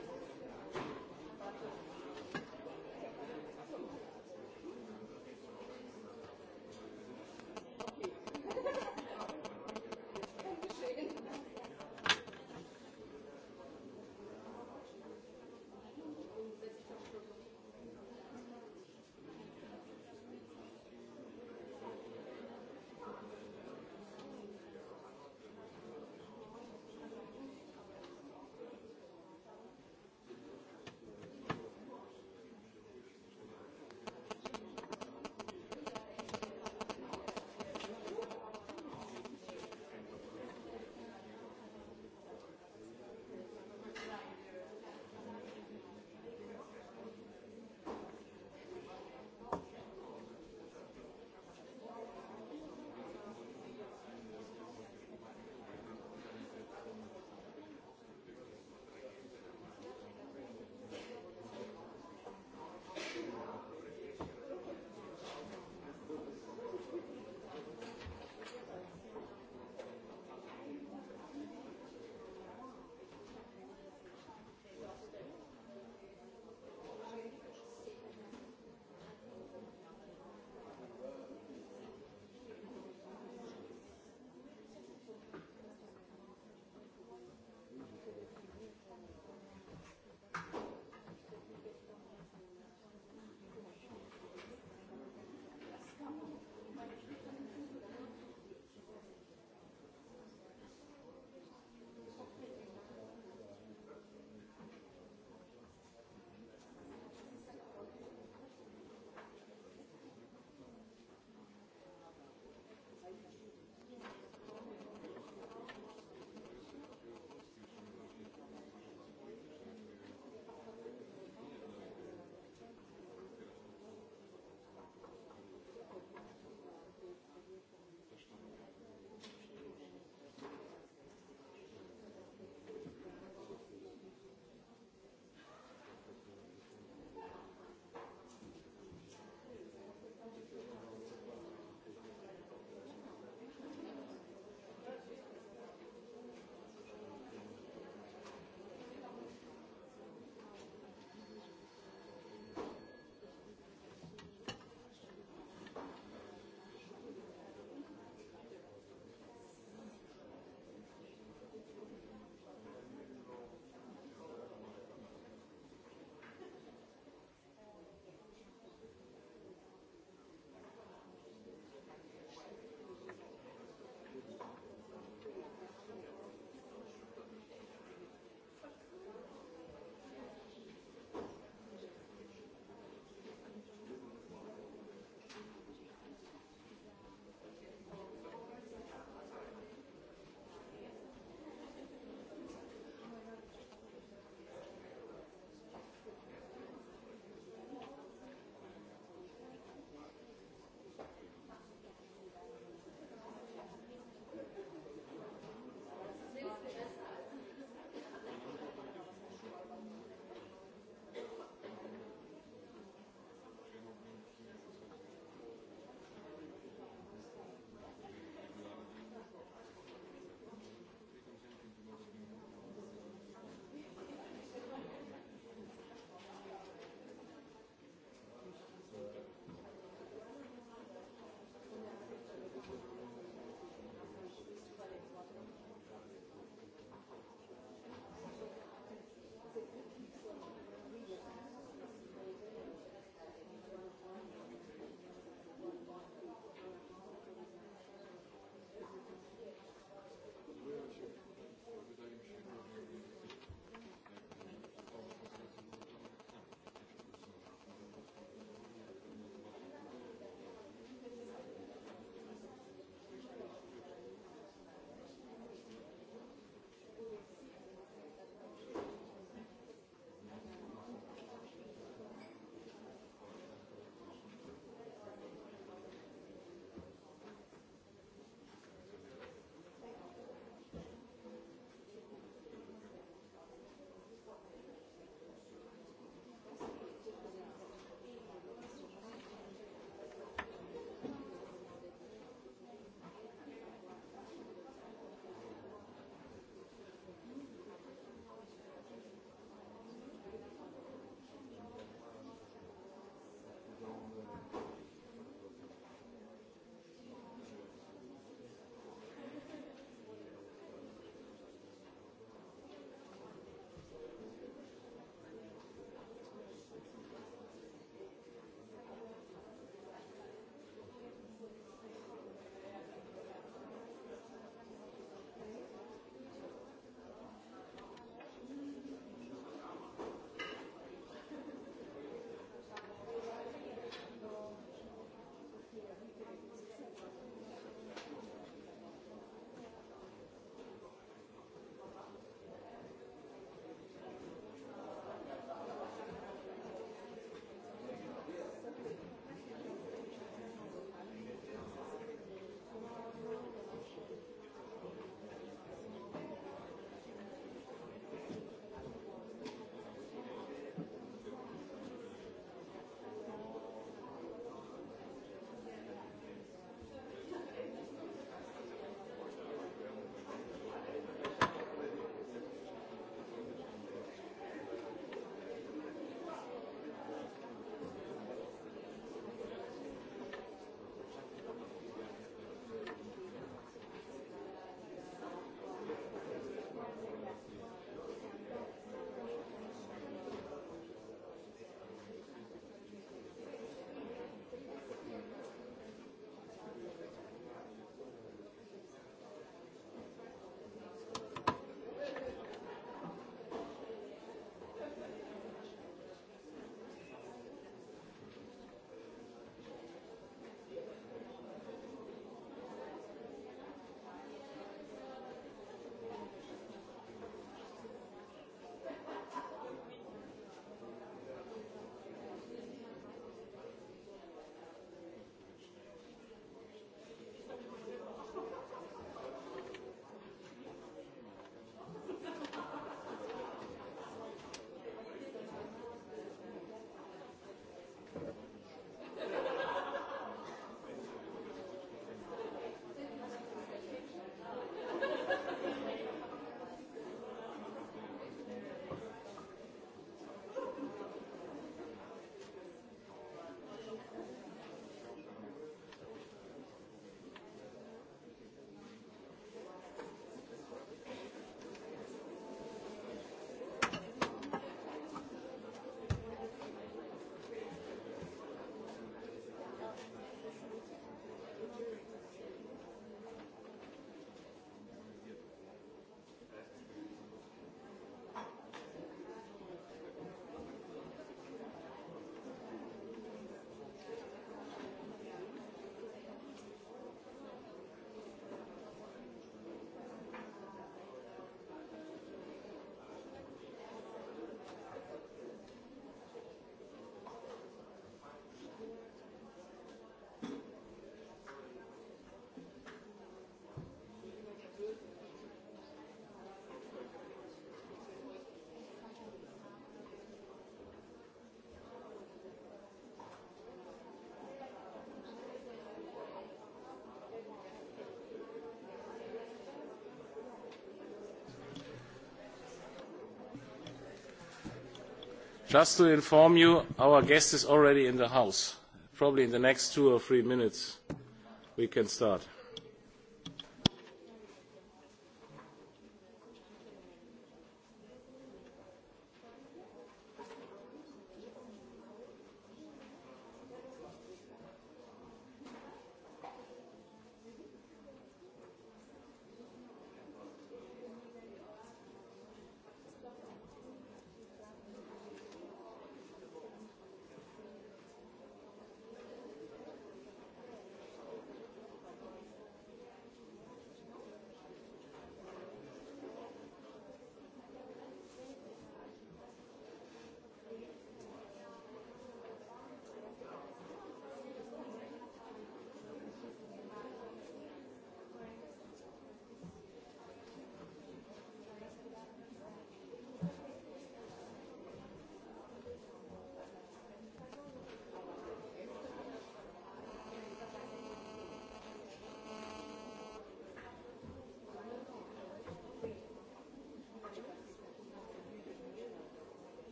Just to inform you, our guest is already in the house. Probably in the next two or three minutes we can start.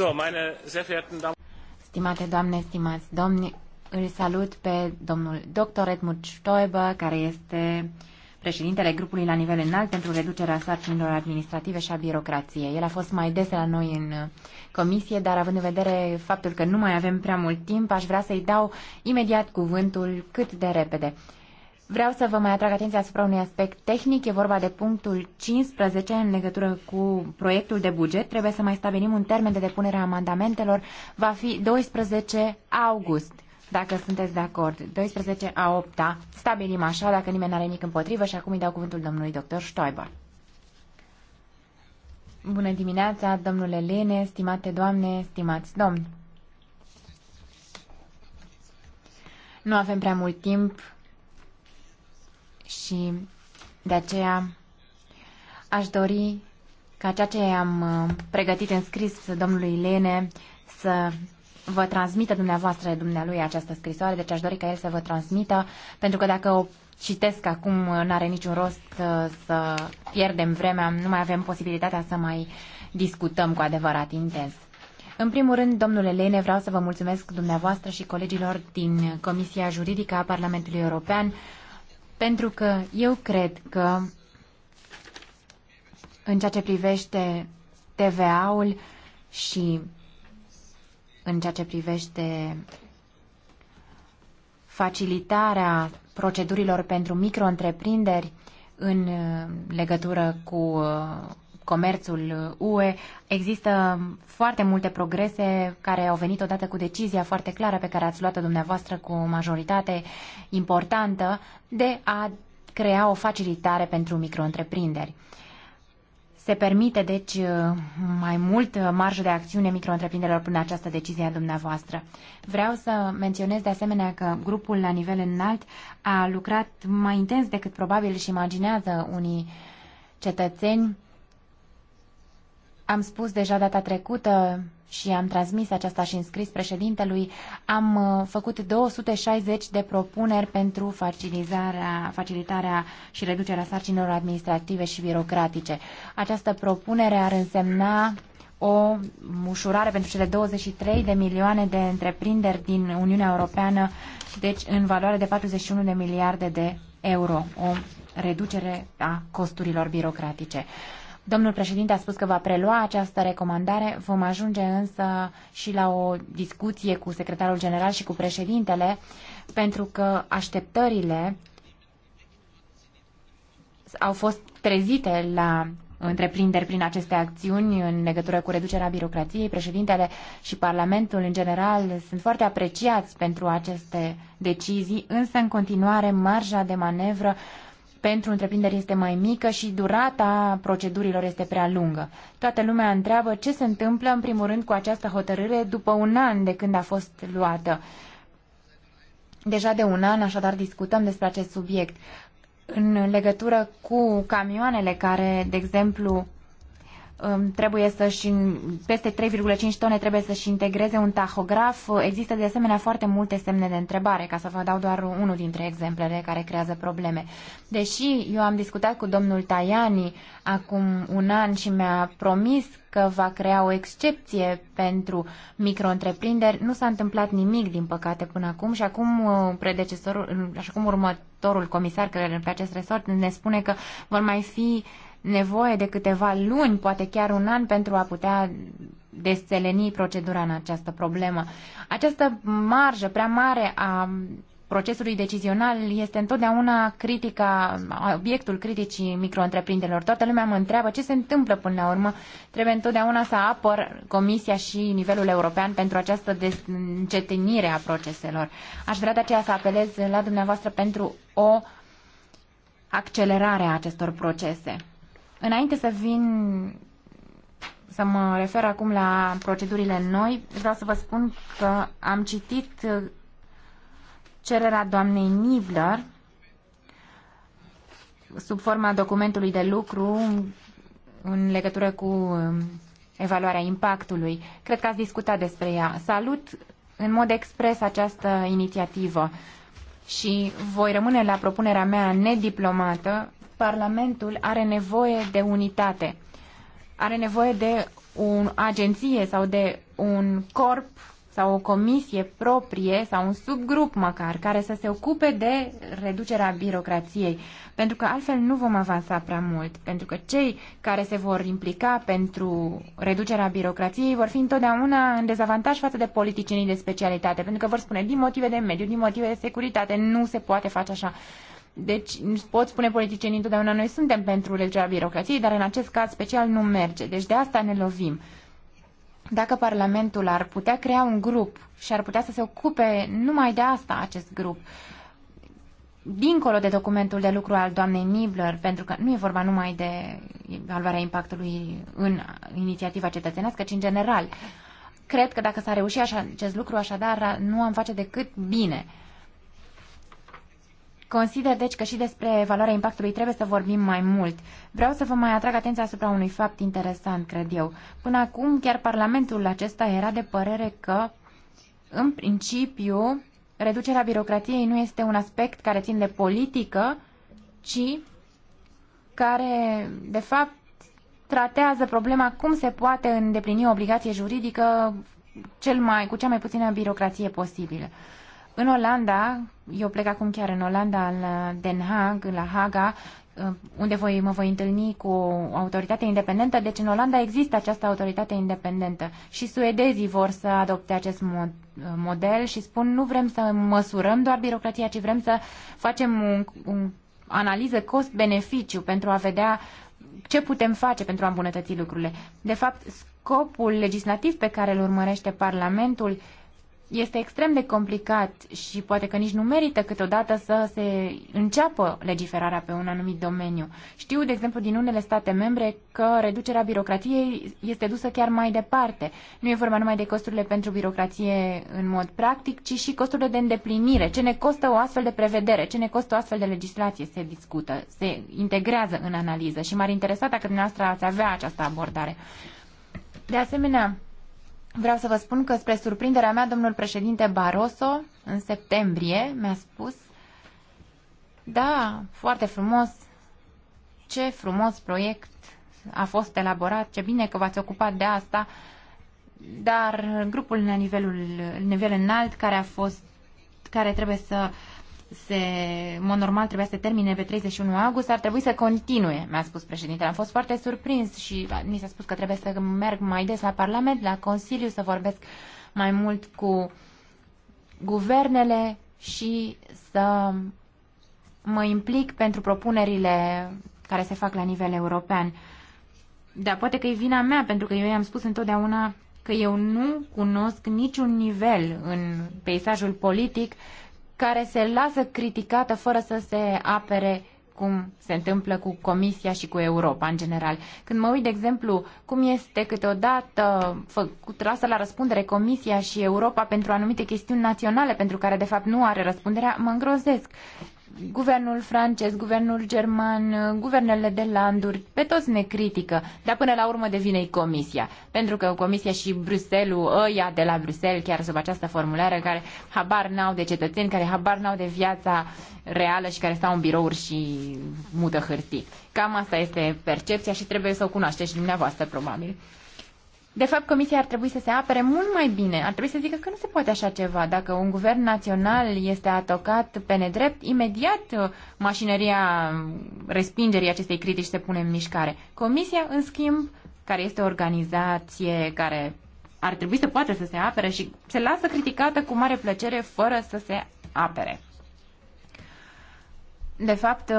So, Stimate doamne, stimați domni, îl salut pe domnul dr. Edmund Stoiber, care este președintele grupului la nivel înalt pentru reducerea sarcinilor administrative și a birocrației. El a fost mai des la noi în comisie, dar având în vedere faptul că nu mai avem prea mult timp, aș vrea să-i dau imediat cuvântul cât de repede. Vreau să vă mai atrag atenția asupra unui aspect tehnic. E vorba de punctul 15 în legătură cu proiectul de buget. Trebuie să mai stabilim un termen de depunere a amendamentelor. Va fi 12 august, dacă sunteți de acord. 12 a 8 -a. Stabilim așa, dacă nimeni nu are nimic împotrivă. Și acum îi dau cuvântul domnului dr. Stoiber. Bună dimineața, domnule Lene, stimate doamne, stimați domni. Nu avem prea mult timp și de aceea aș dori ca ceea ce am uh, pregătit în scris domnului Lene să vă transmită dumneavoastră dumnealui această scrisoare, deci aș dori ca el să vă transmită, pentru că dacă o citesc acum uh, nu are niciun rost uh, să pierdem vremea, nu mai avem posibilitatea să mai discutăm cu adevărat intens. În primul rând, domnule Lene, vreau să vă mulțumesc dumneavoastră și colegilor din Comisia Juridică a Parlamentului European pentru că eu cred că în ceea ce privește TVA-ul și în ceea ce privește facilitarea procedurilor pentru micro-întreprinderi în uh, legătură cu uh, comerțul UE. Există foarte multe progrese care au venit odată cu decizia foarte clară pe care ați luat-o dumneavoastră cu o majoritate importantă de a crea o facilitare pentru micro-întreprinderi. Se permite, deci, mai mult marjă de acțiune micro până această decizie a dumneavoastră. Vreau să menționez, de asemenea, că grupul la nivel înalt a lucrat mai intens decât probabil și imaginează unii cetățeni am spus deja data trecută și am transmis aceasta și înscris președintelui, am uh, făcut 260 de propuneri pentru facilitarea, facilitarea și reducerea sarcinilor administrative și birocratice. Această propunere ar însemna o ușurare pentru cele 23 de milioane de întreprinderi din Uniunea Europeană, deci în valoare de 41 de miliarde de euro, o reducere a costurilor birocratice. Domnul președinte a spus că va prelua această recomandare, vom ajunge însă și la o discuție cu secretarul general și cu președintele, pentru că așteptările au fost trezite la întreprinderi prin aceste acțiuni în legătură cu reducerea birocrației. Președintele și Parlamentul în general sunt foarte apreciați pentru aceste decizii, însă în continuare marja de manevră uh, pentru întreprinderi este mai mică și durata procedurilor este prea lungă. Toată lumea întreabă ce se întâmplă, în primul rând, cu această hotărâre după un an de când a fost luată. Deja de un an, așadar, discutăm despre acest subiect. În legătură cu camioanele care, de exemplu, Um, trebuie să-și, peste 3,5 tone trebuie să-și integreze un tahograf. Există de asemenea foarte multe semne de întrebare, ca să vă dau doar unul dintre exemplele care creează probleme. Deși eu am discutat cu domnul Tajani acum un an și mi-a promis că va crea o excepție pentru micro-întreprinderi, nu s-a întâmplat nimic, din păcate, până acum și acum uh, predecesorul, uh, așa cum următorul comisar care pe acest resort ne spune că vor mai fi nevoie de câteva luni, poate chiar un an, pentru a putea desțeleni procedura în această problemă. Această marjă prea mare a procesului decizional este întotdeauna critica, obiectul criticii micro-întreprinderilor. Toată lumea mă întreabă ce se întâmplă până la urmă. Trebuie întotdeauna să apăr Comisia și nivelul european pentru această încetinire a proceselor. Aș vrea de aceea să apelez la dumneavoastră pentru o accelerare a acestor procese. Înainte să vin să mă refer acum la procedurile noi, vreau să vă spun că am citit uh, cererea doamnei Nibler sub forma documentului de lucru în legătură cu um, evaluarea impactului. Cred că ați discutat despre ea. Salut în mod expres această inițiativă și voi rămâne la propunerea mea nediplomată Parlamentul are nevoie de unitate, are nevoie de o agenție sau de un corp sau o comisie proprie sau un subgrup măcar care să se ocupe de reducerea birocrației, pentru că altfel nu vom avansa prea mult, pentru că cei care se vor implica pentru reducerea birocrației vor fi întotdeauna în dezavantaj față de politicienii de specialitate, pentru că vor spune din motive de mediu, din motive de securitate, nu se poate face așa. Deci pot spune politicienii întotdeauna noi suntem pentru legea birocrației, dar în acest caz special nu merge. Deci de asta ne lovim. Dacă Parlamentul ar putea crea un grup și ar putea să se ocupe numai de asta acest grup, dincolo de documentul de lucru al doamnei Nibler, pentru că nu e vorba numai de evaluarea impactului în inițiativa cetățenească, ci în general. Cred că dacă s-a reușit așa, acest lucru, așadar, nu am face decât bine. Consider, deci, că și despre valoarea impactului trebuie să vorbim mai mult. Vreau să vă mai atrag atenția asupra unui fapt interesant, cred eu. Până acum, chiar Parlamentul acesta era de părere că, în principiu, reducerea birocratiei nu este un aspect care țin de politică, ci care, de fapt, tratează problema cum se poate îndeplini o obligație juridică cel mai, cu cea mai puțină birocrație posibilă. În Olanda, eu plec acum chiar în Olanda, la uh, Den Haag, la Haga, uh, unde voi, mă voi întâlni cu o autoritate independentă. Deci în Olanda există această autoritate independentă și suedezii vor să adopte acest mod, uh, model și spun nu vrem să măsurăm doar birocrația, ci vrem să facem un, un analiză cost-beneficiu pentru a vedea ce putem face pentru a îmbunătăți lucrurile. De fapt, scopul legislativ pe care îl urmărește Parlamentul este extrem de complicat și poate că nici nu merită câteodată să se înceapă legiferarea pe un anumit domeniu. Știu, de exemplu, din unele state membre că reducerea birocratiei este dusă chiar mai departe. Nu e vorba numai de costurile pentru birocratie în mod practic, ci și costurile de îndeplinire. Ce ne costă o astfel de prevedere, ce ne costă o astfel de legislație se discută, se integrează în analiză și m-ar interesa dacă dumneavoastră ați avea această abordare. De asemenea, Vreau să vă spun că, spre surprinderea mea, domnul președinte Barroso, în septembrie, mi-a spus Da, foarte frumos, ce frumos proiect a fost elaborat, ce bine că v-ați ocupat de asta, dar grupul la nivelul, nivel înalt care a fost care trebuie să se, în mod normal trebuia să termine pe 31 august, ar trebui să continue, mi-a spus președintele. Am fost foarte surprins și mi s-a spus că trebuie să merg mai des la Parlament, la Consiliu, să vorbesc mai mult cu guvernele și să mă implic pentru propunerile care se fac la nivel european. Dar poate că e vina mea, pentru că eu i-am spus întotdeauna că eu nu cunosc niciun nivel în peisajul politic care se lasă criticată fără să se apere cum se întâmplă cu Comisia și cu Europa în general. Când mă uit, de exemplu, cum este câteodată făcut, lasă la răspundere Comisia și Europa pentru anumite chestiuni naționale pentru care, de fapt, nu are răspunderea, mă îngrozesc. Guvernul francez, guvernul german, guvernele de landuri, pe toți ne critică, dar până la urmă devine comisia. Pentru că comisia și Bruselul, ăia de la Bruxelles, chiar sub această formulare, care habar n-au de cetățeni, care habar n-au de viața reală și care stau în birouri și mută hârtii. Cam asta este percepția și trebuie să o cunoașteți și dumneavoastră, probabil. De fapt, Comisia ar trebui să se apere mult mai bine. Ar trebui să zică că nu se poate așa ceva. Dacă un guvern național este atacat pe nedrept, imediat uh, mașinăria respingerii acestei critici se pune în mișcare. Comisia, în schimb, care este o organizație care ar trebui să poată să se apere și se lasă criticată cu mare plăcere fără să se apere. De fapt,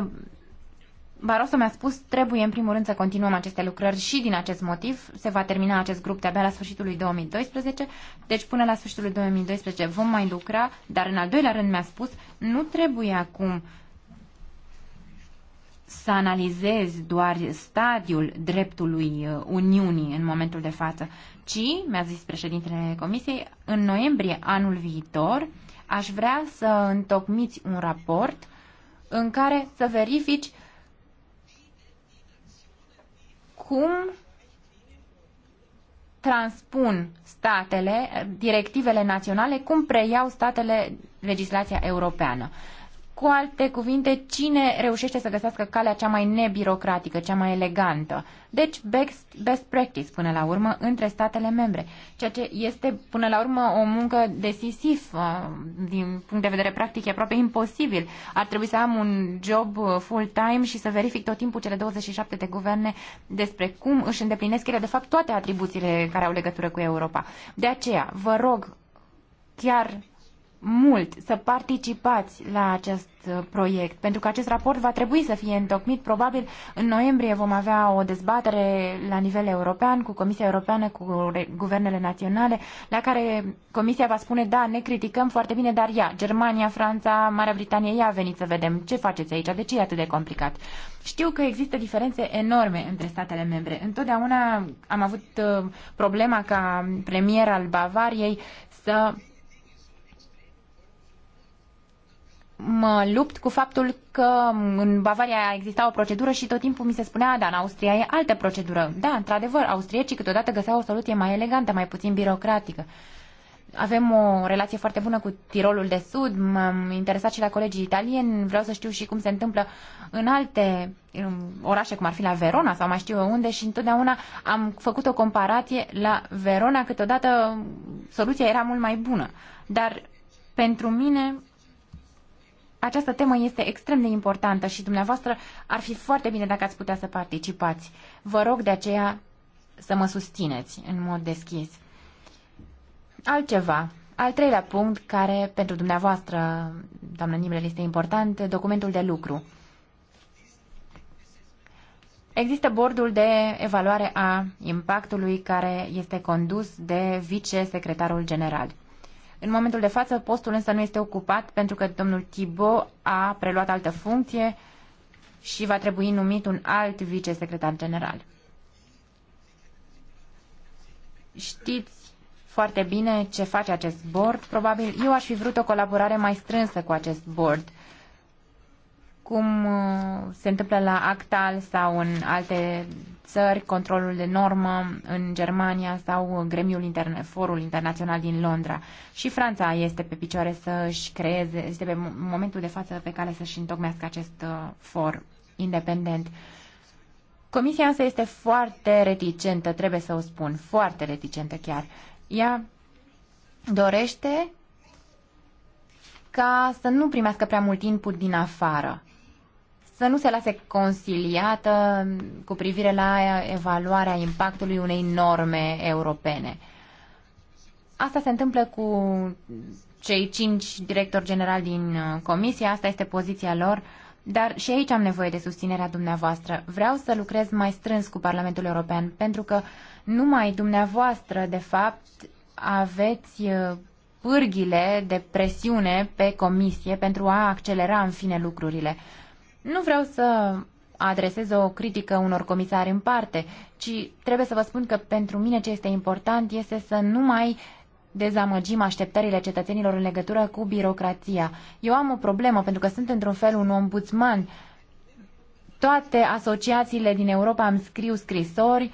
Barroso mi-a spus, trebuie în primul rând să continuăm aceste lucrări și din acest motiv. Se va termina acest grup de-abia la sfârșitul lui 2012, deci până la sfârșitul lui 2012 vom mai lucra, dar în al doilea rând mi-a spus, nu trebuie acum să analizezi doar stadiul dreptului uh, Uniunii în momentul de față, ci, mi-a zis președintele Comisiei, în noiembrie anul viitor aș vrea să întocmiți un raport în care să verifici cum transpun statele directivele naționale, cum preiau statele legislația europeană. Cu alte cuvinte, cine reușește să găsească calea cea mai nebirocratică, cea mai elegantă? Deci, best, best practice, până la urmă, între statele membre. Ceea ce este, până la urmă, o muncă decisiv. Uh, din punct de vedere practic, e aproape imposibil. Ar trebui să am un job uh, full-time și să verific tot timpul cele 27 de guverne despre cum își îndeplinesc ele, de fapt, toate atribuțiile care au legătură cu Europa. De aceea, vă rog, chiar mult să participați la acest uh, proiect, pentru că acest raport va trebui să fie întocmit. Probabil în noiembrie vom avea o dezbatere la nivel european cu Comisia Europeană, cu guvernele naționale, la care Comisia va spune, da, ne criticăm foarte bine, dar ia, Germania, Franța, Marea Britanie, ia, veniți să vedem ce faceți aici, de ce e atât de complicat. Știu că există diferențe enorme între statele membre. Întotdeauna am avut uh, problema ca premier al Bavariei să mă lupt cu faptul că în Bavaria exista o procedură și tot timpul mi se spunea, da, în Austria e altă procedură. Da, într-adevăr, austriecii câteodată găseau o soluție mai elegantă, mai puțin birocratică. Avem o relație foarte bună cu Tirolul de Sud, m-am interesat și la colegii italieni, vreau să știu și cum se întâmplă în alte orașe, cum ar fi la Verona sau mai știu eu unde și întotdeauna am făcut o comparație la Verona, câteodată soluția era mult mai bună. Dar pentru mine această temă este extrem de importantă și dumneavoastră ar fi foarte bine dacă ați putea să participați. Vă rog de aceea să mă susțineți în mod deschis. Altceva, al treilea punct care pentru dumneavoastră, doamnă Nimrel, este important, documentul de lucru. Există bordul de evaluare a impactului care este condus de vicesecretarul general. În momentul de față, postul însă nu este ocupat pentru că domnul Tibo a preluat altă funcție și va trebui numit un alt vicesecretar general. Știți foarte bine ce face acest board. Probabil eu aș fi vrut o colaborare mai strânsă cu acest board, cum uh, se întâmplă la Actal sau în alte țări, controlul de normă în Germania sau gremiul interne, forul internațional din Londra. Și Franța este pe picioare să-și creeze, este pe momentul de față pe care să-și întocmească acest uh, for independent. Comisia însă este foarte reticentă, trebuie să o spun, foarte reticentă chiar. Ea dorește ca să nu primească prea mult input din afară să nu se lase conciliată cu privire la evaluarea impactului unei norme europene. Asta se întâmplă cu cei cinci directori generali din uh, comisie, asta este poziția lor, dar și aici am nevoie de susținerea dumneavoastră. Vreau să lucrez mai strâns cu Parlamentul European, pentru că numai dumneavoastră, de fapt, aveți uh, pârghile de presiune pe comisie pentru a accelera în fine lucrurile. Nu vreau să adresez o critică unor comisari în parte, ci trebuie să vă spun că pentru mine ce este important este să nu mai dezamăgim așteptările cetățenilor în legătură cu birocrația. Eu am o problemă pentru că sunt într-un fel un ombudsman. Toate asociațiile din Europa îmi scriu scrisori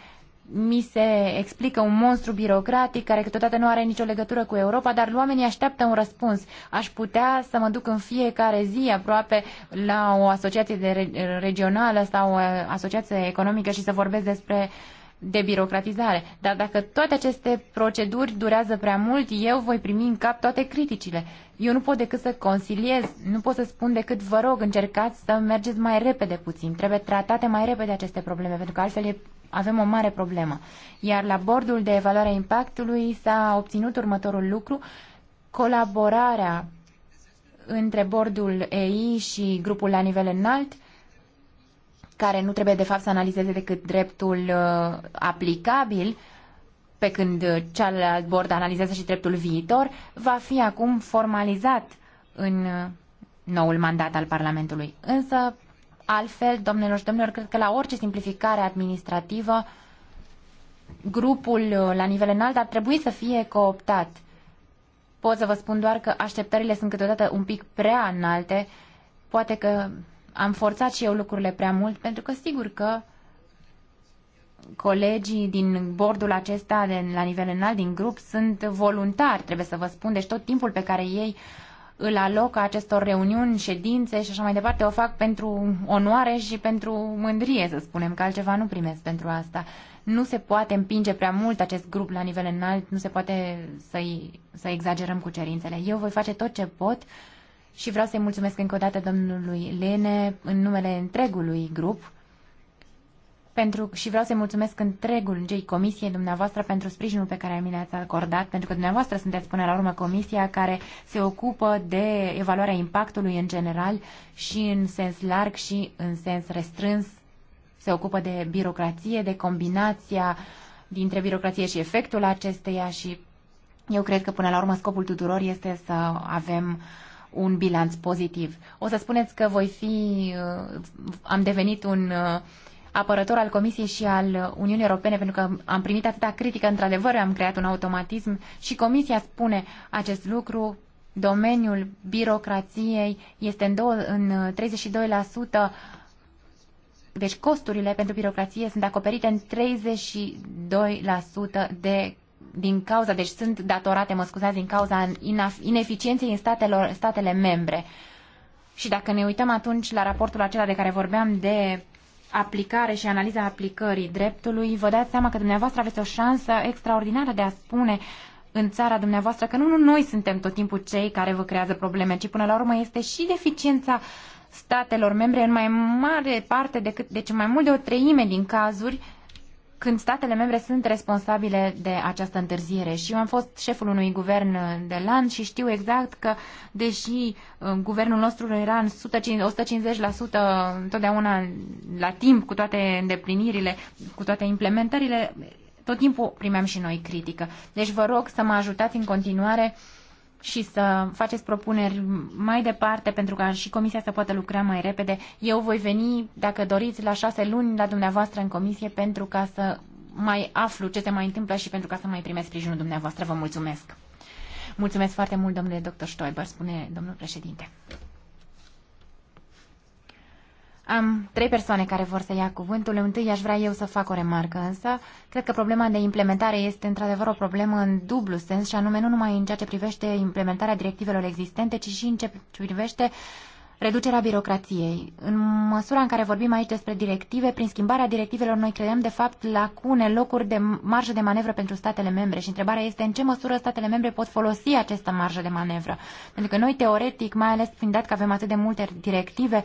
mi se explică un monstru birocratic care câteodată nu are nicio legătură cu Europa, dar oamenii așteaptă un răspuns. Aș putea să mă duc în fiecare zi aproape la o asociație de regională sau o asociație economică și să vorbesc despre uh, de birocratizare. Dar dacă toate aceste proceduri durează prea mult, eu voi primi în cap toate criticile. Eu nu pot decât să consiliez, nu pot să spun decât vă rog, încercați să mergeți mai repede puțin. Trebuie tratate mai repede aceste probleme, pentru că altfel e avem o mare problemă. Iar la bordul de evaluare a impactului s-a obținut următorul lucru, colaborarea între bordul EI și grupul la nivel înalt care nu trebuie de fapt să analizeze decât dreptul uh, aplicabil, pe când uh, cealalt bord analizează și dreptul viitor, va fi acum formalizat în uh, noul mandat al Parlamentului. Însă, altfel, domnilor și domnilor, cred că la orice simplificare administrativă, grupul la nivel înalt ar trebui să fie cooptat. Pot să vă spun doar că așteptările sunt câteodată un pic prea înalte. Poate că am forțat și eu lucrurile prea mult, pentru că sigur că colegii din bordul acesta de, la nivel înalt, din grup, sunt voluntari, trebuie să vă spun, deci tot timpul pe care ei îl alocă acestor reuniuni, ședințe și așa mai departe, o fac pentru onoare și pentru mândrie, să spunem, că altceva nu primesc pentru asta. Nu se poate împinge prea mult acest grup la nivel înalt, nu se poate să, să exagerăm cu cerințele. Eu voi face tot ce pot uh, și vreau să-i mulțumesc încă o dată domnului Lene în numele întregului grup pentru, și vreau să-i mulțumesc întregul cei comisiei dumneavoastră pentru sprijinul pe care mi l-ați acordat, pentru că dumneavoastră sunteți până la urmă comisia care se ocupă de evaluarea impactului în general și în sens larg și în sens restrâns. Se ocupă de birocrație, de combinația dintre birocrație și efectul acesteia și eu cred că până la urmă scopul tuturor este să avem uh, un bilanț pozitiv. O să spuneți că voi fi, uh, am devenit un uh, apărător al Comisiei și al Uniunii Europene, pentru că am primit atâta critică, într-adevăr am creat un automatism și Comisia spune acest lucru, domeniul birocrației este în, două, în 32%, deci costurile pentru birocrație sunt acoperite în 32% de din cauza, deci sunt datorate, mă scuzați, din cauza ineficienței în statelor, statele membre. Și dacă ne uităm atunci la raportul acela de care vorbeam de aplicare și analiza aplicării dreptului, vă dați seama că dumneavoastră aveți o șansă extraordinară de a spune în țara dumneavoastră că nu, nu noi suntem tot timpul cei care vă creează probleme, ci până la urmă este și deficiența statelor membre în mai mare parte decât, deci mai mult de o treime din cazuri când statele membre sunt responsabile de această întârziere. Și eu am fost șeful unui guvern de land și știu exact că, deși uh, guvernul nostru era în 150% întotdeauna la timp cu toate îndeplinirile, cu toate implementările, tot timpul primeam și noi critică. Deci vă rog să mă ajutați în continuare uh, și să faceți propuneri mai departe pentru ca și comisia să poată lucra mai repede. Eu voi veni, dacă doriți, la șase luni la dumneavoastră în comisie pentru ca să mai aflu ce se mai întâmplă și pentru ca să mai primesc sprijinul dumneavoastră. Vă mulțumesc! Mulțumesc foarte mult, domnule dr. Stoiber, spune domnul președinte. Am trei persoane care vor să ia cuvântul. Întâi aș vrea eu să fac o remarcă, însă cred că problema de implementare este într-adevăr o problemă în dublu sens și anume nu numai în ceea ce privește implementarea directivelor existente, ci și în ceea ce privește reducerea birocrației. În măsura în care vorbim aici despre directive, prin schimbarea directivelor noi creăm de fapt lacune, locuri de marjă de manevră pentru statele membre și întrebarea este în ce măsură statele membre pot folosi această marjă de manevră. Pentru că noi teoretic, mai ales fiind dat că avem atât de multe directive,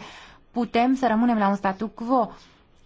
putem să rămânem la un statu quo.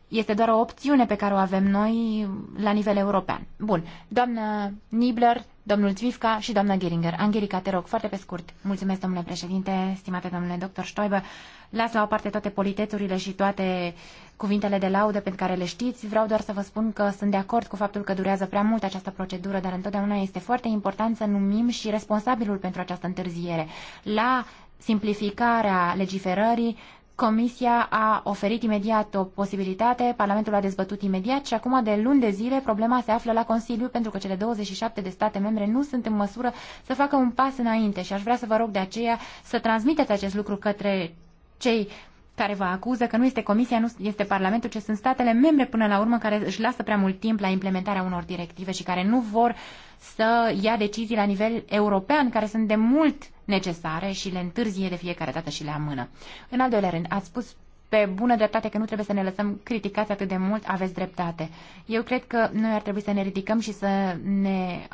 Este doar o opțiune pe care o avem noi la nivel european. Bun. Doamnă Nibler, domnul Zvifka și doamna Geringer. Angelica, te rog, foarte pe scurt. Mulțumesc, domnule președinte, stimate domnule doctor Stoibă. Las la o parte toate politețurile și toate cuvintele de laudă pentru care le știți. Vreau doar să vă spun că sunt de acord cu faptul că durează prea mult această procedură, dar întotdeauna este foarte important să numim și responsabilul pentru această întârziere. La simplificarea legiferării Comisia a oferit imediat o posibilitate, Parlamentul a dezbătut imediat și acum de luni de zile problema se află la Consiliu pentru că cele 27 de state membre nu sunt în măsură să facă un pas înainte și aș vrea să vă rog de aceea să transmiteți acest lucru către cei care vă acuză că nu este Comisia, nu este Parlamentul, ci sunt statele membre până la urmă care își lasă prea mult timp la implementarea unor directive și care nu vor uh, să ia decizii la nivel european, care sunt de mult necesare și le întârzie de fiecare dată și le amână. În al doilea rând, ați spus pe bună dreptate că nu trebuie să ne lăsăm criticați atât de mult, aveți dreptate. Eu cred că noi ar trebui să ne ridicăm și să ne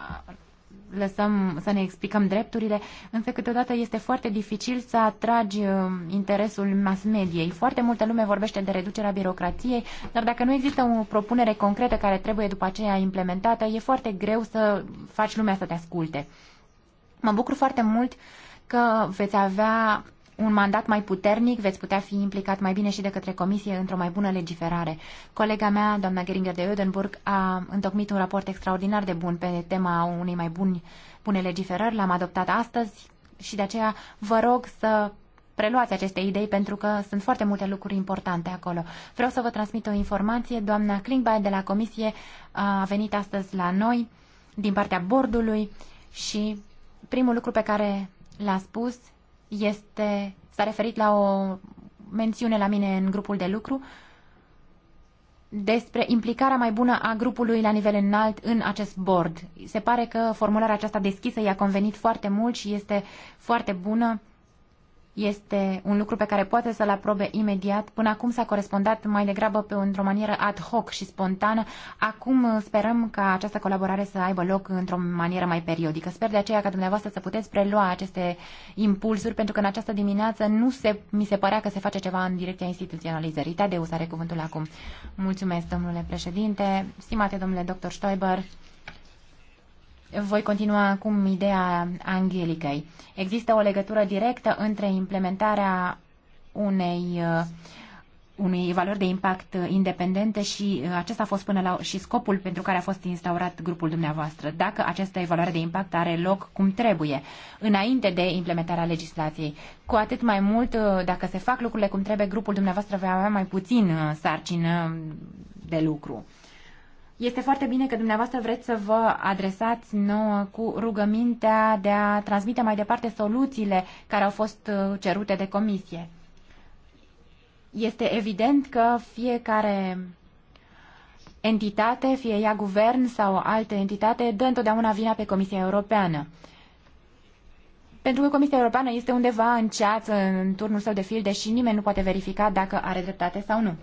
lăsăm, să ne explicăm drepturile, însă câteodată este foarte dificil să atragi uh, interesul mass mediei. Foarte multă lume vorbește de reducerea birocrației, dar dacă nu există o propunere concretă care trebuie după aceea implementată, e foarte greu să faci lumea să te asculte. Mă bucur foarte mult că veți avea un mandat mai puternic, veți putea fi implicat mai bine și de către Comisie într-o mai bună legiferare. Colega mea, doamna Geringer de Oedenburg, a întocmit un raport extraordinar de bun pe tema unei mai buni, bune legiferări. L-am adoptat astăzi și de aceea vă rog să preluați aceste idei pentru că sunt foarte multe lucruri importante acolo. Vreau să vă transmit o informație. Doamna Klingbae de la Comisie a venit astăzi la noi din partea bordului și primul lucru pe care l-a spus este, s-a referit la o mențiune la mine în grupul de lucru despre implicarea mai bună a grupului la nivel înalt în acest board. Se pare că formularea aceasta deschisă i-a convenit foarte mult și este foarte bună este un lucru pe care poate să-l aprobe imediat. Până acum s-a corespondat mai degrabă pe într-o manieră ad hoc și spontană. Acum uh, sperăm ca această colaborare să aibă loc într-o manieră mai periodică. Sper de aceea ca dumneavoastră să puteți prelua aceste impulsuri, pentru că în această dimineață nu se, mi se părea că se face ceva în direcția instituționalizării. Tadeus are cuvântul acum. Mulțumesc, domnule președinte, stimate domnule doctor Stoiber. Voi continua acum ideea Angelicăi. Există o legătură directă între implementarea unei uh, unei valori de impact independente și uh, acesta a fost până la și scopul pentru care a fost instaurat grupul dumneavoastră. Dacă această evaluare de impact are loc cum trebuie, înainte de implementarea legislației, cu atât mai mult, uh, dacă se fac lucrurile cum trebuie, grupul dumneavoastră va avea mai puțin sarcină de lucru. Este foarte bine că dumneavoastră vreți să vă adresați nouă cu rugămintea de a transmite mai departe soluțiile care au fost uh, cerute de comisie. Este evident că fiecare entitate, fie ea guvern sau alte entitate, dă întotdeauna vina pe Comisia Europeană. Pentru că Comisia Europeană este undeva în ceață, în turnul său de fil, deși nimeni nu poate verifica dacă are dreptate sau nu.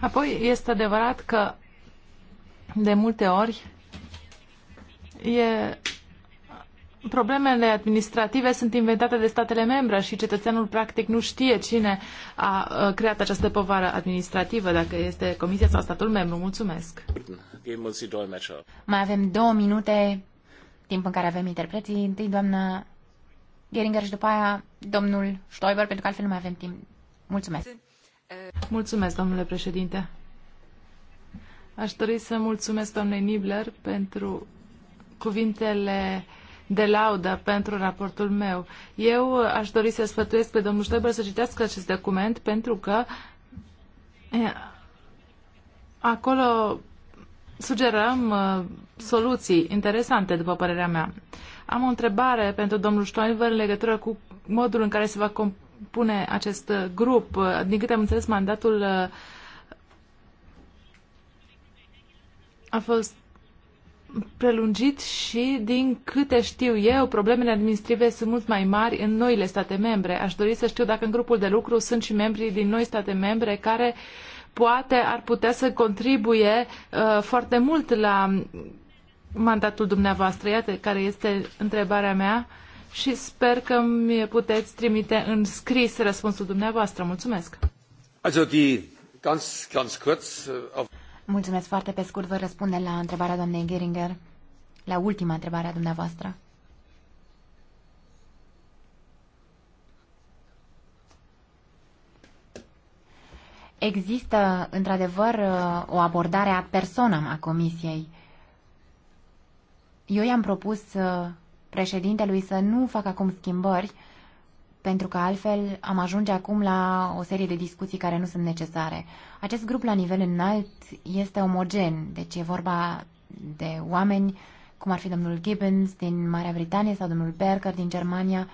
Apoi, este adevărat că de multe ori e problemele administrative sunt inventate de statele membre și cetățeanul practic nu știe cine a creat această povară administrativă, dacă este Comisia sau statul membru. Mulțumesc! Mai avem două minute, timp în care avem interpreții. Întâi doamna Geringer și după aia domnul Stoiber, pentru că altfel nu mai avem timp. Mulțumesc! Mulțumesc, domnule președinte! Aș dori să mulțumesc doamnei Nibler pentru cuvintele de laudă pentru raportul meu. Eu aș dori să sfătuiesc pe domnul Stoiber să citească acest document pentru că acolo sugerăm soluții interesante, după părerea mea. Am o întrebare pentru domnul Stoiber în legătură cu modul în care se va compune acest grup. Din câte am înțeles, mandatul uh, a fost prelungit și, din câte știu eu, problemele administrative sunt mult mai mari în noile state membre. Aș dori să știu dacă în grupul de lucru sunt și membrii din noi state membre care poate ar putea să contribuie uh, foarte mult la mandatul dumneavoastră. Iată care este întrebarea mea și sper că mi puteți trimite în scris răspunsul dumneavoastră. Mulțumesc! Also die ganz, ganz kurz, äh, auf Mulțumesc foarte pe scurt. Vă răspunde la întrebarea doamnei Geringer, la ultima întrebare a dumneavoastră. Există, într-adevăr, o abordare a personam a Comisiei. Eu i-am propus uh, președintelui să nu facă acum schimbări, pentru că altfel am ajunge acum la o serie de discuții care nu sunt necesare. Acest grup la nivel înalt este omogen, deci e vorba de oameni cum ar fi domnul Gibbons din Marea Britanie sau domnul Berger din Germania,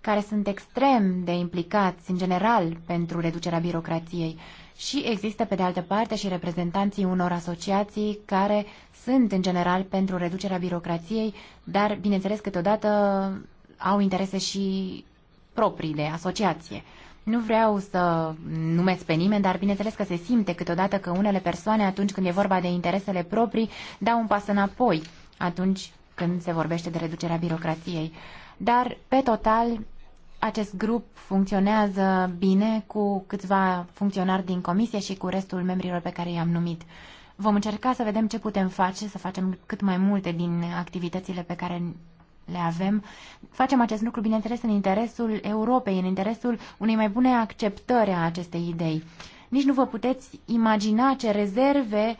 care sunt extrem de implicați în general pentru reducerea birocrației. Și există, pe de altă parte, și reprezentanții unor asociații care sunt, în general, pentru reducerea birocrației, dar, bineînțeles, câteodată au interese și proprii de asociație. Nu vreau să numesc pe nimeni, dar bineînțeles că se simte câteodată că unele persoane, atunci când e vorba de interesele proprii, dau un pas înapoi atunci când se vorbește de reducerea birocrației. Dar, pe total, acest grup funcționează bine cu câțiva funcționari din comisie și cu restul membrilor pe care i-am numit. Vom încerca să vedem ce putem face, să facem cât mai multe din activitățile pe care le avem. Facem acest lucru, bineînțeles, în interesul Europei, în interesul unei mai bune acceptări a acestei idei. Nici nu vă puteți imagina ce rezerve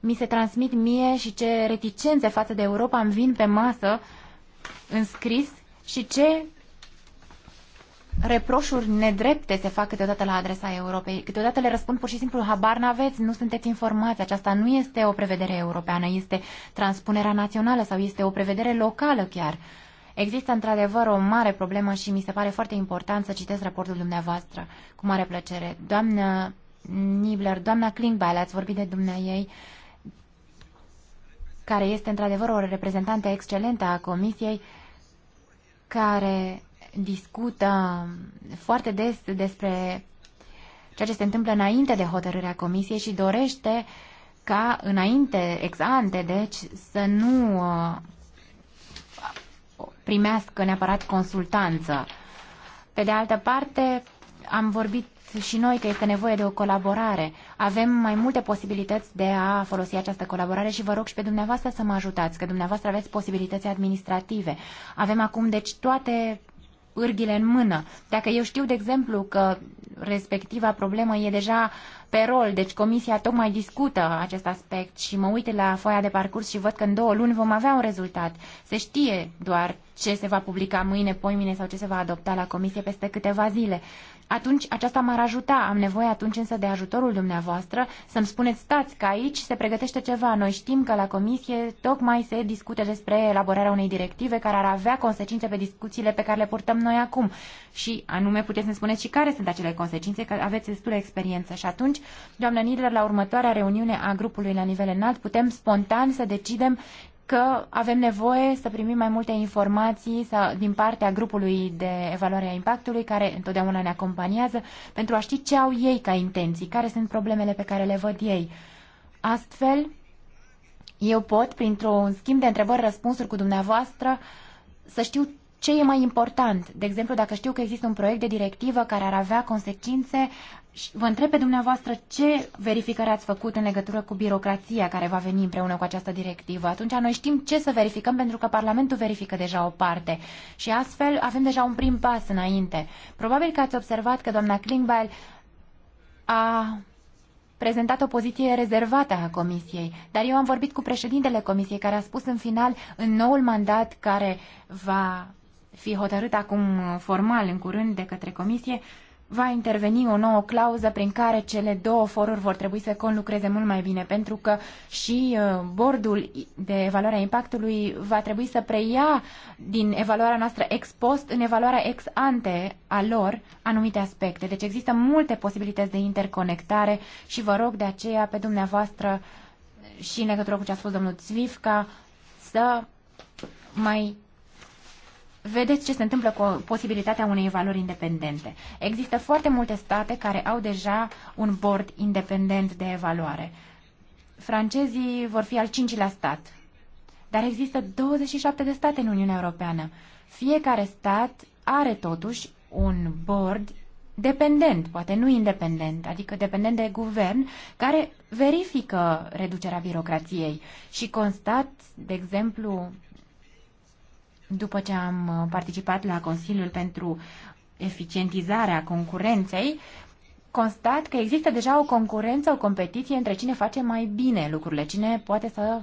mi se transmit mie și ce reticențe față de Europa îmi vin pe masă în scris și ce reproșuri nedrepte se fac câteodată la adresa Europei. Câteodată le răspund pur și simplu, habar n-aveți, nu sunteți informați. Aceasta nu este o prevedere europeană, este transpunerea națională sau este o prevedere locală chiar. Există într-adevăr o mare problemă și mi se pare foarte important să citesc raportul dumneavoastră cu mare plăcere. Doamnă Nibler, doamna Klingbeil, ați vorbit de dumnea ei, care este într-adevăr o reprezentantă excelentă a Comisiei, care discută foarte des despre ceea ce se întâmplă înainte de hotărârea comisiei și dorește ca înainte, ex ante, deci, să nu uh, primească neapărat consultanță. Pe de altă parte, am vorbit și noi că este nevoie de o colaborare. Avem mai multe posibilități de a folosi această colaborare și vă rog și pe dumneavoastră să mă ajutați, că dumneavoastră aveți posibilități administrative. Avem acum, deci, toate pârghile în mână. Dacă eu știu, de exemplu, că respectiva problemă e deja pe rol, deci comisia tocmai discută acest aspect și mă uit la foaia de parcurs și văd că în două luni vom avea un rezultat. Se știe doar ce se va publica mâine, poimine sau ce se va adopta la comisie peste câteva zile atunci aceasta m-ar ajuta. Am nevoie atunci însă de ajutorul dumneavoastră să-mi spuneți, stați că aici se pregătește ceva. Noi știm că la comisie tocmai se discute despre elaborarea unei directive care ar avea consecințe pe discuțiile pe care le purtăm noi acum. Și anume puteți să-mi spuneți și care sunt acele consecințe, că aveți destulă experiență. Și atunci, doamnă Nidler, la următoarea reuniune a grupului la nivel înalt, putem spontan să decidem că avem nevoie să primim mai multe informații să din partea grupului de evaluare a impactului, care întotdeauna ne acompaniază, pentru a ști ce au ei ca intenții, care sunt problemele pe care le văd ei. Astfel, eu pot, printr-un schimb de întrebări-răspunsuri cu dumneavoastră, să știu ce e mai important. De exemplu, dacă știu că există un proiect de directivă care ar avea consecințe Vă întreb pe dumneavoastră ce verificări ați făcut în legătură cu birocrația care va veni împreună cu această directivă. Atunci noi știm ce să verificăm pentru că Parlamentul verifică deja o parte și astfel avem deja un prim pas înainte. Probabil că ați observat că doamna Klingbeil a prezentat o poziție rezervată a Comisiei, dar eu am vorbit cu președintele Comisiei care a spus în final în noul mandat care va fi hotărât acum uh, formal în curând de către Comisie, uh, va interveni o nouă clauză prin care cele două foruri vor trebui să conlucreze mult mai bine, pentru că și uh, bordul de evaluare a impactului va trebui să preia din evaluarea noastră ex post în evaluarea ex ante a lor anumite aspecte. Deci există multe posibilități de interconectare și vă rog de aceea pe dumneavoastră și în legătură cu ce a spus domnul Zvifca să mai vedeți ce se întâmplă cu posibilitatea unei valori independente. Există foarte multe state care au deja un board independent de evaluare. Francezii vor fi al cincilea stat, dar există 27 de state în Uniunea Europeană. Fiecare stat are totuși un board dependent, poate nu independent, adică dependent de guvern, care verifică reducerea birocrației și constat, de exemplu, după ce am uh, participat la Consiliul pentru eficientizarea concurenței, constat că există deja o concurență, o competiție între cine face mai bine lucrurile, cine poate să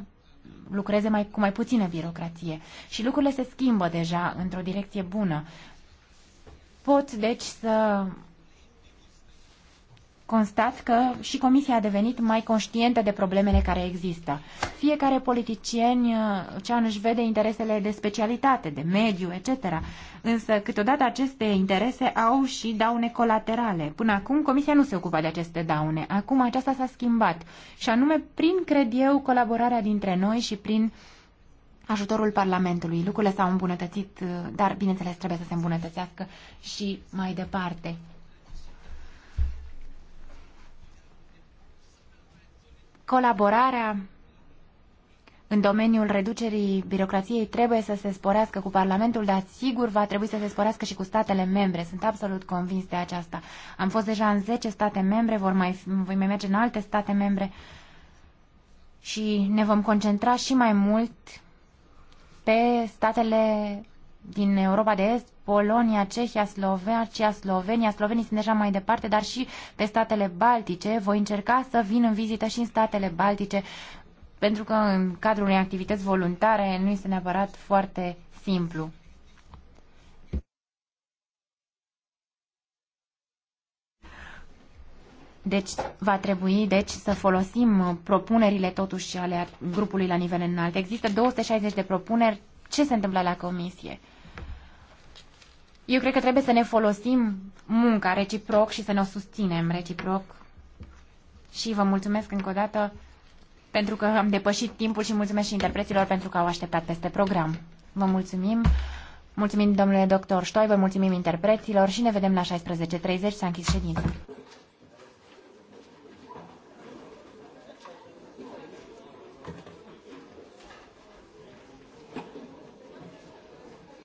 lucreze mai, cu mai puțină birocrație. Și lucrurile se schimbă deja într-o direcție bună. Pot, deci, să constat că și Comisia a devenit mai conștientă de problemele care există. Fiecare politician uh, cean își vede interesele de specialitate, de mediu, etc. Însă, câteodată aceste interese au și daune colaterale. Până acum, Comisia nu se ocupa de aceste daune. Acum aceasta s-a schimbat. Și anume, prin, cred eu, colaborarea dintre noi și prin ajutorul Parlamentului. Lucrurile s-au îmbunătățit, uh, dar, bineînțeles, trebuie să se îmbunătățească și mai departe. Colaborarea în domeniul reducerii birocrației trebuie să se sporească cu Parlamentul, dar sigur va trebui să se sporească și cu statele membre. Sunt absolut convins de aceasta. Am fost deja în 10 state membre, vor mai, voi mai merge în alte state membre și ne vom concentra și mai mult pe statele din Europa de Est, Polonia, Cehia, Slovacia, Slovenia. Slovenii sunt deja mai departe, dar și pe statele baltice. Voi încerca să vin în vizită și în statele baltice, pentru că în cadrul unei activități voluntare nu este neapărat foarte simplu. Deci va trebui deci, să folosim propunerile totuși ale grupului la nivel înalt. Există 260 de propuneri. Ce se întâmplă la comisie? Eu cred că trebuie să ne folosim munca reciproc și să ne o susținem reciproc. Și vă mulțumesc încă o dată pentru că am depășit timpul și mulțumesc și interpreților pentru că au așteptat peste program. Vă mulțumim. Mulțumim domnule doctor vă mulțumim interpreților și ne vedem la 16.30. S-a închis ședința.